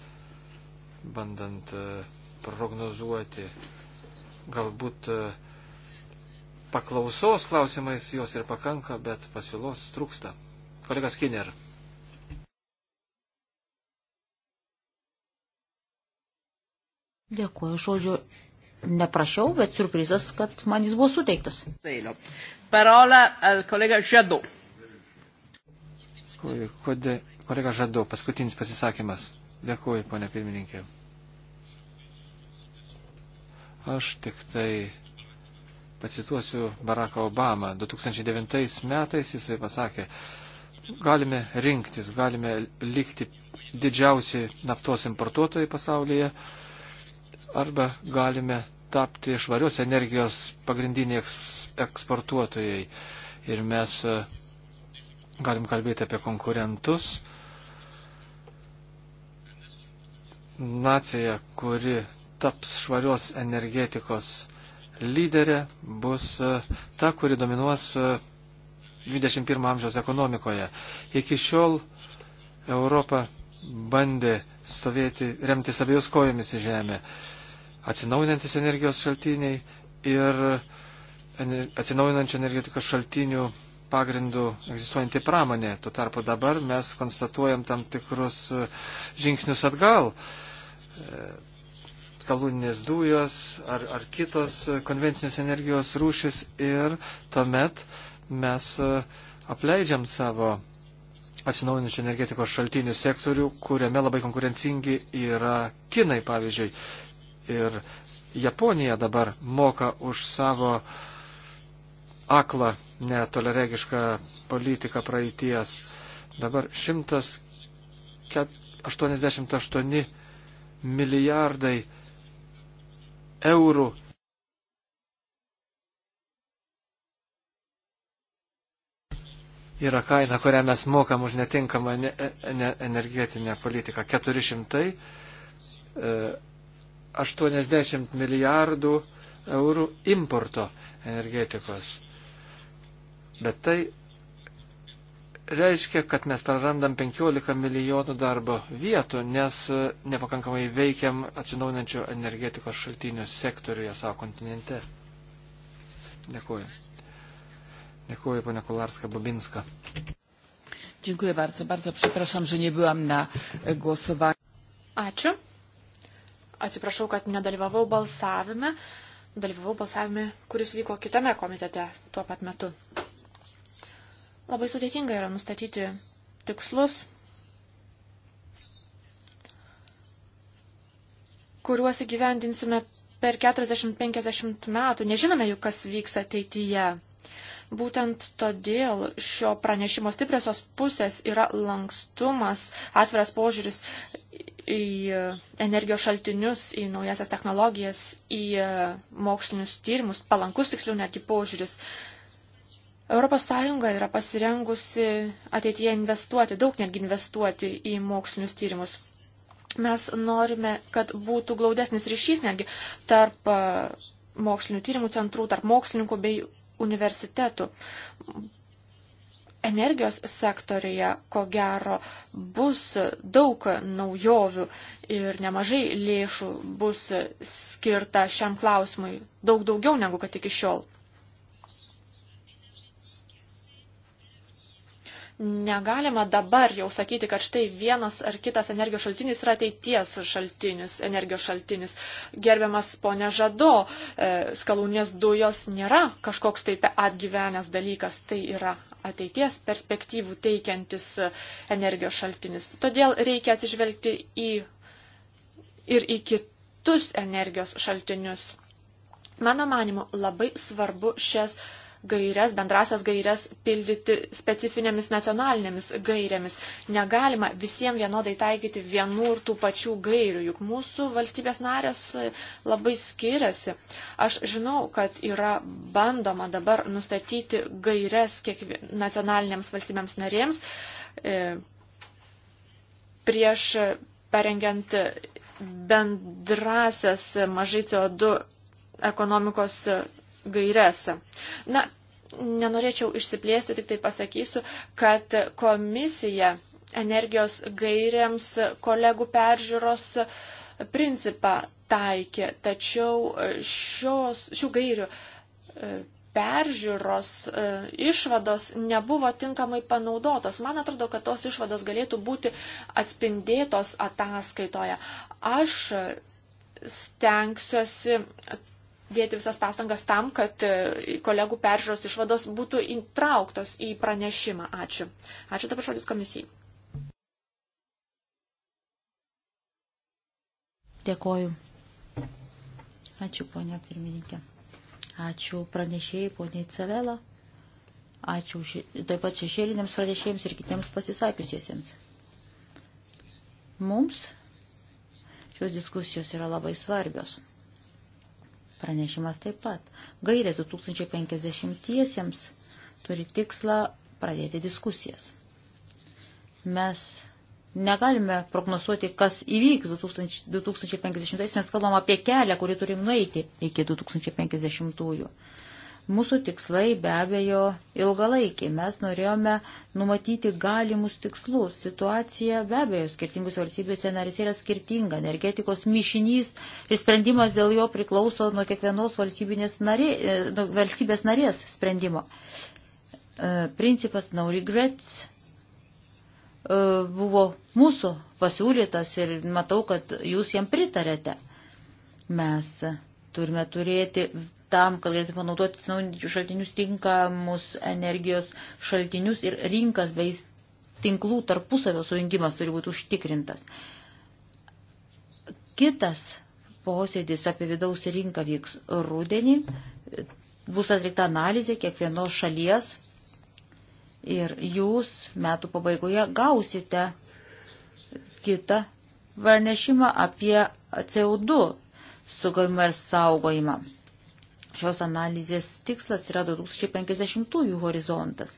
bandant e, prognozuoti. Galbūt e, paklausos klausimais jos ir pakanka, bet pasiūlos trūksta. Kolega Skinner.
Dėkuoju, žodžio neprašiau, bet surprizas, kad man jis buvo suteiktas. Parola al kolega Žadu. Kolega
Žadu, paskutinis pasisakymas. Dėkuoju, ponė pirmininkė. Aš tik tai pacituosiu Baraką Obamą. 2009 metais jisai pasakė, galime rinktis, galime likti didžiausi naftos importuotojai pasaulyje arba galime tapti švarios energijos pagrindiniai eksportuotojai. Ir mes e, galim kalbėti apie konkurentus, nacija, kuri taps švarios energetikos lyderė, bus e, ta, kuri dominuos 21 e, amžiaus ekonomikoje. Iki šiol Europa bandė stovėti, remtis abiejus kojomis į žemę. Atsinaujantis energijos šaltiniai ir e, atsinaujinančių energetikos šaltinių pagrindų egzistuojanti pramonė. Tuo tarpu dabar mes konstatuojam tam tikrus žingsnius atgal. Uh, E, skalūninės dujos ar, ar kitos konvencinės energijos rūšis ir tuomet mes e, apleidžiam savo atsinaujinančių energetikos šaltinių sektorių, kuriame labai konkurencingi yra Kinai, pavyzdžiui. Ir Japonija dabar moka už savo aklą, netoleregišką politiką praeities. Dabar 188 milijardai eurų. Yra kaina, kurią mes mokam už netinkamą energetinę politiką. 480 e, milijardų eurų importo energetikos. Bet tai reiškia, kad mes prarandam 15 milijonų darbo vietų, nes e, nepakankamai veikiam atsinaujinančių energetikos šaltinių sektoriuje savo kontinente. Dėkuoju. Dėkuoju, ponia Kularska Babinska.
Dziękuję bardzo, bardzo przepraszam,
że nie byłam na głosowaniu.
Ačiū. Atsiprašau, kad nedalyvavau balsavime. Dalyvavau balsavime, kuris vyko kitame komitete tuo pat metu. Labai sudėtinga yra nustatyti tikslus, kuriuos įgyvendinsime per 40-50 metų. Nežinome juk, kas vyks ateityje. Būtent todėl šio pranešimo stipriosios pusės yra lankstumas, atviras požiūris į energijos šaltinius, į naujasias technologijas, į mokslinius tyrimus, palankus tiksliau netgi požiūris. ES yra pasirengusi ateityje investuoti, daug netgi investuoti į mokslinius tyrimus. Mes norime, kad būtų glaudesnis ryšys netgi tarp e, mokslinių tyrimų centrų, tarp mokslininkų bei universitetų. Energijos sektorija, ko gero, bus daug naujovių ir nemažai lėšų bus skirta šiam klausimui, daug daugiau negu kad iki šiol. Negalima dabar jau sakyti, kad štai vienas ar kitas energijos šaltinis yra ateities šaltinis, energijos šaltinis. Gerbiamas ponė Žado, e, skalūnės dujos nėra kažkoks taip atgyvenęs dalykas, tai yra ateities perspektyvų teikiantis energijos šaltinis. Todėl reikia atsižvelgti į ir į kitus energijos šaltinius. Mano manimu, labai svarbu šias gairias, bendrasias gairias pildyti specifinėmis nacionalinėmis gairėmis. Negalima visiems vienodai taikyti vienų ir tų pačių gairių, juk mūsų valstybės narės e, labai skiriasi. Aš žinau, kad yra bandoma dabar nustatyti gairias kiekvien, nacionalinėms valstybėms narėms e, prieš parengiant bendrasias mažai CO2 ekonomikos gairias. Na, nenorėčiau išsiplėsti, tik tai pasakysiu, kad komisija energijos gairiams kolegų peržiūros principą taikė, tačiau šios, šių gairių e, peržiūros e, išvados nebuvo tinkamai panaudotos. Man atrodo, kad tos išvados galėtų būti atspindėtos ataskaitoje. Aš stengsiuosi dėti visas pastangas tam, kad e, kolegų peržiūros išvados būtų įtrauktos į pranešimą. Ačiū. Ačiū dabar žodis komisijai.
Dėkoju. Ačiū, ponia pirmininkė. Ačiū pranešėjai, poniai Cavela. Ačiū taip pat šešėliniams pranešėjams ir kitiems pasisakiusiesiems. Mums šios diskusijos yra labai svarbios pranešimas taip pat. Gairės 2050-iesiems turi tikslą pradėti diskusijas. Mes negalime prognozuoti, kas įvyks 2050-iesiems, kalbam apie kelią, kurį turim nueiti iki 2050-ųjų. 2050 Mūsų tikslai be abejo ilgalaikiai. Mes norėjome numatyti galimus tikslus. Situacija be abejo skirtingus valstybėse narys yra skirtinga. Energetikos mišinys ir sprendimas dėl jo priklauso nuo kiekvienos narė, e, nuo valstybės narės sprendimo. E, principas no regrets e, buvo mūsų pasiūlytas ir matau, kad jūs jam pritarėte. Mes turime turėti tam, kad galėtume panaudoti atsinaujinančių šaltinius tinkamus energijos šaltinius ir rinkas bei tinklų tarpusavio sujungimas turi būti užtikrintas. Kitas posėdis apie vidaus rinką vyks rudenį. Bus atlikta analizė kiekvienos šalies ir jūs metų pabaigoje gausite kitą pranešimą apie CO2 sugavimą ir saugojimą. Šios analizės tikslas yra 2050-ųjų horizontas.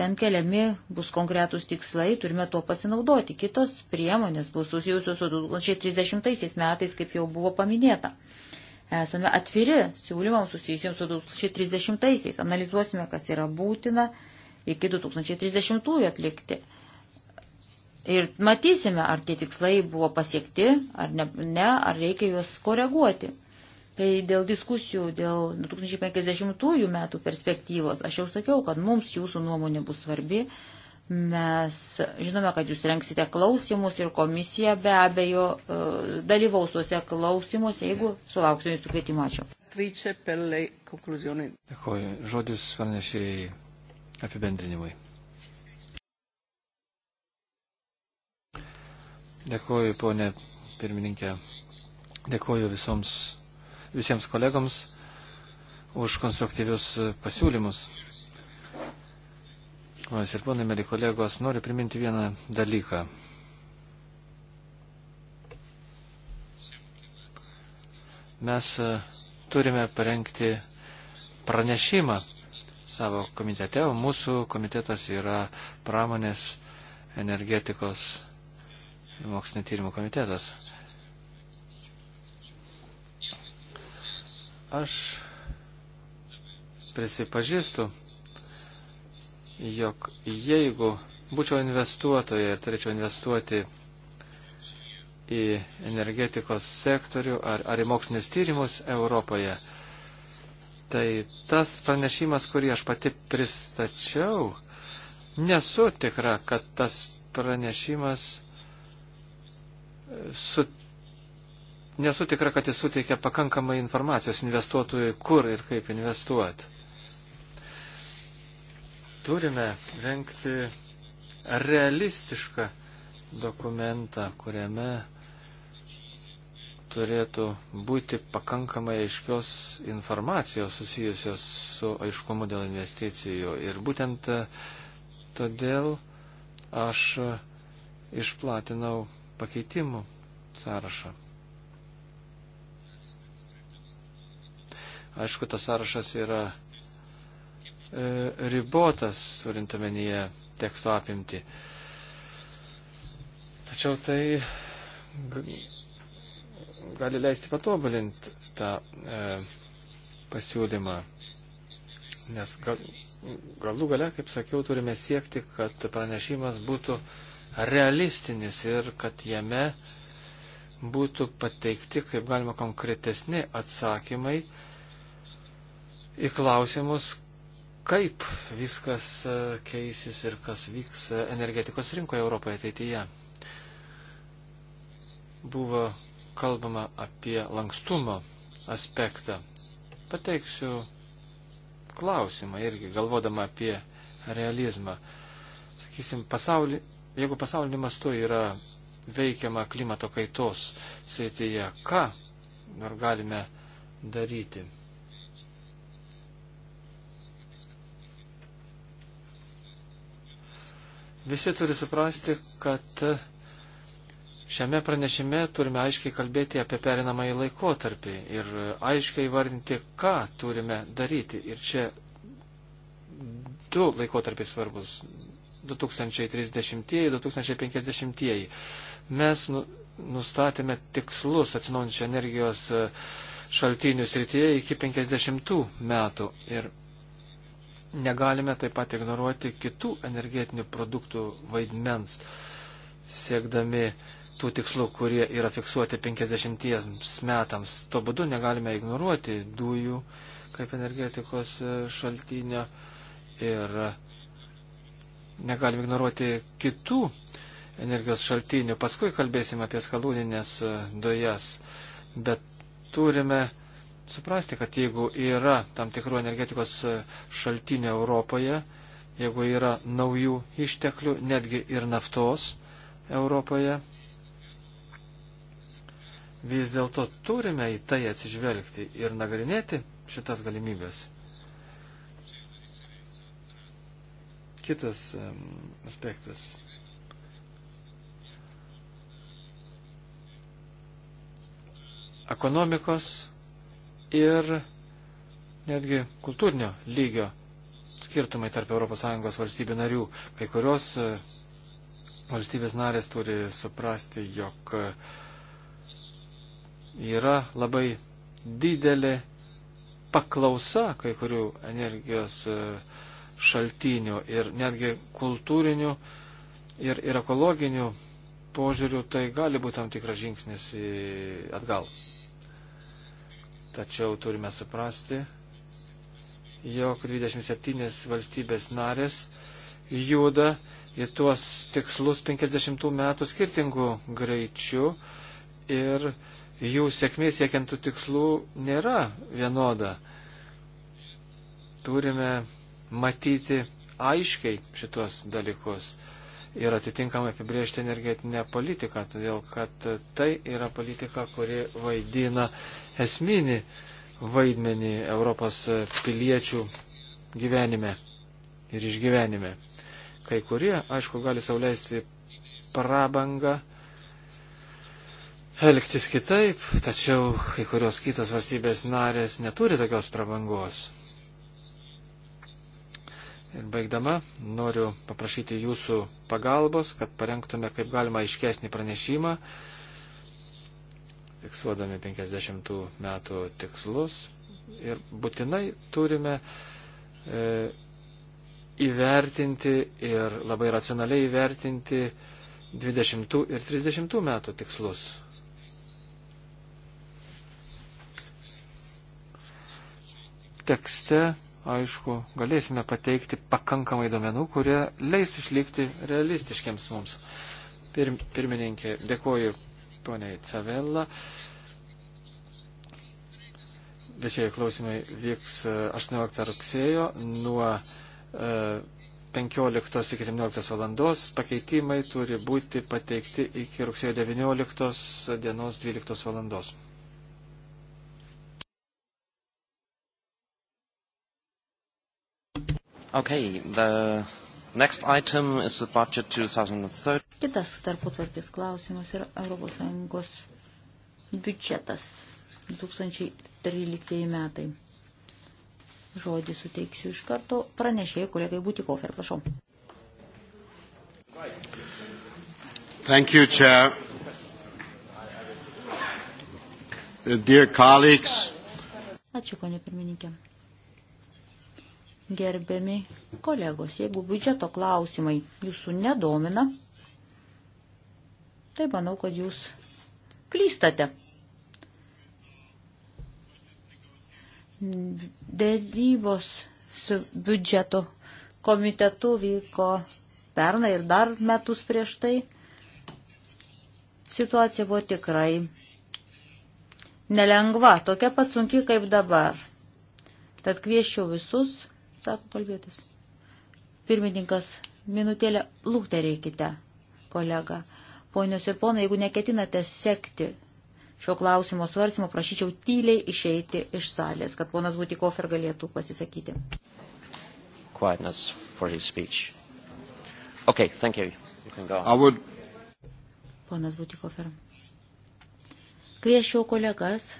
Ten keliami bus konkretūs tikslai, turime tuo pasinaudoti. Kitos priemonės bus susijusios su 2030 metais, kaip jau buvo paminėta. Esame atviri siūlymams susijusiems su 2030-aisiais. Analizuosime, kas yra būtina iki 2030-ųjų atlikti. Ir matysime, ar tie tikslai buvo pasiekti, ar ne, ne ar reikia juos koreguoti. Kai dėl diskusijų dėl 2050 metų perspektyvos, aš jau sakiau, kad mums jūsų nuomonė bus svarbi. Mes žinome, kad jūs renksite klausimus ir komisija be abejo e, dalyvaus tuose klausimuose, jeigu sulauksime jūsų kvietimą. Ačiū.
Dėkuoju. Žodis pranešėjai apibendrinimui. Dėkuoju, ponė pirmininkė. Dėkuoju visoms visiems kolegoms už konstruktyvius pasiūlymus. Ponas ir ponai, mėly kolegos, noriu priminti vieną dalyką. Mes e, turime parengti pranešimą savo komitete, o mūsų komitetas yra pramonės energetikos mokslinio tyrimų komitetas. Aš prisipažįstu, jog jeigu būčiau investuotoja ir turėčiau investuoti į energetikos sektorių ar, ar į mokslinius tyrimus Europoje, tai tas pranešimas, kurį aš pati pristačiau, nesu tikra, kad tas pranešimas su, nesu tikra, kad jis suteikia pakankamai informacijos investuotojui, kur ir kaip investuoti. Turime renkti realistišką dokumentą, kuriame turėtų būti pakankamai aiškios informacijos susijusios su aiškumu dėl investicijų. Ir būtent e, todėl aš išplatinau pakeitimų sąrašą. Aišku, tas sąrašas yra e, ribotas, turint omenyje teksto apimti. Tačiau tai gali leisti patobulinti tą e, pasiūlymą. Nes gal, galų gale, kaip sakiau, turime siekti, kad pranešimas būtų realistinis ir kad jame būtų pateikti, kaip galima, konkretesni atsakymai į klausimus, kaip viskas e, keisis ir kas vyks e, energetikos rinkoje Europoje ateityje. Buvo kalbama apie lankstumo aspektą. Pateiksiu klausimą irgi, galvodama apie realizmą. Sakysim, pasaulį, jeigu pasaulyni mastu yra veikiama klimato kaitos srityje, ką dar galime daryti? Visi turi suprasti, kad šiame pranešime turime aiškiai kalbėti apie perinamąjį laikotarpį ir aiškiai vardinti, ką turime daryti. Ir čia du laikotarpiai svarbus 2030-2050. Mes nu, nustatėme tikslus atsinaujančios energijos šaltinių srityje iki 50 metų. Ir Negalime taip pat ignoruoti kitų energetinių produktų vaidmens, siekdami tų tikslų, kurie yra fiksuoti 50 metams. Tuo būdu negalime ignoruoti dujų kaip energetikos e, šaltinio ir negalime ignoruoti kitų energijos šaltinių. Paskui kalbėsime apie skalūninės e, dujas, bet turime suprasti, kad jeigu yra tam tikrų energetikos šaltinių Europoje, jeigu yra naujų išteklių, netgi ir naftos Europoje, vis dėlto turime į tai atsižvelgti ir nagrinėti šitas galimybės. Kitas aspektas. Ekonomikos ir netgi kultūrinio lygio skirtumai tarp ES valstybių narių. Kai kurios e, valstybės narės turi suprasti, jog e, yra labai didelė paklausa kai kurių energijos e, šaltinių ir netgi kultūrinių ir, ir ekologinių požiūrių tai gali būti tam tikras žingsnis atgal. Tačiau turime suprasti, jog 27 valstybės narės juda į tuos tikslus 50 metų skirtingų greičių ir jų sėkmė siekiantų tikslų nėra vienoda. Turime matyti aiškiai šitos dalykus ir atitinkamai apibriežti energetinę politiką, todėl kad tai yra politika, kuri vaidina esminį vaidmenį Europos piliečių gyvenime ir išgyvenime. Kai kurie, aišku, gali sauliaisti prabangą elgtis kitaip, tačiau kai kurios kitos valstybės narės neturi tokios prabangos. Ir baigdama, noriu paprašyti jūsų pagalbos, kad parengtume kaip galima aiškesnį pranešimą, fiksuodami 50 metų tikslus ir būtinai turime e, įvertinti ir labai racionaliai įvertinti 20 ir 30 metų tikslus. Tekste, aišku, galėsime pateikti pakankamai domenų, kurie leis išlikti realistiškiams mums. Pir, pirmininkė, dėkoju poniai Cavella. Viešieji klausimai vyks 18 e, rugsėjo nuo 15 e, iki 17 valandos. Pakeitimai turi būti pateikti iki rugsėjo 19 dienos 12 valandos.
Okay, the Kitas
tarputvarkis klausimas yra ES biudžetas 2013 metai. Žodį suteiksiu iš karto pranešėjai, kurie kaip būti kofer, prašau. Thank you, Chair.
Dear colleagues.
Ačiū, ponė pirmininkė. Gerbiami kolegos, jeigu biudžeto klausimai jūsų nedomina, tai manau, kad jūs klystate. Dėrybos su biudžeto komitetu vyko pernai ir dar metus prieš tai. Situacija buvo tikrai nelengva, tokia pat sunki kaip dabar. Tad kvieščiau visus sako kalbėtis. Pirmininkas, minutėlę lūkterėkite, kolega. Ponios ir ponai, jeigu neketinate sekti šio klausimo svarsimo, prašyčiau tyliai išeiti iš salės, kad ponas Butikofer galėtų pasisakyti.
Quietness for his speech. Okay, thank you. You can go. I would...
Ponas Butikofer. Kviešiau kolegas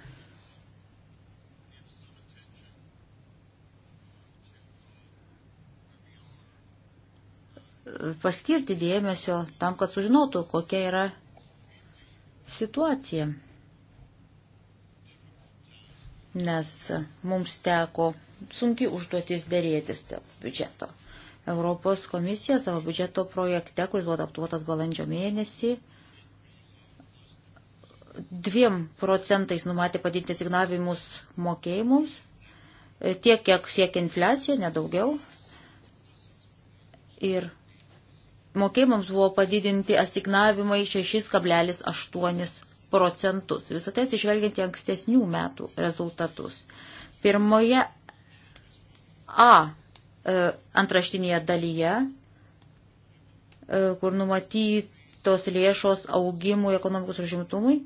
paskirti dėmesio tam, kad sužinotų, kokia yra situacija. Nes mums teko sunki užduotis dėrėtis dėl biudžeto. Europos komisija savo biudžeto projekte, kuris buvo adaptuotas balandžio mėnesį, dviem procentais numatė padidinti signavimus mokėjimus, tiek, kiek siekia infliacija, nedaugiau. Ir mokėjimams buvo padidinti asignavimai 6,8 procentus. Visą tai atsižvelgiant į ankstesnių metų rezultatus. Pirmoje A e, antraštinėje dalyje, e, kur numatytos lėšos augimui ekonomikos užimtumui,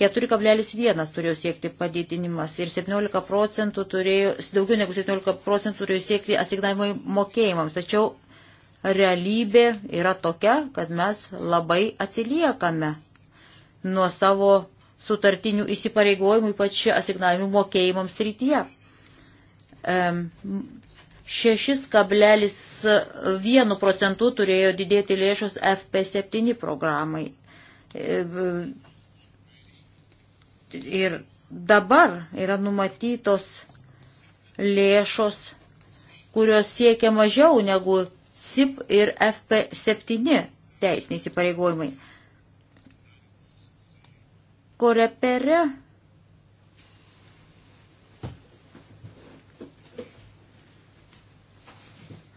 4,1 turėjo siekti padidinimas ir 17 procentų turėjo, daugiau negu 17 procentų turėjo siekti asignavimai mokėjimams. Tačiau realybė yra tokia, kad mes labai atsiliekame nuo savo sutartinių įsipareigojimų, ypač asignavimų mokėjimams rytyje. 6,1 procentų turėjo didėti lėšos FP7 programai. Ir dabar yra numatytos lėšos, kurios siekia mažiau negu SIP ir FP7 teisiniai įsipareigojimai. Korepere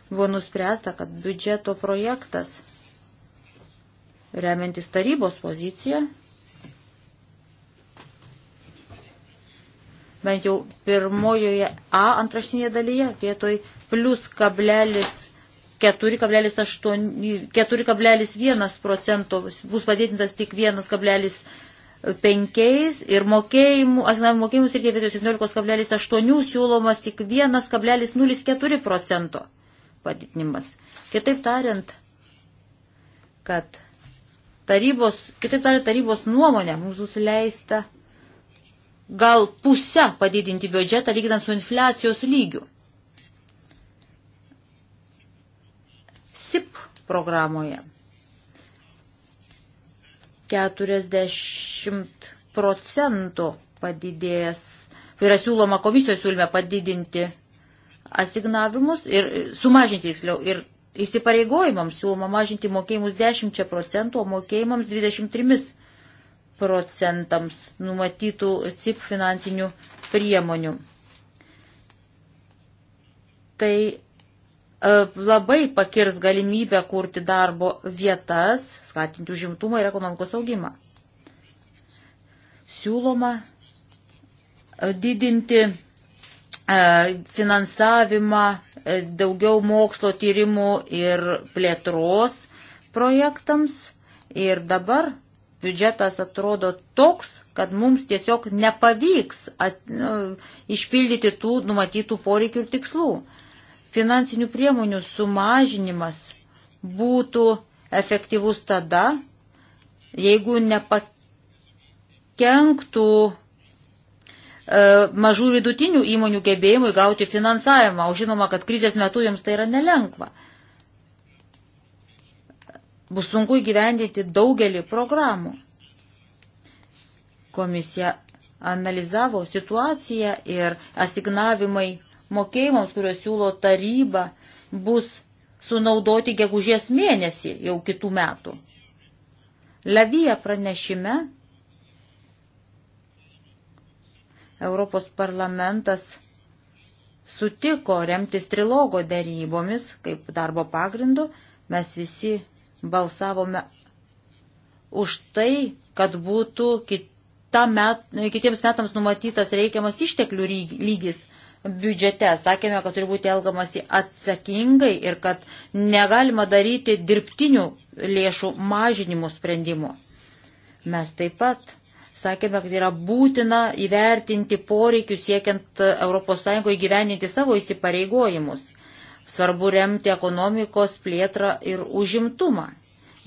buvo nuspręsta, kad biudžeto projektas, remiantis tarybos poziciją, bent jau pirmojoje A antrašinėje dalyje vietoj plus kablelis 4,1 procento bus padidintas tik 1,5 ir mokėjimų, asignavimų mokėjimų srityje vietoj 17,8 siūlomas tik 1,04 procento padidinimas. Kitaip tariant, kad tarybos, kitaip tariant, tarybos nuomonė mums bus leista gal pusę padidinti biudžetą lyginant su infliacijos lygiu. programoje. 40 procentų padidėjęs, yra siūloma komisijos siūlyme padidinti asignavimus ir sumažinti tiksliau ir įsipareigojimams siūloma mažinti mokėjimus 10 procentų, o mokėjimams 23 procentams numatytų CIP finansinių priemonių. Tai E, labai pakirs galimybę kurti darbo vietas, skatinti užimtumą ir ekonomikos augimą. Siūloma e, didinti e, finansavimą daugiau mokslo tyrimų ir plėtros projektams. Ir dabar biudžetas atrodo toks, kad mums tiesiog nepavyks at, nu, išpildyti tų numatytų poreikių ir tikslų finansinių priemonių sumažinimas būtų efektyvus tada, jeigu nepakenktų e, mažų vidutinių įmonių gebėjimui gauti finansavimą, o žinoma, kad krizės metu joms tai yra nelengva. Bus sunku įgyvendinti daugelį programų. Komisija analizavo situaciją ir asignavimai mokėjimams, kuriuos siūlo taryba, bus sunaudoti gegužės mėnesį jau kitų metų. Levija pranešime Europos parlamentas sutiko remtis trilogo darybomis kaip darbo pagrindu, mes visi balsavome už tai, kad būtų kita met, kitiems metams numatytas reikiamas išteklių lygis biudžete. Sakėme, kad turi būti elgamasi atsakingai ir kad negalima daryti dirbtinių lėšų mažinimų sprendimų. Mes taip pat sakėme, kad yra būtina įvertinti poreikius siekiant ES įgyveninti savo įsipareigojimus. Svarbu remti ekonomikos plėtrą ir užimtumą,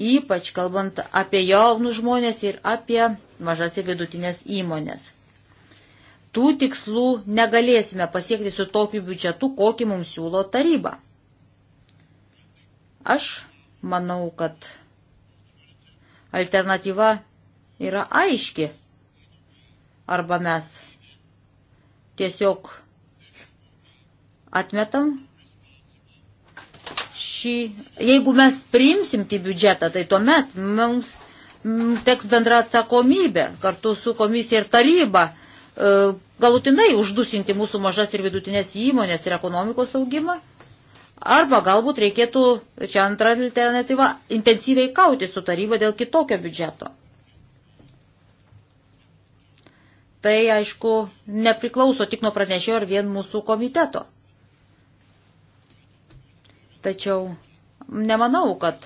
ypač kalbant apie jaunus žmonės ir apie mažas ir vidutinės įmonės tų tikslų negalėsime pasiekti su tokiu biudžetu, kokį mums siūlo taryba. Aš manau, kad alternatyva yra aiški. Arba mes tiesiog atmetam šį. Jeigu mes priimsim į biudžetą, tai tuomet mums mm, teks bendra atsakomybė kartu su komisija ir taryba E, galutinai uždusinti mūsų mažas ir vidutinės įmonės ir ekonomikos augimą. Arba galbūt reikėtų, čia antrą alternatyvą, intensyviai kauti su taryba dėl kitokio biudžeto. Tai, aišku, nepriklauso tik nuo pranešėjo ar vien mūsų komiteto. Tačiau nemanau, kad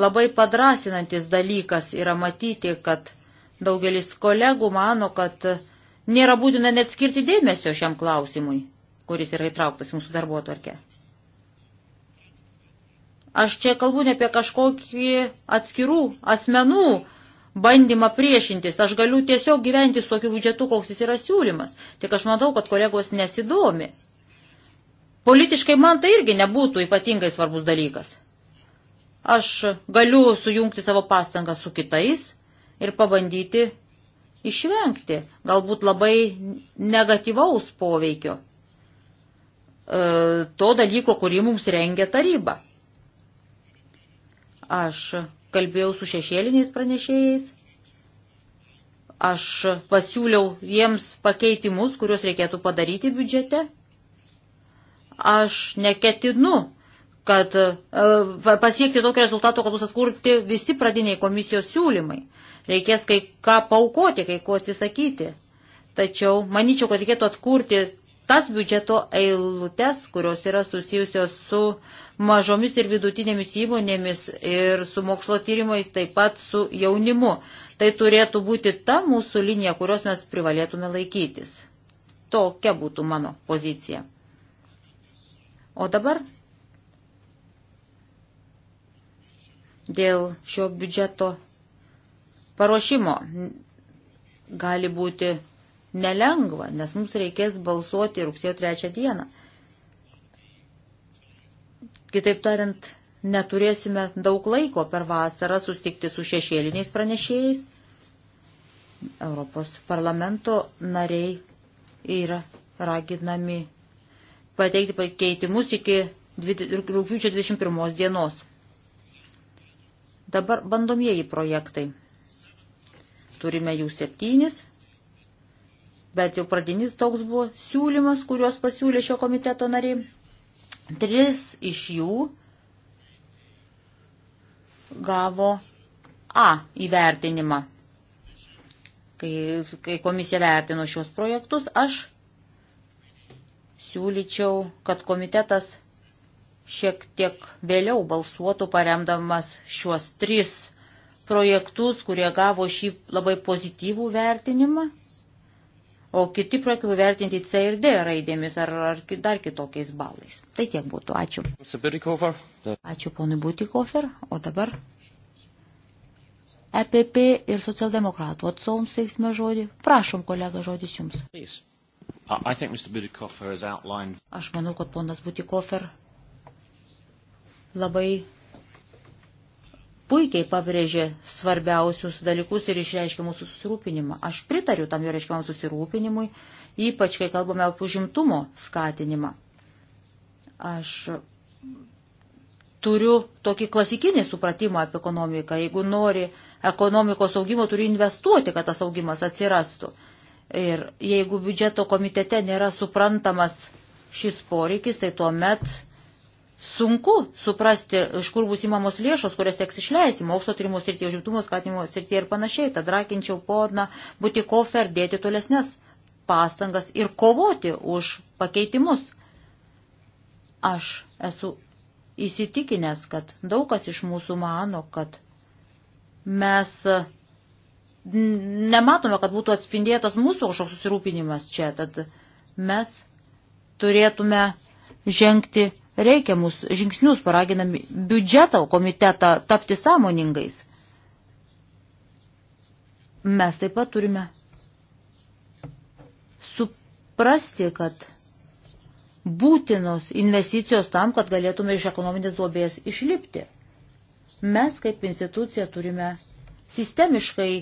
labai padrasinantis dalykas yra matyti, kad daugelis kolegų mano, kad nėra būtina net skirti dėmesio šiam klausimui, kuris yra įtrauktas mūsų darbo tvarkė. Aš čia kalbu ne apie kažkokį atskirų asmenų bandymą priešintis. Aš galiu tiesiog gyventi su tokiu biudžetu, koks jis yra siūlymas. Tik aš matau, kad kolegos nesidomi. Politiškai man tai irgi nebūtų ypatingai svarbus dalykas. Aš galiu sujungti savo pastangas su kitais ir pabandyti išvengti galbūt labai negatyvaus poveikio e, to dalyko, kurį mums rengia taryba. Aš kalbėjau su šešėliniais pranešėjais, aš pasiūliau jiems pakeitimus, kuriuos reikėtų padaryti biudžete. Aš neketinu kad e, pasiekti tokio rezultato, kad bus atkurti visi pradiniai komisijos siūlymai reikės kai ką paukoti, kai ko atsisakyti. Tačiau manyčiau, kad reikėtų atkurti tas biudžeto eilutes, kurios yra susijusios su mažomis ir vidutinėmis įmonėmis ir su mokslo tyrimais, taip pat su jaunimu. Tai turėtų būti ta mūsų linija, kurios mes privalėtume laikytis. Tokia būtų mano pozicija. O dabar dėl šio biudžeto paruošimo. Gali būti nelengva, nes mums reikės balsuoti rugsėjo trečią dieną. Kitaip tariant, neturėsime daug laiko per vasarą sustikti su šešėliniais pranešėjais. Europos parlamento nariai yra raginami pateikti pakeitimus iki rūpiučio 21 dienos. Dabar bandomieji projektai turime jų septynis, bet jau pradinis toks buvo siūlymas, kuriuos pasiūlė šio komiteto nariai. Tris iš jų gavo A įvertinimą. Kai, kai komisija vertino šios projektus, aš siūlyčiau, kad komitetas šiek tiek vėliau balsuotų paremdamas šiuos tris projektus projektus, kurie gavo šį labai pozityvų vertinimą, o kiti projektai vertinti C ir D raidėmis ar, ar dar kitokiais balais. Tai tiek būtų. Ačiū. Ačiū ponui Butikofer. O dabar EPP ir socialdemokratų atsovams teiksime žodį. Prašom, kolega, žodis jums. Aš manau, kad ponas Butikofer labai puikiai pabrėžė svarbiausius dalykus ir išreiškė mūsų susirūpinimą. Aš pritariu tam jo reiškiamam susirūpinimui, ypač kai kalbame apie užimtumo skatinimą. Aš turiu tokį klasikinį supratimą apie ekonomiką. Jeigu nori ekonomikos augimo, turi investuoti, kad tas augimas atsirastų. Ir jeigu biudžeto komitete nėra suprantamas šis poreikis, tai tuomet sunku suprasti, iš kur bus įmamos lėšos, kurias teks išleisti mokslo tyrimų srityje, užimtumo skatinimo srityje ir panašiai. Tad rakinčiau podną būti kofer, dėti tolesnės pastangas ir kovoti už pakeitimus. Aš esu įsitikinęs, kad daug kas iš mūsų mano, kad mes nematome, kad būtų atspindėtas mūsų kažkoks susirūpinimas čia, tad mes turėtume žengti reikiamus žingsnius, paraginami biudžeto komitetą tapti sąmoningais. Mes taip pat turime suprasti, kad būtinos investicijos tam, kad galėtume iš ekonominės duobės išlipti. Mes kaip institucija turime sistemiškai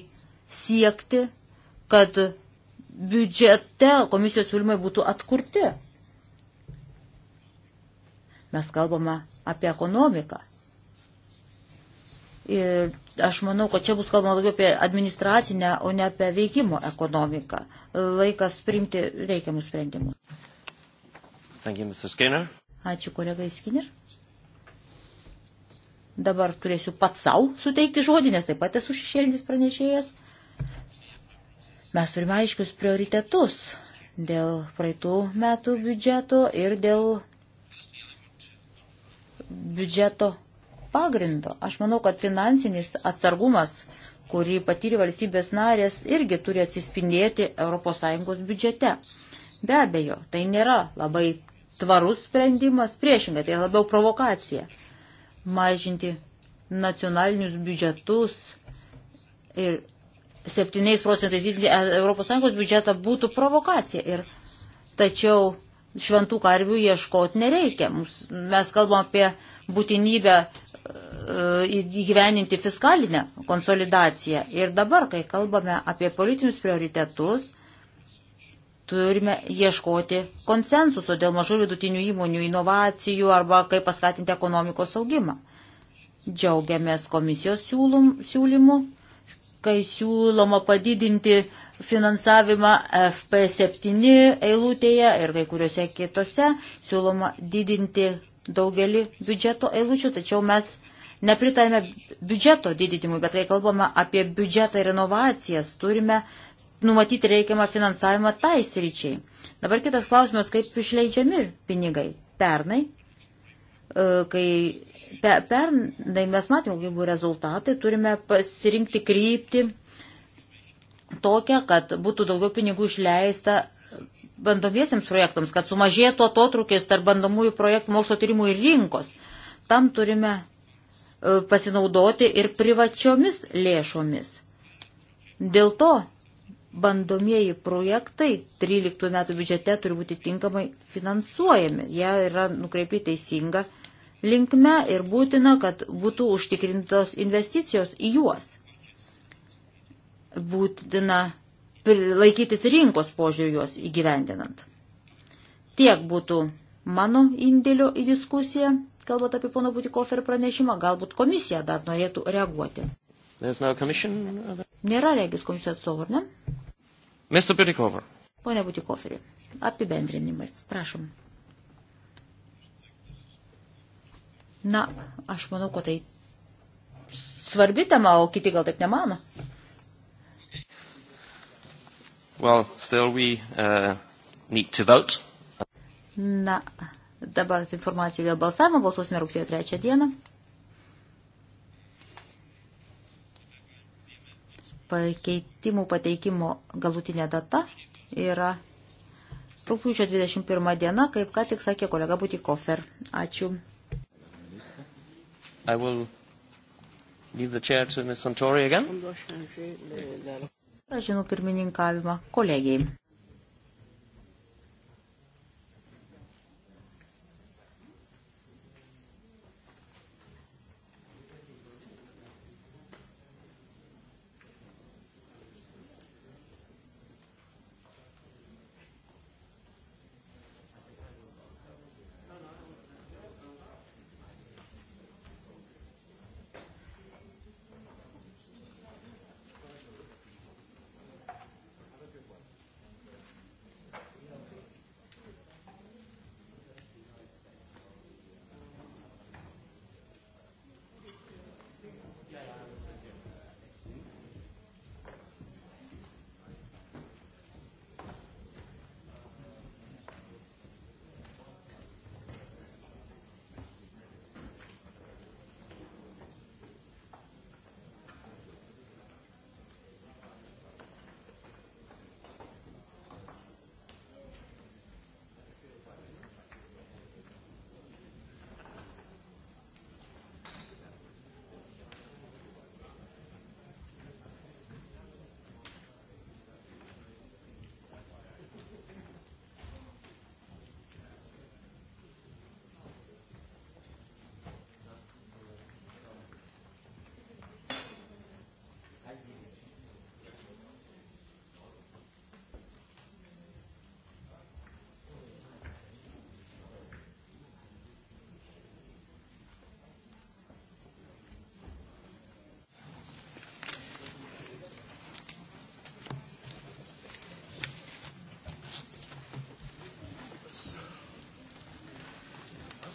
siekti, kad biudžete komisijos siūlymai būtų atkurti. Mes kalbame apie ekonomiką. Ir aš manau, kad čia bus kalbama daugiau apie administracinę, o ne apie veikimo ekonomiką. Laikas priimti reikiamus sprendimus. Ačiū kolegai Skinner. Dabar turėsiu pat savo suteikti žodį, nes taip pat esu šešėlinis pranešėjas. Mes turime aiškius prioritetus dėl praeitų metų biudžeto ir dėl biudžeto pagrindo. Aš manau, kad finansinis atsargumas, kurį patyrė valstybės narės, irgi turi atsispindėti ES biudžete. Be abejo, tai nėra labai tvarus sprendimas, priešingai, tai labiau provokacija. Mažinti nacionalinius biudžetus ir 7 procentais didinti ES biudžetą būtų provokacija. Ir, tačiau šventų karvių ieškoti nereikia. Mes kalbam apie būtinybę e, įgyveninti fiskalinę konsolidaciją. Ir dabar, kai kalbame apie politinius prioritetus, turime ieškoti konsensuso dėl mažų vidutinių įmonių inovacijų arba kaip paskatinti ekonomikos augimą. Džiaugiamės komisijos siūlum, siūlymu, kai siūloma padidinti finansavimą FP7 eilutėje ir kai kuriuose kitose siūloma didinti daugelį biudžeto eilučių, tačiau mes nepritarėme biudžeto didinimui, bet kai kalbame apie biudžetą ir inovacijas, turime numatyti reikiamą finansavimą tai sričiai. Dabar kitas klausimas, kaip išleidžiami pinigai. Pernai, e, kai pe, pernai mes matėme, kaip buvo rezultatai, turime pasirinkti kryptį tokią, kad būtų daugiau pinigų išleista bandomiesiams projektams, kad sumažėtų atotrukis tarp bandomųjų projektų mokslo tyrimų ir rinkos. Tam turime e, pasinaudoti ir privačiomis lėšomis. Dėl to bandomieji projektai 13 metų biudžete turi būti tinkamai finansuojami. Jie yra nukreipti teisinga linkme ir būtina, kad būtų užtikrintos investicijos į juos būtina laikytis rinkos požiūrį juos įgyvendinant. Tiek būtų mano indėlio į diskusiją, kalbant apie pono Butikofer pranešimą, galbūt komisija dar norėtų reaguoti.
No commission... Uh,
Nėra regis komisijos atstovų, ar ne?
Mr. Butikofer.
Pone Butikoferi, apibendrinimas, prašom. Na, aš manau, kad tai svarbi tema, o kiti gal taip nemano.
Well, still
we uh, need to vote.
Na, dabar informacija dėl balsavimo. Balsuosime rugsėjo 3 dieną. Pakeitimų pateikimo galutinė data yra rūpiučio 21 diena, kaip ką tik sakė kolega Butikofer. Ačiū.
I will leave the chair to Ms.
Santori again. Aš žinau pirmininkavimą kolegijai.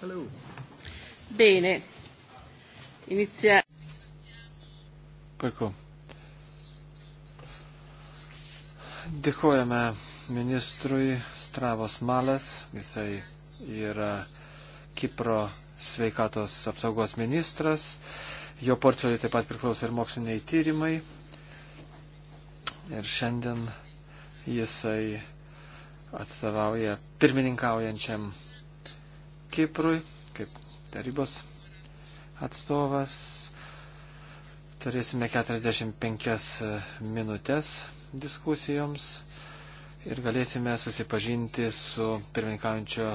Hello. Bene. Inizia.
Puiku. Dėkojame ministrui Stravos Malas, jisai yra Kipro sveikatos apsaugos ministras, jo portfeliui taip pat priklauso ir moksliniai tyrimai. Ir šiandien jisai atstovauja pirmininkaujančiam Kiprui, kaip tarybos atstovas. Turėsime 45 e, minutės diskusijoms ir galėsime susipažinti su pirmininkaujančio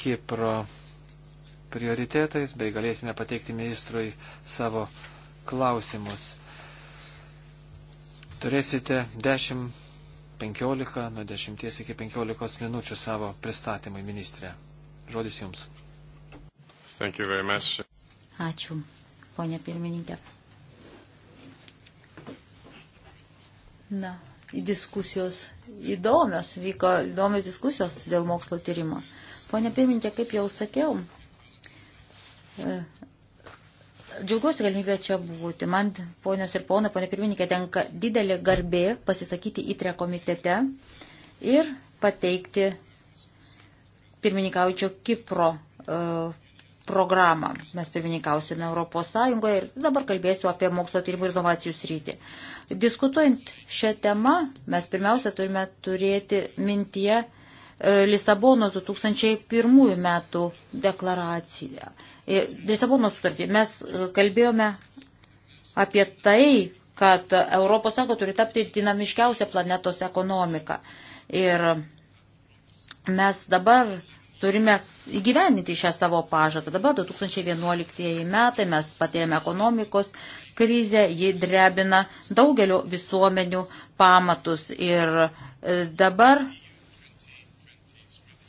Kipro prioritetais, bei galėsime pateikti ministrui savo klausimus. Turėsite 10, 15, nuo 10 iki 15 minučių savo pristatymui ministrė. Žodis Jums.
Ačiū, ponė pirmininkė. Na, diskusijos įdomios, vyko įdomios diskusijos dėl mokslo tyrimo. Pone pirmininkė, kaip jau sakiau, e, džiaugiuosi galimybę čia būti. Man, ponios ir ponai, ponė pirmininkė, tenka didelė garbė pasisakyti įtre komitete ir pateikti pirmininkaujančio Kipro e, programą. Mes pirmininkausime Europos Sąjungoje ir dabar kalbėsiu apie mokslo tyrimų ir inovacijų sritį. Diskutuojant šią temą, mes pirmiausia turime turėti mintyje e, Lisabonos 2001 metų deklaraciją. E, Lisabonos sutartį mes kalbėjome apie tai, kad ES turi tapti dinamiškiausią planetos ekonomiką. Ir mes dabar turime įgyveninti šią savo pažadą. Dabar 2011 metai mes patyrėme ekonomikos krizę, ji drebina daugelio visuomenių pamatus ir e, dabar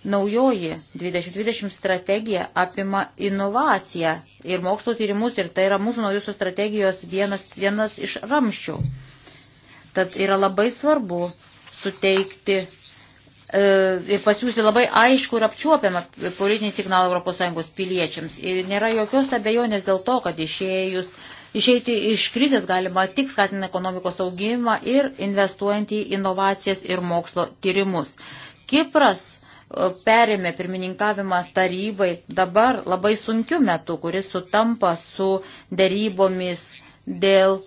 naujoji 2020 strategija apima inovaciją ir mokslo tyrimus ir tai yra mūsų naujosios strategijos vienas, vienas iš ramščių. Tad yra labai svarbu suteikti E, ir pasiūsti labai aišku ir apčiuopiamą politinį signalą ES piliečiams. Ir nėra jokios abejonės dėl to, kad išėjus, išeiti iš krizės galima tik skatinant ekonomikos augimą ir investuojant į inovacijas ir mokslo tyrimus. Kipras e, perėmė pirmininkavimą tarybai dabar labai sunkiu metu, kuris sutampa su dėrybomis dėl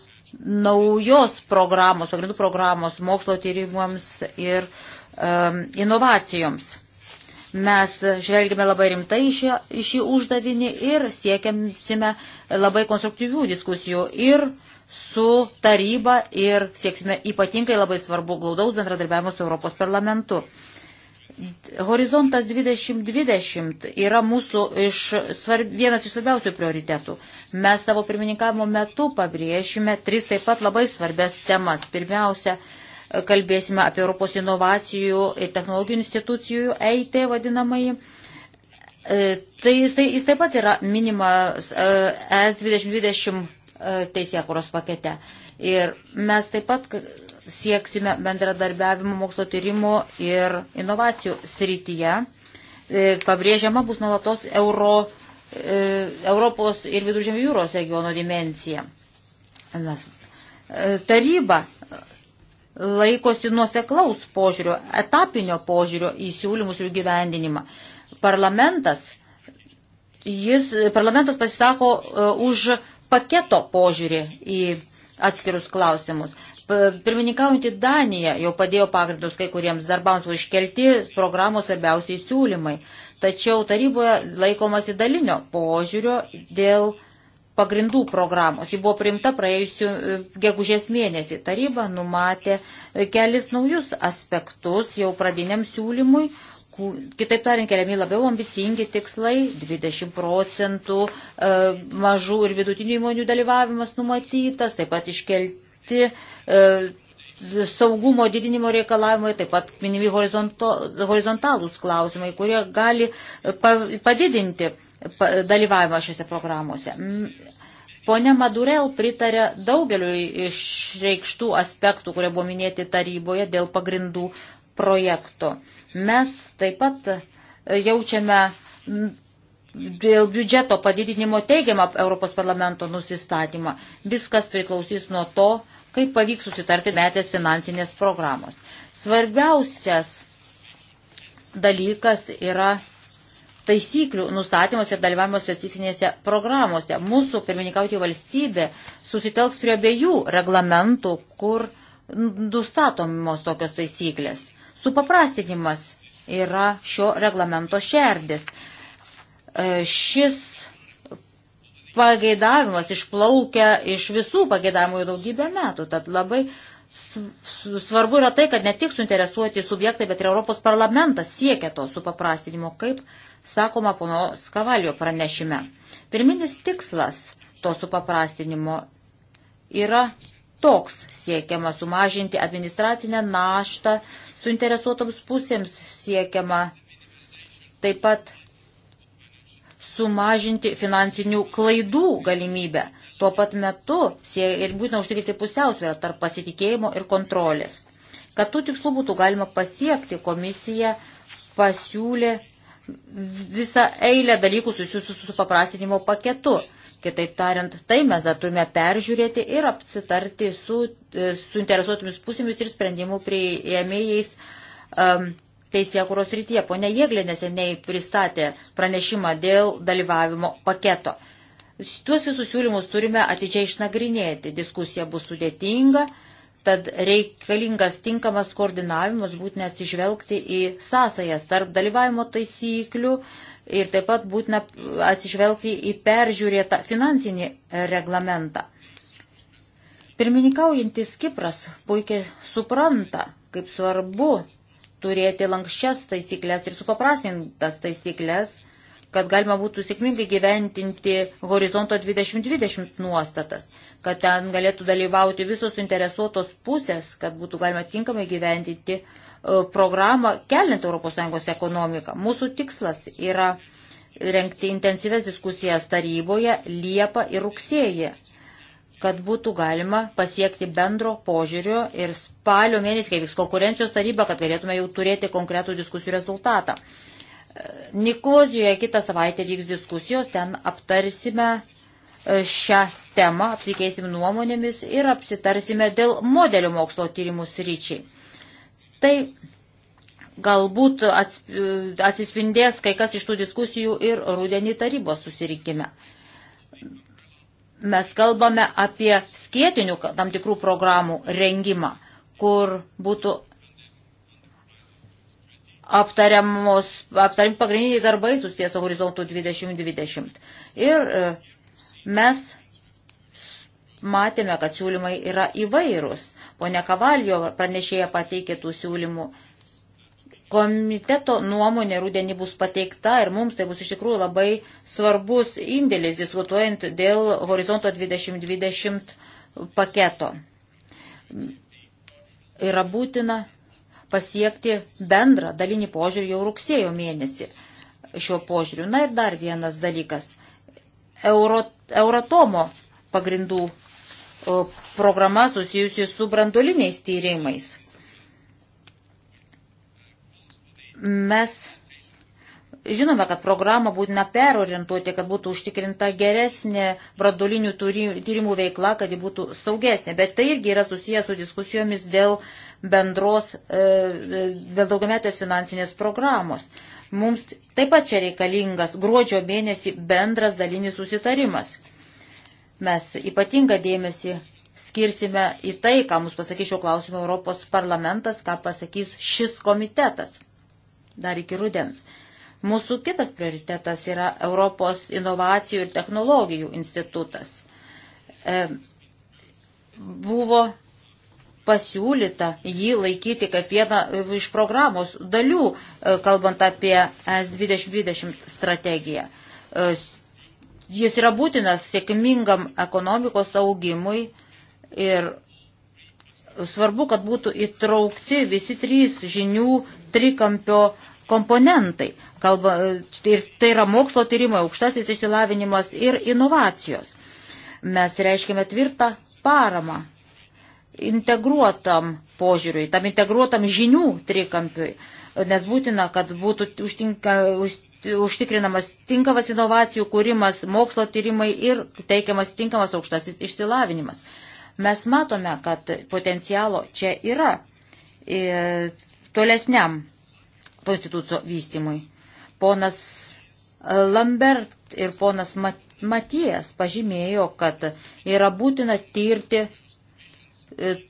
naujos programos, pagrindų programos mokslo tyrimams ir uh, Um, inovacijoms. Mes žvelgime labai rimtai į šį, į šį uždavinį ir siekiamsime labai konstruktyvių diskusijų ir su taryba ir sieksime ypatingai labai svarbu glaudaus bendradarbiavimo su Europos parlamentu. Horizontas 2020 yra mūsų iš svarb, vienas iš svarbiausių prioritetų. Mes savo pirmininkavimo metu pabrėšime tris taip pat labai svarbias temas. Pirmiausia, kalbėsime apie Europos inovacijų ir technologijų institucijų EIT vadinamai. E, tai jis, tai jis taip pat yra minimas ES e 2020 e, teisėkuros pakete. Ir mes taip pat sieksime bendradarbiavimo mokslo tyrimo ir inovacijų srityje. Pabrėžiama bus nuolatos euro, Europos ir Viduržėmio jūros regiono dimencija. Mes taryba laikosi nuoseklaus požiūrio, etapinio požiūrio į siūlymus ir gyvendinimą. Parlamentas, jis, parlamentas pasisako e, už paketo požiūrį į atskirus klausimus. Pirmininkaujantį Daniją jau padėjo pagrindus kai kuriems darbams, buvo iškelti programos svarbiausiai siūlymai. Tačiau taryboje laikomasi dalinio požiūrio dėl pagrindų programos. Ji buvo priimta praėjusiu e, gegužės mėnesį. Taryba numatė e, kelis naujus aspektus jau pradiniam siūlymui. Kitaip tariant, keliami labiau ambicingi tikslai, 20 procentų e, mažų ir vidutinių įmonių dalyvavimas numatytas, taip pat iškelti saugumo didinimo reikalavimai, taip pat minimi horizontalūs klausimai, kurie gali padidinti dalyvavimą šiuose programuose. Pone Madurel pritarė daugeliu išreikštų aspektų, kurie buvo minėti taryboje dėl pagrindų projekto. Mes taip pat e, jaučiame dėl biudžeto padidinimo teigiamą Europos parlamento nusistatymą. Viskas priklausys nuo to, kaip pavyks susitarti metės finansinės programos. Svarbiausias dalykas yra taisyklių nustatymas ir dalyvavimo specifinėse programuose. Mūsų pirmininkauti valstybė susitelks prie abiejų reglamentų, kur nustatomos tokios taisyklės. Supaprastinimas yra šio reglamento šerdis. E, šis pageidavimas išplaukia iš visų pageidavimų jau daugybę metų, tad labai svarbu yra tai, kad ne tik suinteresuoti subjektai, bet ir Europos parlamentas siekia to supaprastinimo, kaip sakoma pono Skavalio pranešime. Pirminis tikslas to supaprastinimo yra toks siekiama sumažinti administracinę naštą, suinteresuotoms pusėms siekiama taip pat sumažinti finansinių klaidų galimybę. Tuo pat metu ir būtina užtikrinti pusiausvyrą tarp pasitikėjimo ir kontrolės. Kad tų tikslų būtų galima pasiekti, komisija pasiūlė visą eilę dalykų susijusių su paprastinimo paketu. Kitaip tariant, tai mes dar turime peržiūrėti ir apsitarti su e, suinteresuotomis pusėmis ir sprendimų prieėmėjais um, teisėkuros rytyje. Pone Jėglė neseniai pristatė pranešimą dėl dalyvavimo paketo. Tuos visus siūlymus turime atidžiai išnagrinėti. Diskusija bus sudėtinga Tad reikalingas tinkamas koordinavimas būtina atsižvelgti į sąsajas tarp dalyvavimo taisyklių ir taip pat būtina atsižvelgti į peržiūrėtą finansinį reglamentą. Pirmininkaujantis Kipras puikiai supranta, kaip svarbu turėti lankščias taisyklės ir supaprastintas taisyklės kad galima būtų sėkmingai gyventinti horizonto 2020 nuostatas, kad ten galėtų dalyvauti visos interesuotos pusės, kad būtų galima tinkamai gyventinti e, programą keliant ES ekonomiką. Mūsų tikslas yra rengti intensyves diskusijas taryboje Liepą ir Rugsėjį kad būtų galima pasiekti bendro požiūrio ir spalio mėnesį, kai vyks konkurencijos taryba, kad galėtume jau turėti konkretų diskusijų rezultatą. Nikozijoje kitą savaitę vyks diskusijos, ten aptarsime e, šią temą, apsikeisim nuomonėmis ir apsitarsime dėl modelių mokslo tyrimų sryčiai. Tai galbūt atsispindės kai kas iš tų diskusijų ir rudenį tarybos susirinkime. Mes kalbame apie skėtinių tam tikrų programų rengimą, kur būtų aptariamos, aptariami pagrindiniai darbai susijęs su horizontu 2020. Ir e, mes matėme, kad siūlymai yra įvairūs. Pone Kavaljo pranešėja pateikė tų siūlymų. Komiteto nuomonė rūdienį bus pateikta ir mums tai bus iš tikrųjų labai svarbus indėlis diskutuojant dėl horizonto 2020 paketo. Yra būtina pasiekti bendrą dalinį požiūrį jau rugsėjo mėnesį šio požiūriu. Na ir dar vienas dalykas. Euro, Euratomo pagrindų programa susijusi su brandoliniais tyrimais. Mes Žinome, kad programą būtina perorientuoti, kad būtų užtikrinta geresnė bradolinių tyrimų veikla, kad ji būtų saugesnė, bet tai irgi yra susijęs su diskusijomis dėl bendros, e, e, dėl daugiametės finansinės programos. Mums taip pat čia reikalingas gruodžio mėnesį bendras dalinis susitarimas. Mes ypatingą dėmesį skirsime į tai, ką mums pasakys šio klausimo Europos parlamentas, ką pasakys šis komitetas dar iki rudens. Mūsų kitas prioritetas yra Europos inovacijų ir technologijų institutas. E, buvo pasiūlyta jį laikyti kaip vieną e, iš programos dalių, e, kalbant apie S2020 strategiją. E, jis yra būtinas sėkmingam ekonomikos augimui ir svarbu, kad būtų įtraukti visi trys žinių trikampio komponentai. Kalba, tai, tai yra mokslo tyrimai, aukštasis įsilavinimas ir inovacijos. Mes reiškime tvirtą paramą integruotam požiūriui, tam integruotam žinių trikampiui, nes būtina, kad būtų užtinka, už, užtikrinamas tinkamas inovacijų kūrimas, mokslo tyrimai ir teikiamas tinkamas aukštasis išsilavinimas. Mes matome, kad potencialo čia yra ir e, tolesniam konstitucijos vystimui. Ponas Lambert ir ponas Matijas pažymėjo, kad yra būtina tirti E,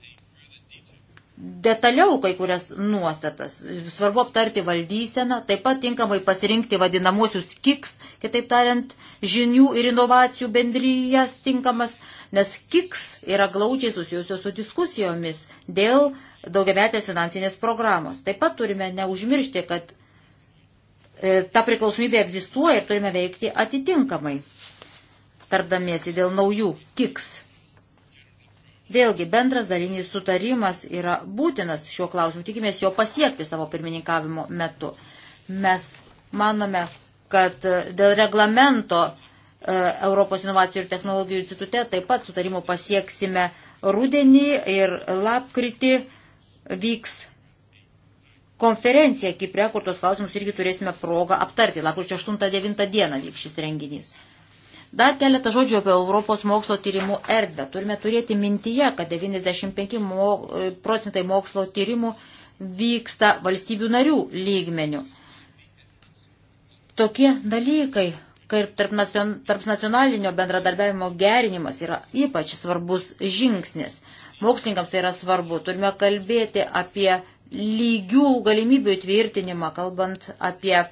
detaliau kai kurias nuostatas. Svarbu aptarti valdyseną, taip pat tinkamai pasirinkti vadinamosius kiks, kitaip tariant, žinių ir inovacijų bendryjas tinkamas, nes kiks yra glaučiai susijusios su diskusijomis dėl daugiametės finansinės programos. Taip pat turime neužmiršti, kad e, ta priklausomybė egzistuoja ir turime veikti atitinkamai, tardamiesi dėl naujų kiks Vėlgi, bendras dalinis sutarimas yra būtinas šiuo klausimu, tikimės jo pasiekti savo pirmininkavimo metu. Mes manome, kad e, dėl reglamento e, Europos inovacijų ir technologijų institute taip pat sutarimų pasieksime rudenį ir lapkritį vyks konferencija Kipre, kur tos klausimus irgi turėsime progą aptarti. Lapkričio 8-9 dieną vyks šis renginys. Dar keletą žodžių apie Europos mokslo tyrimų erdvę. Turime turėti mintyje, kad 95 e, procentai mokslo tyrimų vyksta valstybių narių lygmenių. Tokie dalykai, kaip tarp, nacion, tarp nacionalinio bendradarbiavimo gerinimas yra ypač svarbus žingsnis. Mokslininkams tai yra svarbu. Turime kalbėti apie lygių galimybių įtvirtinimą, kalbant apie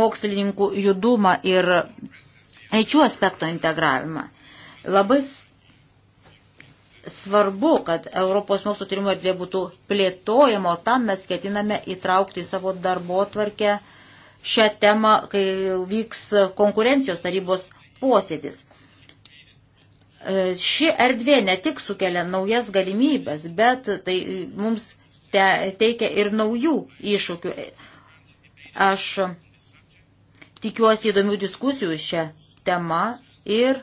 mokslininkų judumą ir lyčių aspekto integravimą. Labai svarbu, kad Europos mokslo tyrimo erdvė būtų plėtojama, o tam mes ketiname įtraukti į savo darbo tvarkę šią temą, kai vyks konkurencijos tarybos posėdis. E, ši erdvė ne tik sukelia naujas galimybės, bet tai mums te, teikia ir naujų iššūkių. Aš tikiuosi įdomių diskusijų šią tema ir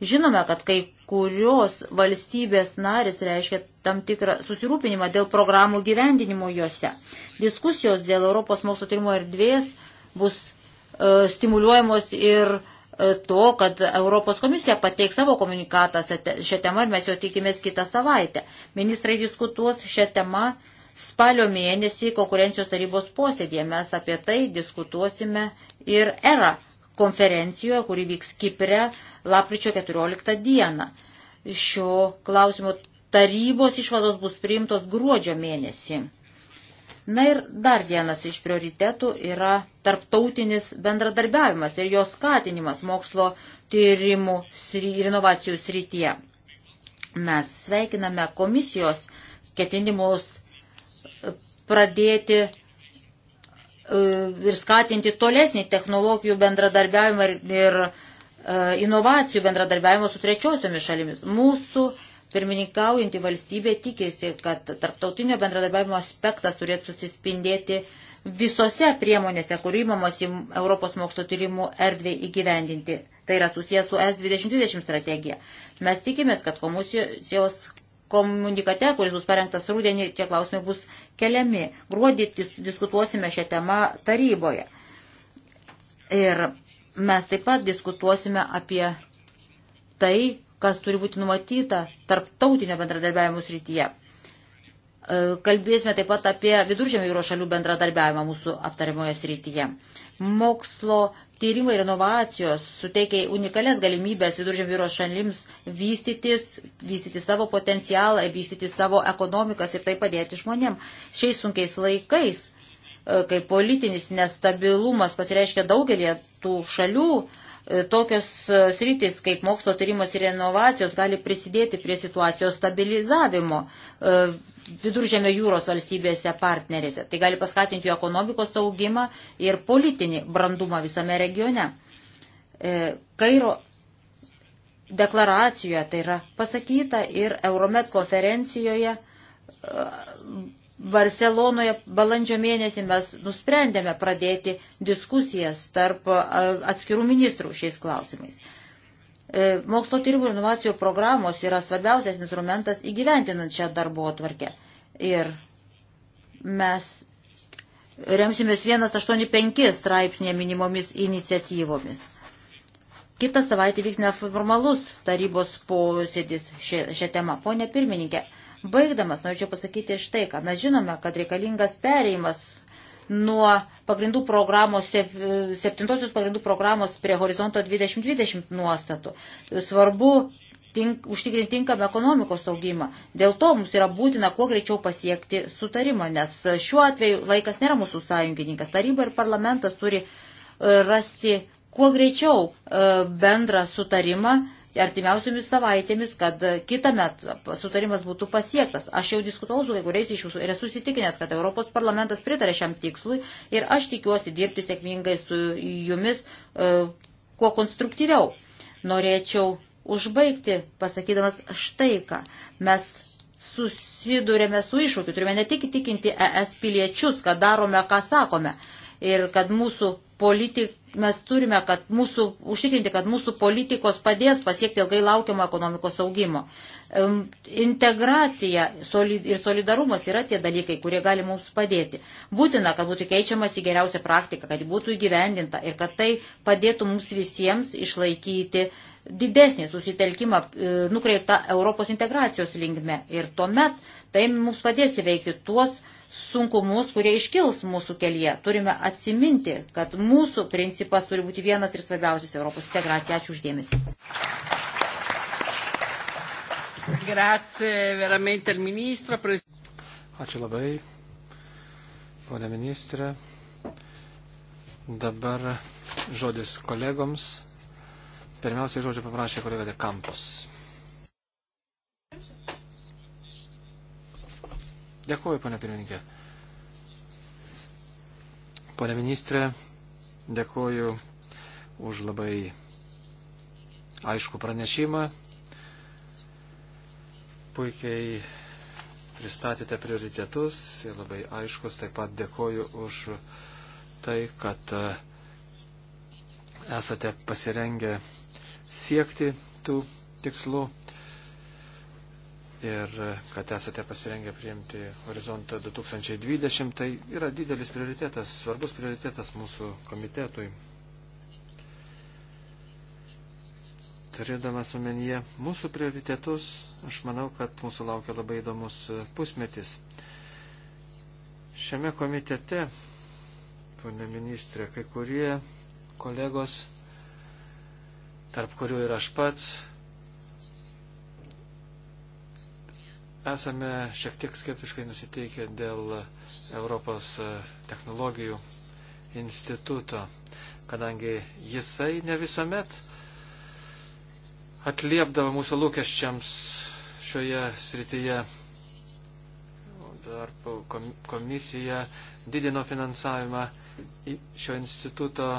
žinome, kad kai kurios valstybės narės reiškia tam tikrą susirūpinimą dėl programų gyvendinimo juose. Diskusijos dėl Europos mokslo tyrimo erdvės bus e, stimuliuojamos ir e, to, kad Europos komisija pateiks savo komunikatą šią temą ir mes jo tikimės kitą savaitę. Ministrai diskutuos šią temą spalio mėnesį konkurencijos tarybos posėdėje. Mes apie tai diskutuosime ir ERA konferencijoje, kuri vyks Kipre lapkričio 14 dieną. Šio klausimo tarybos išvados bus priimtos gruodžio mėnesį. Na ir dar vienas iš prioritetų yra tarptautinis bendradarbiavimas ir jos skatinimas mokslo tyrimų ir inovacijų srityje. Mes sveikiname komisijos ketinimus pradėti E, ir skatinti tolesnį technologijų bendradarbiavimą ir e, inovacijų bendradarbiavimo su trečiosiomis šalimis. Mūsų pirmininkaujantį valstybė tikėsi, kad tarptautinio bendradarbiavimo aspektas turėtų susispindėti visose priemonėse, kur įmamos į Europos mokslo tyrimų erdvė įgyvendinti. Tai yra susijęs su S2020 strategija. Mes tikimės, kad komisijos komunikate, kuris bus parengtas rūdienį, tie klausimai bus keliami. Gruodį diskutuosime šią temą taryboje. Ir mes taip pat diskutuosime apie tai, kas turi būti numatyta tarptautinio bendradarbiavimo srityje. E, kalbėsime taip pat apie viduržėmio jūros šalių bendradarbiavimą mūsų aptariamoje srityje. Mokslo tyrimai ir inovacijos suteikia unikalias galimybės viduržėm jūros šalims vystytis, vystyti savo potencialą, vystyti savo ekonomikas ir tai padėti žmonėm. Šiais sunkiais laikais, e, kai politinis nestabilumas pasireiškia daugelį tų šalių, e, tokios e, sritis kaip mokslo tyrimas ir inovacijos gali prisidėti prie situacijos stabilizavimo viduržėmio jūros valstybėse partnerėse. Tai gali paskatinti jų ekonomikos augimą ir politinį brandumą visame regione. E, Kairo deklaracijoje tai yra pasakyta ir Euromet konferencijoje e, Barcelonoje balandžio mėnesį mes nusprendėme pradėti diskusijas tarp e, atskirų ministrų šiais klausimais. E, mokslo tyrimų ir inovacijų programos yra svarbiausias instrumentas įgyventinant šią darbo atvarkę. Ir mes remsimės 185 straipsnėje minimomis iniciatyvomis. Kita savaitė vyks neformalus tarybos posėdis šią temą. Pone pirmininkė, baigdamas norėčiau pasakyti štai ką. Mes žinome, kad reikalingas pereimas nuo pagrindų programos, septintosios pagrindų programos prie horizonto 2020 nuostatų. Svarbu tink, užtikrinti tinkamą ekonomikos augimą. Dėl to mums yra būtina kuo greičiau pasiekti sutarimą, nes šiuo atveju laikas nėra mūsų sąjungininkas. Taryba ir parlamentas turi e, rasti kuo greičiau e, bendrą sutarimą artimiausiomis savaitėmis, kad kitą metą sutarimas būtų pasiektas. Aš jau diskutavau su kai kuriais iš jūsų ir esu įsitikinęs, kad Europos parlamentas pritarė šiam tikslui ir aš tikiuosi dirbti sėkmingai su jumis e, kuo konstruktyviau. Norėčiau užbaigti pasakydamas štai ką. Mes susidurėme su iššūkiu, turime ne tik įtikinti ES piliečius, kad darome, ką sakome ir kad mūsų politika mes turime kad mūsų, užtikrinti, kad mūsų politikos padės pasiekti ilgai laukiamą ekonomikos augimo. Integracija ir solidarumas yra tie dalykai, kurie gali mums padėti. Būtina, kad būtų keičiamas į geriausią praktiką, kad būtų įgyvendinta ir kad tai padėtų mums visiems išlaikyti didesnį susitelkimą e, nukreiptą Europos integracijos linkme. Ir tuomet tai mums padės įveikti tuos sunkumus, kurie iškils mūsų kelyje. Turime atsiminti, kad mūsų principas turi būti vienas ir svarbiausias Europos integracija. Ačiū uždėmesi.
Ačiū labai, ponė ministrė. Dabar žodis kolegoms. Pirmiausiai žodžio paprašė kolega De Campos. Dėkuoju, ponė pirmininkė. Pone ministrė, dėkuoju už labai aišku pranešimą. Puikiai pristatėte prioritetus ir labai aiškus. Taip pat dėkoju už tai, kad e, esate pasirengę siekti tų tikslų ir kad esate pasirengę priimti horizontą 2020, tai yra didelis prioritetas, svarbus prioritetas mūsų komitetui. Turėdamas omenyje mūsų prioritetus, aš manau, kad mūsų laukia labai įdomus pusmetis. Šiame komitete, ponė ministrė, kai kurie kolegos, tarp kurių ir aš pats, Esame šiek tiek skeptiškai nusiteikę dėl Europos e, technologijų instituto, kadangi jisai ne visuomet atliepdavo mūsų lūkesčiams šioje srityje. Tarp komisija didino finansavimą šio instituto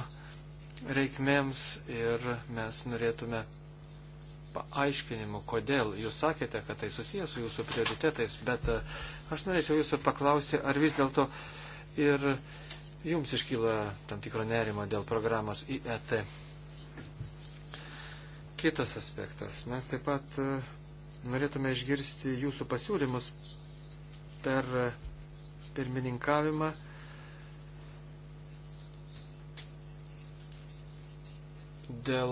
reikmėms ir mes norėtume paaiškinimų, kodėl jūs sakėte, kad tai susijęs su jūsų prioritetais, bet e, aš norėčiau jūsų paklausti, ar vis dėlto ir jums iškyla tam tikro nerimo dėl programos IET. Kitas aspektas. Mes taip pat e, norėtume išgirsti jūsų pasiūlymus per e, pirmininkavimą. Dėl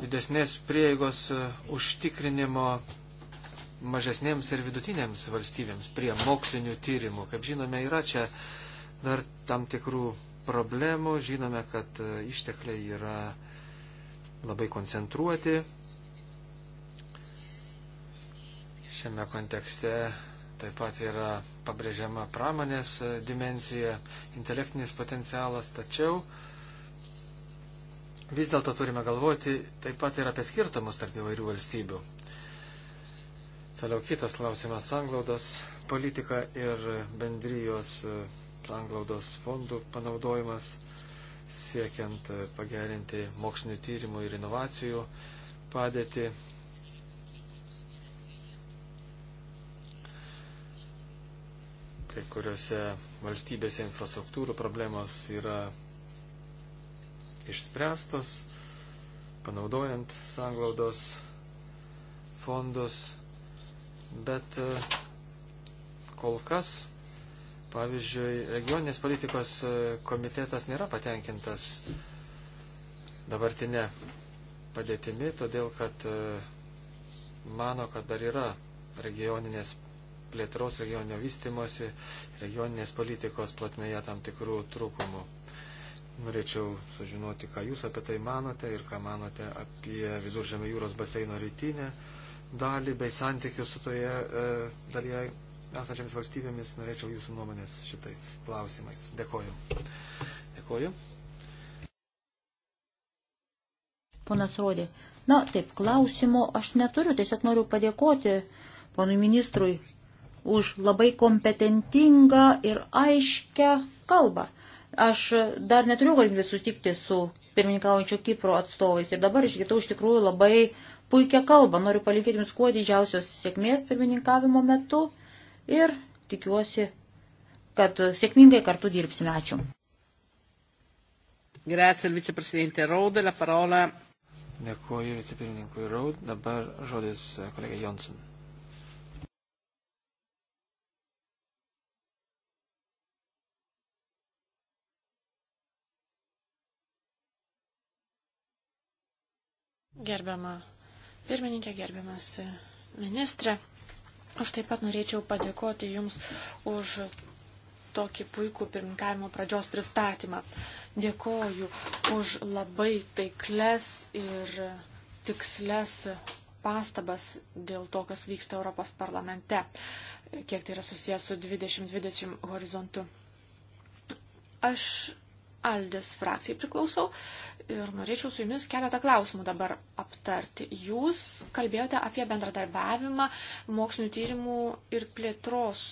didesnės prieigos e, užtikrinimo mažesnėms ir vidutinėms valstybėms prie mokslinių tyrimų. Kaip žinome, yra čia dar tam tikrų problemų, žinome, kad e, ištekliai yra labai koncentruoti. Šiame kontekste taip pat yra pabrėžiama pramonės e, dimencija, intelektinis potencialas, tačiau vis dėlto turime galvoti taip pat ir apie skirtumus tarp įvairių valstybių. Toliau kitas klausimas - sanglaudos politika ir bendrijos e, sanglaudos fondų panaudojimas siekiant e, pagerinti mokslinių tyrimų ir inovacijų padėtį. Kai kuriuose valstybėse infrastruktūrų problemos yra išspręstos, panaudojant sanglaudos fondus, bet e, kol kas, pavyzdžiui, regioninės politikos e, komitetas nėra patenkintas dabartinė padėtimi, todėl kad e, mano, kad dar yra regioninės plėtros, regioninio vystimosi, regioninės politikos platmeje tam tikrų trūkumų. Norėčiau sužinoti, ką Jūs apie tai manote ir ką manote apie Viduržėmio jūros baseino rytinę dalį bei santykius su toje e, dalyje esančiamis valstybėmis. Norėčiau Jūsų nuomonės šitais klausimais. Dėkoju. Dėkoju.
Ponas Rodė. Na, taip, klausimo aš neturiu, tiesiog noriu padėkoti ponui ministrui už labai kompetentingą ir aiškę kalbą. Aš dar neturiu galimybės sutikti su pirmininkaujančio Kipro atstovais ir dabar išgirtau iš tikrųjų labai puikią kalbą. Noriu palinkėti jums kuo didžiausios sėkmės pirmininkavimo metu ir tikiuosi, kad sėkmingai kartu dirbsime. Ačiū. Grazie al viceprezidente Rode, la
parola. Dėkuoju vicepirmininkui Rode, dabar žodis e, kolegai Jonson.
Gerbiama pirmininkė, gerbiamas ministrė. Aš taip pat norėčiau padėkoti Jums už tokį puikų pirmininkavimo pradžios pristatymą. Dėkoju už labai taikles ir tiksles pastabas dėl to, kas vyksta Europos parlamente, kiek tai yra susijęs su 2020 horizontu. Aš Aldės frakcijai priklausau ir norėčiau su jumis keletą klausimų dabar aptarti. Jūs kalbėjote apie bendradarbiavimą mokslinio tyrimų ir plėtros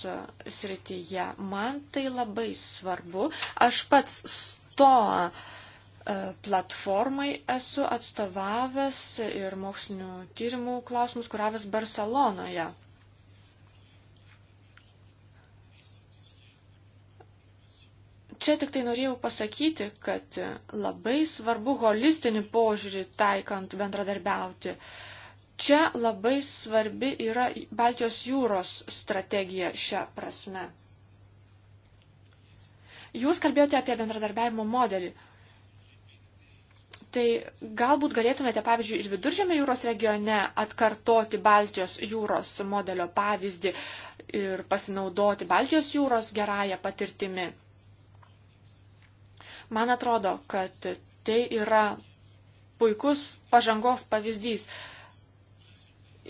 srityje. Man tai labai svarbu. Aš pats to e, platformai esu atstovavęs ir mokslinių tyrimų klausimus kuravęs Barcelonoje. Čia tik tai norėjau pasakyti, kad labai svarbu holistinį požiūrį taikant bendradarbiauti. Čia labai svarbi yra Baltijos jūros strategija šią prasme. Jūs kalbėjote apie bendradarbiavimo modelį. Tai galbūt galėtumėte, pavyzdžiui, ir viduržėmio jūros regione atkartoti Baltijos jūros modelio pavyzdį ir pasinaudoti Baltijos jūros gerąją patirtimi. Man atrodo, kad tai yra puikus pažangos pavyzdys.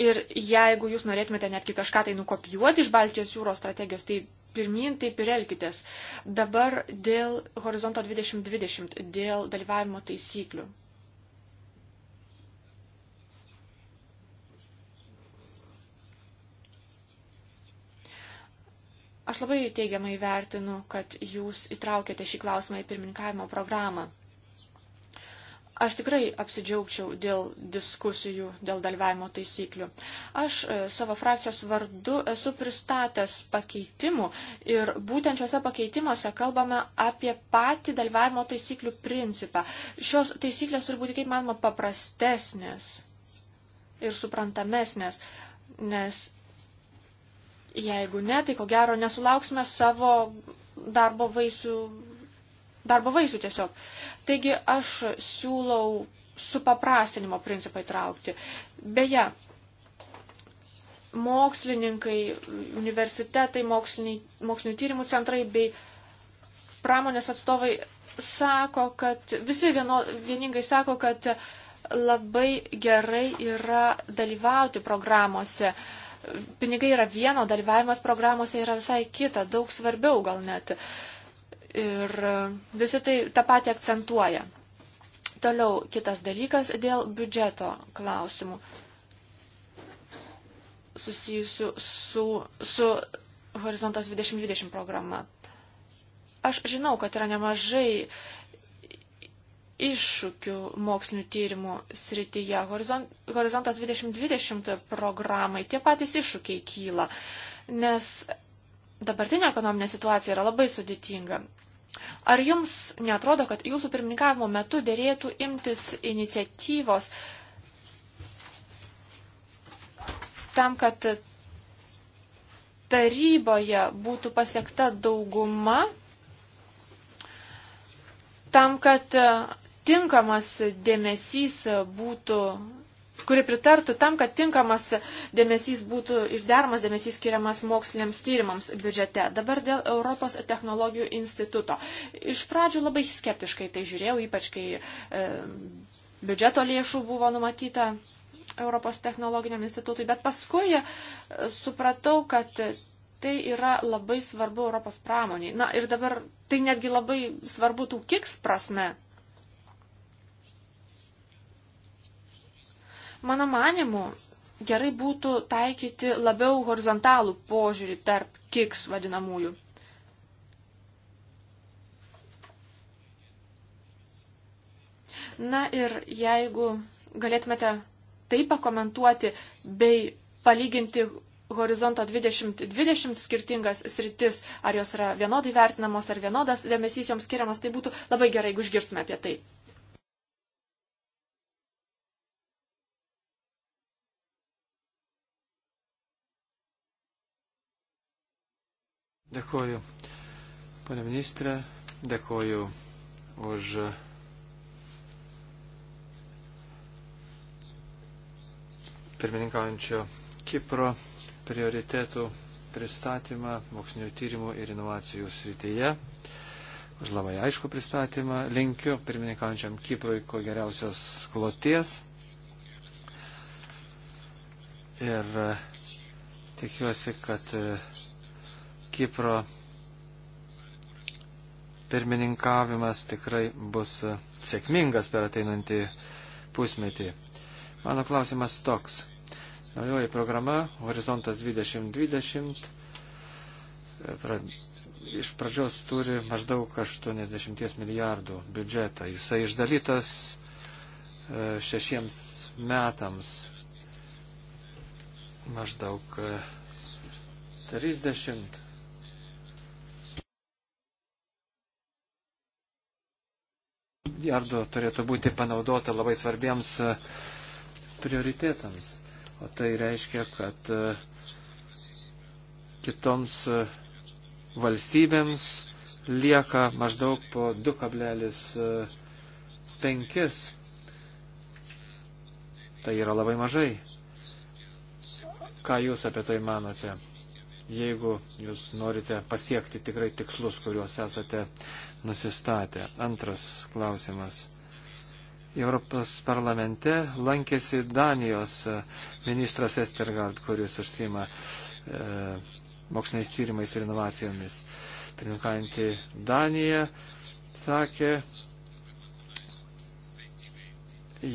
Ir jeigu jūs norėtumėte netgi kažką tai nukopijuoti iš Baltijos jūros strategijos, tai pirmin taip ir elkitės. Dabar dėl horizonto 2020, dėl dalyvavimo taisyklių. Aš labai teigiamai vertinu, kad jūs įtraukėte šį klausimą į pirmininkavimo programą. Aš tikrai apsidžiaugčiau dėl diskusijų, dėl dalyvavimo taisyklių. Aš e, savo frakcijos vardu esu pristatęs pakeitimų ir būtent šiuose pakeitimuose kalbame apie patį dalyvavimo taisyklių principą. Šios taisyklės turi būti kaip manoma paprastesnės ir suprantamesnės, nes Jeigu ne, tai ko gero nesulauksime savo darbo vaisių, darbo vaisių tiesiog. Taigi aš siūlau supaprastinimo principą įtraukti. Beje, mokslininkai, universitetai, mokslinių tyrimų centrai bei pramonės atstovai sako, kad visi vieno, vieningai sako, kad labai gerai yra dalyvauti programuose. Uh, pinigai yra vieno, dalyvavimas programuose yra visai kita, daug svarbiau gal net. Ir visi tai tą patį akcentuoja. Toliau kitas dalykas dėl biudžeto klausimų susijusių su, su Horizontas 2020 programa. Aš žinau, kad yra nemažai iššūkių mokslinių tyrimų srityje. Horizontas 2020 programai tie patys iššūkiai kyla, nes dabartinė ekonominė situacija yra labai sudėtinga. Ar jums netrodo, kad jūsų pirmininkavimo metu dėrėtų imtis iniciatyvos tam, kad taryboje būtų pasiekta dauguma tam, kad tinkamas dėmesys būtų kuri pritartų tam, kad tinkamas dėmesys būtų ir dermas dėmesys skiriamas moksliniams tyrimams biudžete. Dabar dėl Europos technologijų instituto. Iš pradžių labai skeptiškai tai žiūrėjau, ypač kai e, biudžeto lėšų buvo numatyta Europos technologiniam institutui, bet paskui e, supratau, kad tai yra labai svarbu Europos pramoniai. Na ir dabar tai netgi labai svarbu tų kiks prasme. Mano manimu, gerai būtų taikyti labiau horizontalų požiūrį tarp kiks vadinamųjų. Na ir jeigu galėtumėte tai pakomentuoti bei palyginti horizonto 2020 skirtingas sritis, ar jos yra vienodai vertinamos, ar vienodas dėmesys joms skiriamas, tai būtų labai gerai, jeigu išgirstume apie tai.
Dėkuoju, pane ministrė, dėkuoju už pirmininkaujančio Kipro prioritėtų pristatymą mokslinio tyrimų ir inovacijų srityje. Už labai aišku pristatymą linkiu pirmininkaujančiam Kiprui kuo geriausios kloties. Ir e, tikiuosi, kad e, Kipro pirmininkavimas tikrai bus sėkmingas per ateinantį pusmetį. Mano klausimas toks. Naujoji programa Horizontas 2020 prad, iš pradžios turi maždaug 80 milijardų biudžetą. Jisai išdalytas e, šešiems metams maždaug 30 e, milijardų turėtų būti panaudota labai svarbiems e, prioritetams. O tai reiškia, kad e, kitoms e, valstybėms lieka maždaug po 2,5. Tai yra labai mažai. Ką Jūs apie tai manote? jeigu jūs norite pasiekti tikrai tikslus, kuriuos esate nusistatę. Antras klausimas. Europos parlamente lankėsi Danijos e, ministras Estergard, kuris užsima e, moksliniais tyrimais ir inovacijomis. Pirmininkaujantį Daniją sakė,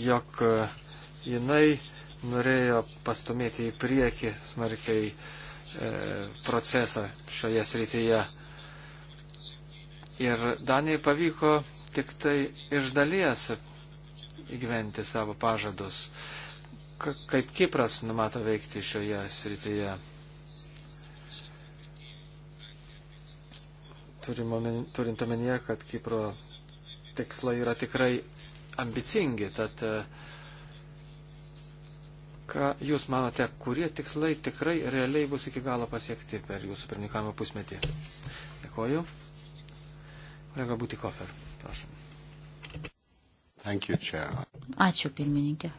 jog e, jinai norėjo pastumėti į priekį smarkiai e, E, procesą šioje srityje. Ir Danijai pavyko tik tai iš dalies įgyventi savo pažadus, kaip Kipras numato veikti šioje srityje. Turint omenyje, kad Kipro tikslai yra tikrai ambicingi, tad uh, ką Jūs manote, kurie tikslai tikrai realiai bus iki galo pasiekti per Jūsų pirmininkavimo pusmetį? Dėkoju.
Kolega Butikofer, prašom.
Thank you, Chair.
Ačiū, pirmininkė.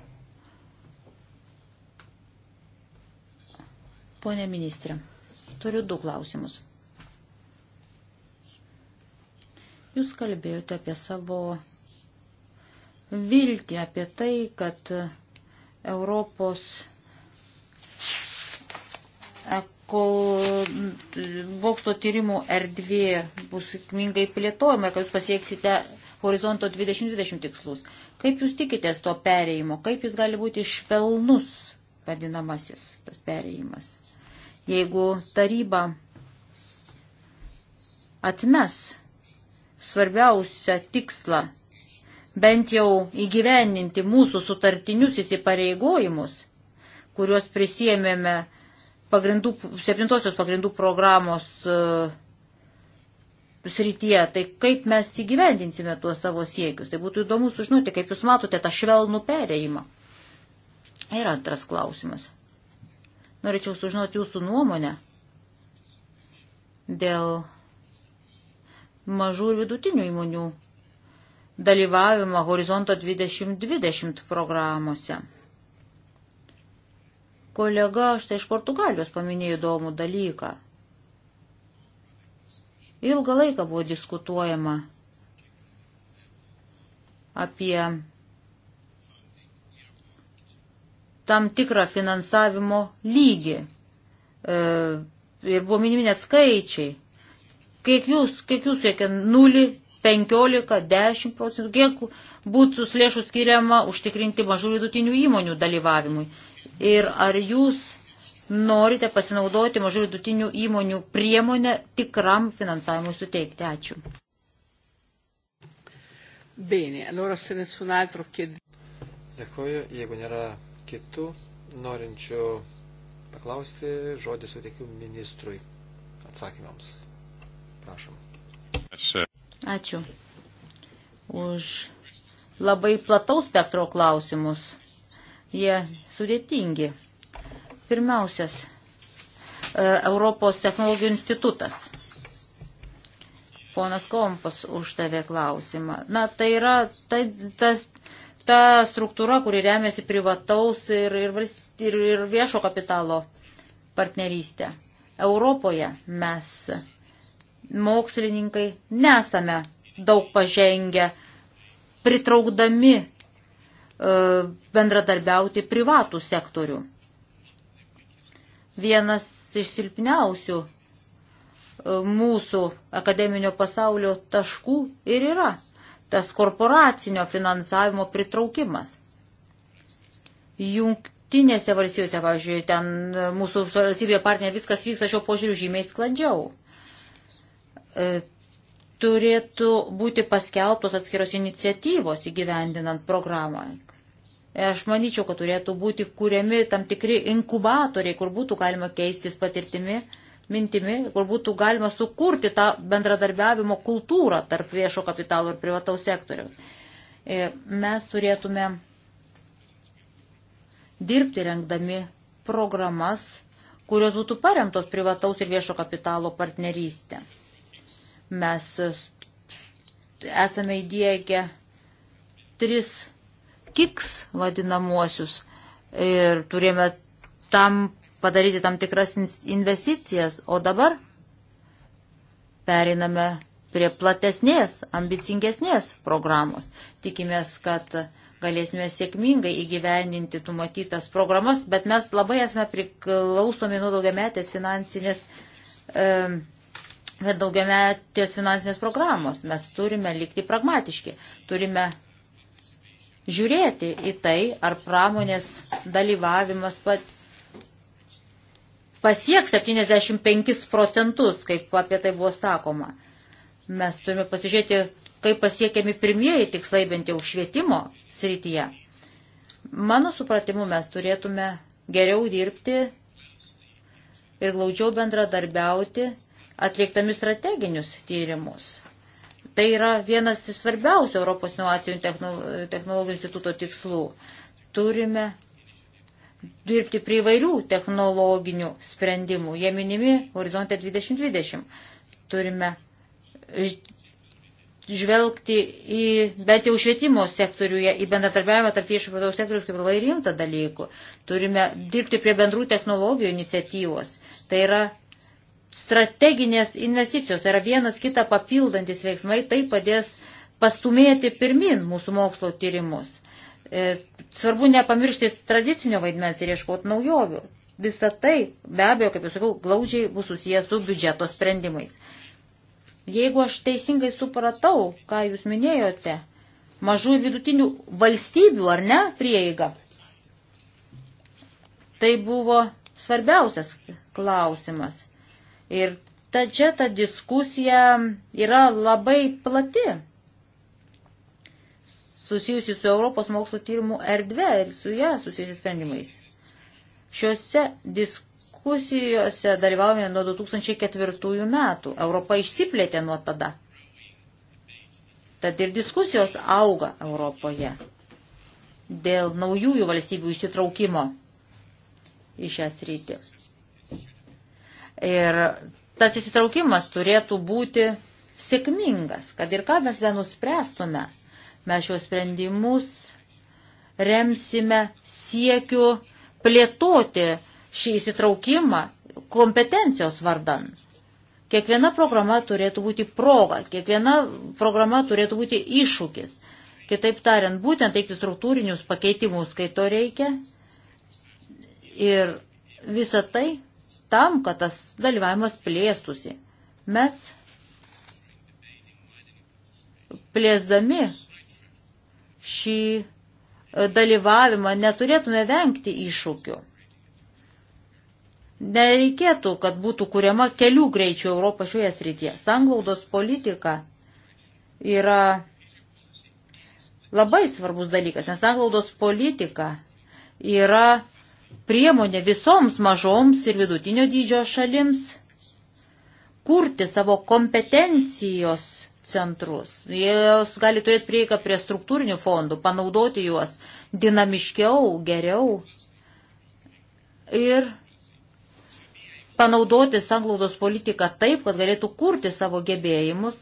Pone ministrė, turiu du klausimus. Jūs kalbėjote apie savo viltį, apie tai, kad Europos mokslo tyrimų erdvė bus sėkmingai plėtojama ir kad jūs pasieksite horizonto 2020 tikslus. Kaip jūs tikitės to pereimo? Kaip jis gali būti švelnus, vadinamasis, tas pereimas? Jeigu taryba atmes svarbiausią tikslą bent jau įgyveninti mūsų sutartinius įsipareigojimus, kuriuos prisėmėme pagrindų, septintosios pagrindų programos uh, srityje, tai kaip mes įgyvendinsime tuos savo siekius. Tai būtų įdomu sužinoti, kaip jūs matote tą švelnų perėjimą. Ir antras klausimas. Norėčiau sužinoti jūsų nuomonę dėl mažų ir vidutinių įmonių dalyvavimą Horizonto 2020 programuose. Kolega štai iš Portugalijos paminėjo įdomų dalyką. Ilgą laiką buvo diskutuojama apie tam tikrą finansavimo lygį. E, ir buvo minimi net skaičiai. Kiek jūs, kiek jūs siekia nulį 15-10 procentų, kiek būtų lėšų skiriama užtikrinti mažų vidutinių įmonių dalyvavimui. Ir ar jūs norite pasinaudoti mažų vidutinių įmonių priemonę tikram finansavimui suteikti? Ačiū.
Bene, allora se nessun altro chiede.
Dėkuoju, jeigu nėra kitų norinčių paklausti, žodį suteikiu ministrui atsakymams. Prašom. Aš
Ačiū už labai plataus spektro klausimus. Jie sudėtingi. Pirmiausias e, Europos technologijų institutas. Ponas Kompas uždavė klausimą. Na, tai yra ta, ta, ta struktūra, kuri remiasi privataus ir, ir, ir, ir viešo kapitalo partnerystė. Europoje mes mokslininkai nesame daug pažengę, pritraukdami e, bendradarbiauti privatų sektorių. Vienas iš silpniausių e, mūsų akademinio pasaulio taškų ir yra tas korporacinio finansavimo pritraukimas. Jungtinėse valstybėse, pavyzdžiui, ten e, mūsų valstybėje partnerė viskas vyksta šio požiūriu žymiai sklandžiau. E, turėtų būti paskelbtos atskiros iniciatyvos įgyvendinant programą. E, aš manyčiau, kad turėtų būti kūriami tam tikri inkubatoriai, kur būtų galima keistis patirtimi, mintimi, kur būtų galima sukurti tą bendradarbiavimo kultūrą tarp viešo kapitalo ir privataus sektoriaus. Ir e, mes turėtume dirbti rengdami programas, kurios būtų paremtos privataus ir viešo kapitalo partnerystė. Mes esame įdėję tris kiks vadinamuosius ir turėjome tam padaryti tam tikras investicijas, o dabar periname prie platesnės, ambicingesnės programos. Tikimės, kad galėsime sėkmingai įgyvendinti tų matytas programas, bet mes labai esame priklausomi nuo daugiametės finansinės e, kad daugiametės finansinės programos mes turime likti pragmatiški, turime žiūrėti į tai, ar pramonės dalyvavimas pat pasieks 75 procentus, kaip apie tai buvo sakoma. Mes turime pasižiūrėti, kaip pasiekiami pirmieji tikslai bent jau švietimo srityje. Mano supratimu, mes turėtume geriau dirbti ir glaudžiau bendradarbiauti atliktami strateginius tyrimus. Tai yra vienas iš svarbiausių Europos inovacijų technologijų instituto tikslų. Turime dirbti prie įvairių technologinių sprendimų. Jie minimi horizonte 2020. Turime žvelgti į, bent jau švietimo sektoriuje, į bendradarbiavimą tarp viešojo sektoriaus kaip labai rimtą dalykų. Turime dirbti prie bendrų technologijų iniciatyvos. Tai yra strateginės investicijos, tai yra vienas kitą papildantis veiksmai, tai padės pastumėti pirmin mūsų mokslo tyrimus. E, svarbu nepamiršti tradicinio vaidmens ir ieškoti naujovių. Visa tai, be abejo, kaip jau sakiau, glaudžiai bus susijęs su biudžeto sprendimais. Jeigu aš teisingai supratau, ką jūs minėjote, mažų ir vidutinių valstybių, ar ne, prieiga, tai buvo svarbiausias klausimas. Ir ta čia ta diskusija yra labai plati, susijusi su Europos mokslo tyrimų erdve ir su ją susijusi sprendimais. Šiuose diskusijose dalyvaujame nuo 2004 metų. Europa išsiplėtė nuo tada. Tad ir diskusijos auga Europoje dėl naujųjų valstybių įsitraukimo į šią sritį. Ir tas įsitraukimas turėtų būti sėkmingas, kad ir ką mes benuspręstume, mes šios sprendimus remsime siekiu plėtoti šį įsitraukimą kompetencijos vardan. Kiekviena programa turėtų būti proga, kiekviena programa turėtų būti iššūkis. Kitaip tariant, būtent teikti struktūrinius pakeitimus, kai to reikia. Ir visa tai tam, kad tas dalyvavimas plėstusi. Mes plėsdami šį e, dalyvavimą neturėtume vengti iššūkių. Nereikėtų, kad būtų kuriama kelių greičių Europą šioje srityje. Sanglaudos politika yra labai svarbus dalykas, nes sanglaudos politika yra priemonė visoms mažoms ir vidutinio dydžio šalims kurti savo kompetencijos centrus. Jos gali turėti prieigą prie struktūrinių fondų, panaudoti juos dinamiškiau, geriau ir panaudoti sanglaudos politiką taip, kad galėtų kurti savo gebėjimus,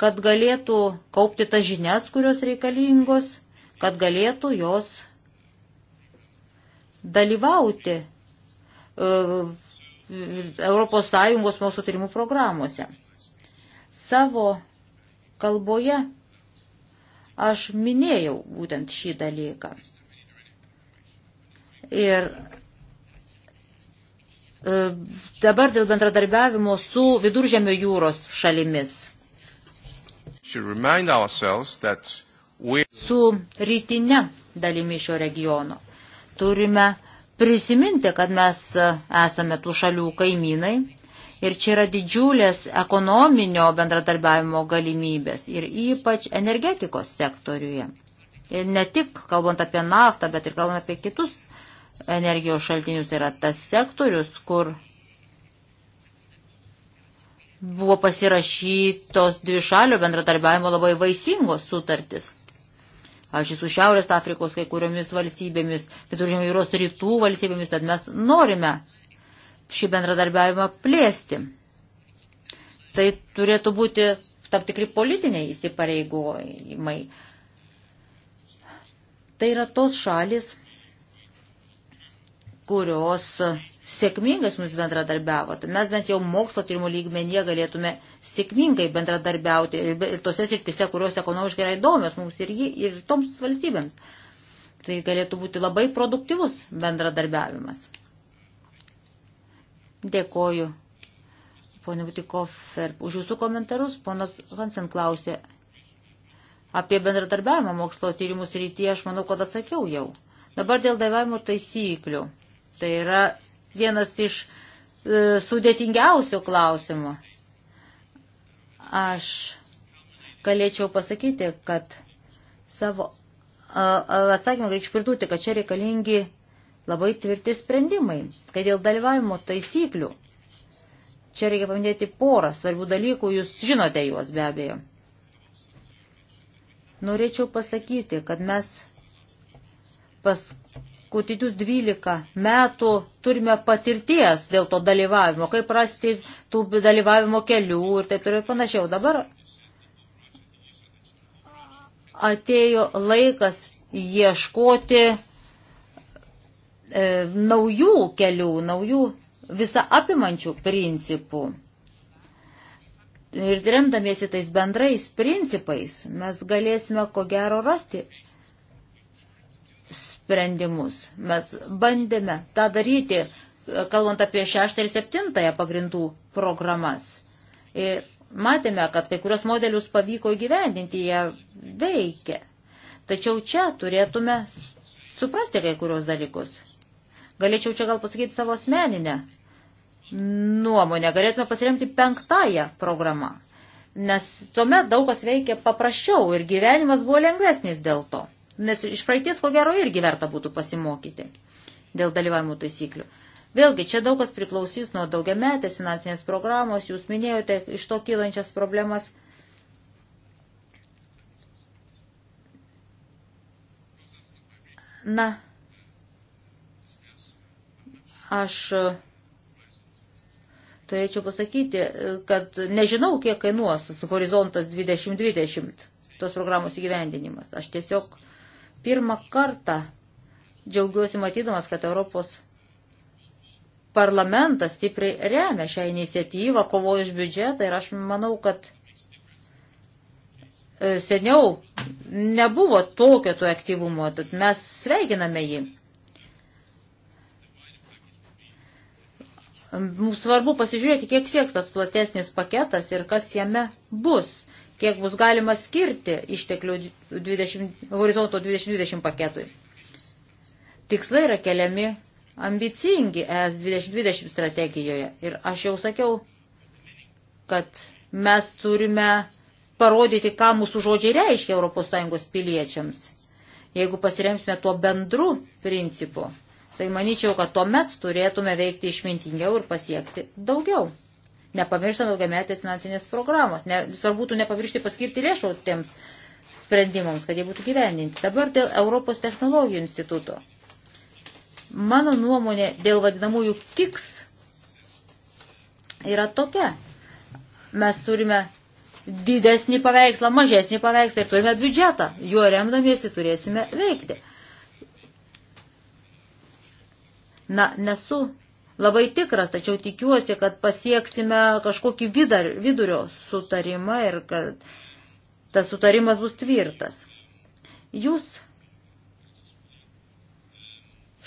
kad galėtų kaupti tas žinias, kurios reikalingos, kad galėtų jos dalyvauti ES mokslo tyrimų programuose. Savo kalboje aš minėjau būtent šį dalyką. Ir e, dabar dėl bendradarbiavimo su viduržėmio jūros šalimis. Su rytinė dalimi šio regiono turime prisiminti, kad mes esame tų šalių kaimynai ir čia yra didžiulės ekonominio bendradarbiavimo galimybės ir ypač energetikos sektoriuje. Ir ne tik kalbant apie naftą, bet ir kalbant apie kitus energijos šaltinius tai yra tas sektorius, kur buvo pasirašytos dvišalio bendradarbiavimo labai vaisingos sutartis pavyzdžiui, su Šiaurės Afrikos kai kuriomis valstybėmis, Viduržėmio jūros rytų valstybėmis, tad mes norime šį bendradarbiavimą plėsti. Tai turėtų būti tam tikri politiniai įsipareigojimai. Tai yra tos šalis, kurios sėkmingai su mumis bendradarbiavo. Tai mes bent jau mokslo tyrimų lygmenyje galėtume sėkmingai bendradarbiauti ir tose srityse, kurios ekonomiškai yra įdomios mums ir, jį, ir toms valstybėms. Tai galėtų būti labai produktyvus bendradarbiavimas. Dėkoju, ponė Butikofer, už jūsų komentarus. Ponas Hansen klausė apie bendradarbiavimą mokslo tyrimų srityje. Aš manau, kad atsakiau jau. Dabar dėl dalyvavimo taisyklių. Tai yra vienas iš e, sudėtingiausių klausimų. Aš galėčiau pasakyti, kad savo atsakymą galėčiau pridurti, kad čia reikalingi labai tvirti sprendimai, kad dėl dalyvavimo taisyklių. Čia reikia paminėti porą svarbių dalykų, jūs žinote juos be abejo. Norėčiau pasakyti, kad mes pas paskutinius 12 metų turime patirties dėl to dalyvavimo, kaip rasti tų dalyvavimo kelių ir taip toliau ir panašiau. Dabar atėjo laikas ieškoti e, naujų kelių, naujų visą apimančių principų. Ir remdamiesi tais bendrais principais mes galėsime ko gero rasti sprendimus. Mes bandėme tą daryti, kalbant apie šeštą ir septintąją pagrindų programas. Ir matėme, kad kai kurios modelius pavyko įgyvendinti, jie veikia. Tačiau čia turėtume suprasti kai kurios dalykus. Galėčiau čia gal pasakyti savo asmeninę nuomonę. Galėtume pasiremti penktąją programą. Nes tuomet daug kas veikia paprasčiau ir gyvenimas buvo lengvesnis dėl to nes iš praeities ko gero irgi verta būtų pasimokyti dėl dalyvavimo taisyklių. Vėlgi, čia daug kas priklausys nuo daugiametės finansinės programos, jūs minėjote iš to kylančias problemas. Na, aš turėčiau pasakyti, kad nežinau, kiek kainuos horizontas 2020 tos programos įgyvendinimas. Aš tiesiog Pirmą kartą džiaugiuosi matydamas, kad Europos parlamentas stipriai remia šią iniciatyvą, kovoja už biudžetą ir aš manau, kad e, seniau nebuvo tokio to aktyvumo, tad mes sveikiname jį. Mums svarbu pasižiūrėti, kiek sieks tas platesnis paketas ir kas jame bus kiek bus galima skirti išteklių 20, horizonto 2020 paketui. Tikslai yra keliami ambicingi ES 2020 strategijoje. Ir aš jau sakiau, kad mes turime parodyti, ką mūsų žodžiai reiškia ES piliečiams. Jeigu pasiremsime tuo bendru principu, tai manyčiau, kad tuomet turėtume veikti išmintingiau ir pasiekti daugiau nepamiršta daugiametės finansinės programos. Ne, svarbu būtų nepamiršti paskirti lėšų tiems sprendimams, kad jie būtų gyveninti. Dabar dėl Europos technologijų instituto. Mano nuomonė dėl vadinamųjų TIKS yra tokia. Mes turime didesnį paveikslą, mažesnį paveikslą ir turime biudžetą. Juo remdamiesi turėsime veikti. Na, nesu labai tikras, tačiau tikiuosi, kad pasieksime kažkokį vidar, vidurio sutarimą ir kad tas sutarimas bus tvirtas. Jūs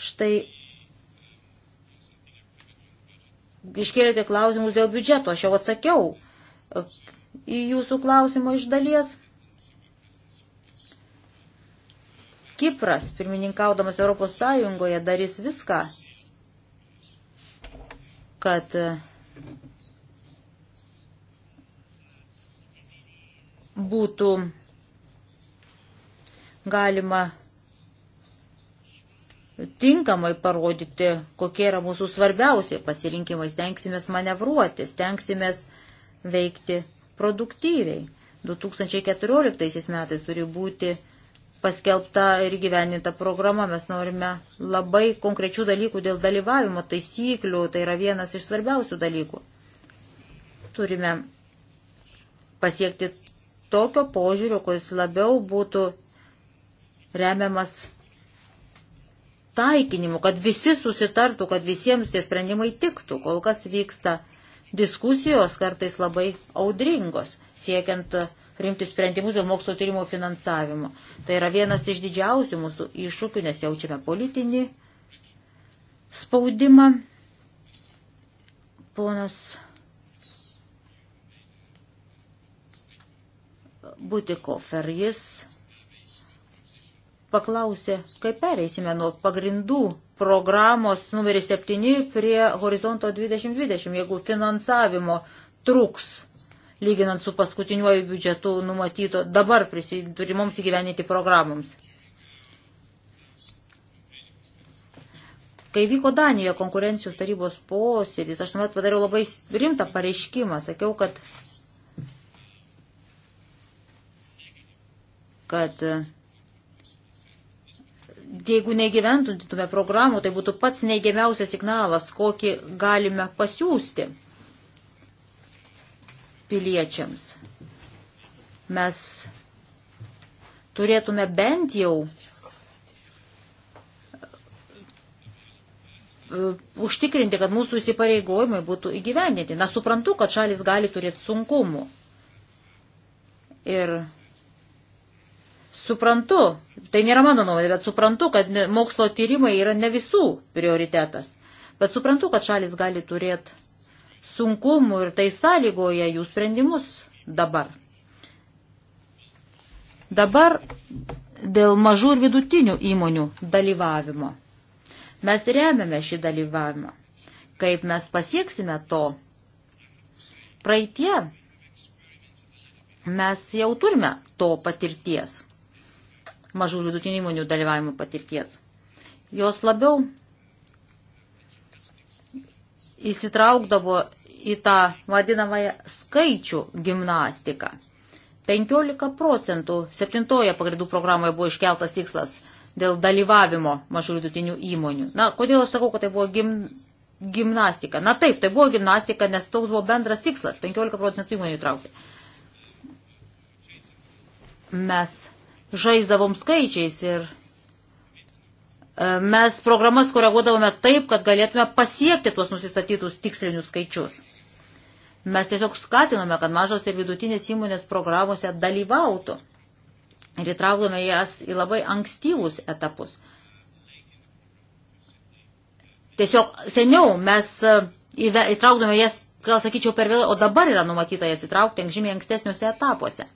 štai iškėlėte klausimus dėl biudžeto, aš jau atsakiau į jūsų klausimą iš dalies. Kipras, pirmininkaudamas Europos Sąjungoje, darys viską, kad būtų galima tinkamai parodyti, kokie yra mūsų svarbiausi pasirinkimai. Stengsimės manevruoti, stengsimės veikti produktyviai. 2014 metais turi būti paskelbta ir gyveninta programa. Mes norime labai konkrečių dalykų dėl dalyvavimo taisyklių, tai yra vienas iš svarbiausių dalykų. Turime pasiekti tokio požiūrio, kuris labiau būtų remiamas taikinimu, kad visi susitartų, kad visiems tie sprendimai tiktų. Kol kas vyksta diskusijos kartais labai audringos, siekiant uh, priimti sprendimus dėl mokslo tyrimų finansavimo. Tai yra vienas iš didžiausių mūsų iššūkių, nes jaučiame politinį spaudimą. Ponas Butikofer, jis paklausė, kaip pereisime nuo pagrindų programos numeris 7 prie horizonto 2020, jeigu finansavimo truks lyginant su paskutiniuoju biudžetu numatyto dabar turimoms įgyveninti programoms. Kai vyko Danijoje konkurencijos tarybos posėdis, aš tuomet padariau labai rimtą pareiškimą. Sakiau, kad, kad jeigu negyventumėme programų, tai būtų pats neigiamiausias signalas, kokį galime pasiūsti piliečiams. Mes turėtume bent jau e, užtikrinti, kad mūsų įsipareigojimai būtų įgyvendinti. Na, suprantu, kad šalis gali turėti sunkumų. Ir suprantu, tai nėra mano nuomonė, bet suprantu, kad mokslo tyrimai yra ne visų prioritetas. Bet suprantu, kad šalis gali turėti sunkumų ir tai sąlygoja jų sprendimus dabar. Dabar dėl mažų ir vidutinių įmonių dalyvavimo. Mes remiame šį dalyvavimą. Kaip mes pasieksime to? Praeitie mes jau turime to patirties, mažų ir vidutinių įmonių dalyvavimo patirties. Jos labiau įsitraukdavo į tą vadinamąją skaičių gimnastiką. 15 procentų septintoje pagrindų programoje buvo iškeltas tikslas dėl dalyvavimo mažų vidutinių įmonių. Na, kodėl aš sakau, kad tai buvo gim, gimnastika? Na taip, tai buvo gimnastika, nes toks buvo bendras tikslas - 15 procentų įmonių įtraukti. Mes žaisdavom skaičiais ir E, mes programas koreguodavome taip, kad galėtume pasiekti tuos nusistatytus tikslinius skaičius. Mes tiesiog skatinome, kad mažos ir vidutinės įmonės programuose dalyvautų ir įtraukdome jas į labai ankstyvus etapus. Tiesiog seniau mes e, įtraukdome jas, gal sakyčiau, per vėlai, o dabar yra numatyta jas įtraukti žymiai ankstesniuose etapuose.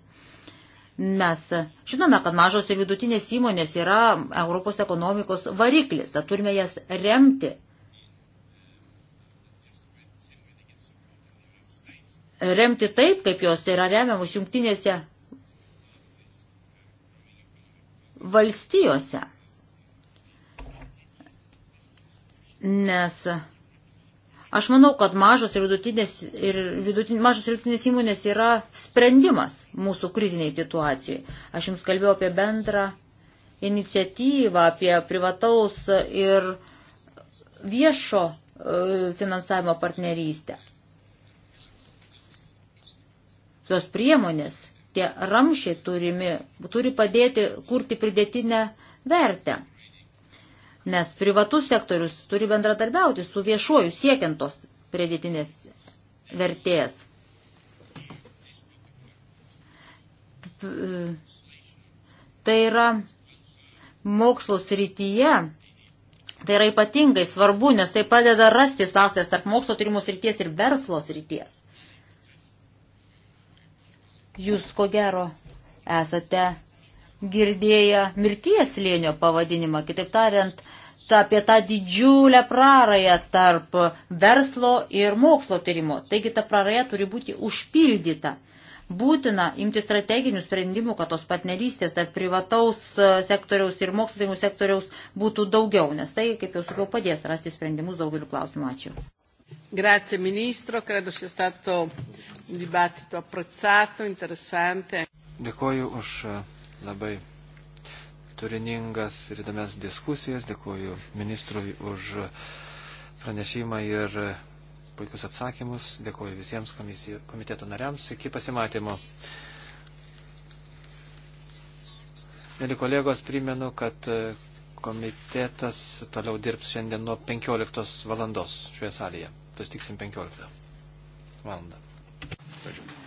Mes žinome, kad mažos ir vidutinės įmonės yra Europos ekonomikos variklis, tad turime jas remti. Remti taip, kaip jos yra remiamos jungtinėse valstijose. Nes Aš manau, kad mažos ir vidutinės, ir vidutin, mažos ir vidutinės įmonės yra sprendimas mūsų kriziniai situacijai. Aš Jums kalbėjau apie bendrą iniciatyvą, apie privataus ir viešo e, finansavimo partnerystę. Tos priemonės, tie ramšiai turimi, turi padėti kurti pridėtinę vertę nes privatus sektorius turi bendradarbiauti su viešuoju siekiant tos pridėtinės vertės. Tai yra mokslo srityje, tai yra ypatingai svarbu, nes tai padeda rasti sąsajas tarp mokslo tyrimų srities ir verslo srities. Jūs ko gero esate girdėję mirties lėnio pavadinimą, kitaip tariant, uh, ta, apie tą didžiulę prarąją tarp verslo ir mokslo tyrimo. Taigi ta praraja turi būti užpildyta. Būtina imti strateginių sprendimų, kad tos partnerystės tarp privataus e, sektoriaus ir mokslo tyrimų sektoriaus būtų daugiau, nes tai, kaip jau sakiau, padės rasti sprendimus daugeliu klausimų. Ačiū. Grazie
ministro, credo sia stato un dibattito apprezzato, interessante.
Dėkoju už e, labai turiningas ir įdomias diskusijas. Dėkuoju ministrui už pranešimą ir puikius atsakymus. Dėkuoju visiems komisijų, komiteto nariams. Iki pasimatymo. Mėly kolegos, primenu, kad komitetas toliau dirbs šiandien nuo 15 valandos šioje salėje. Susitiksim 15 valandą. Pažiūrėjau.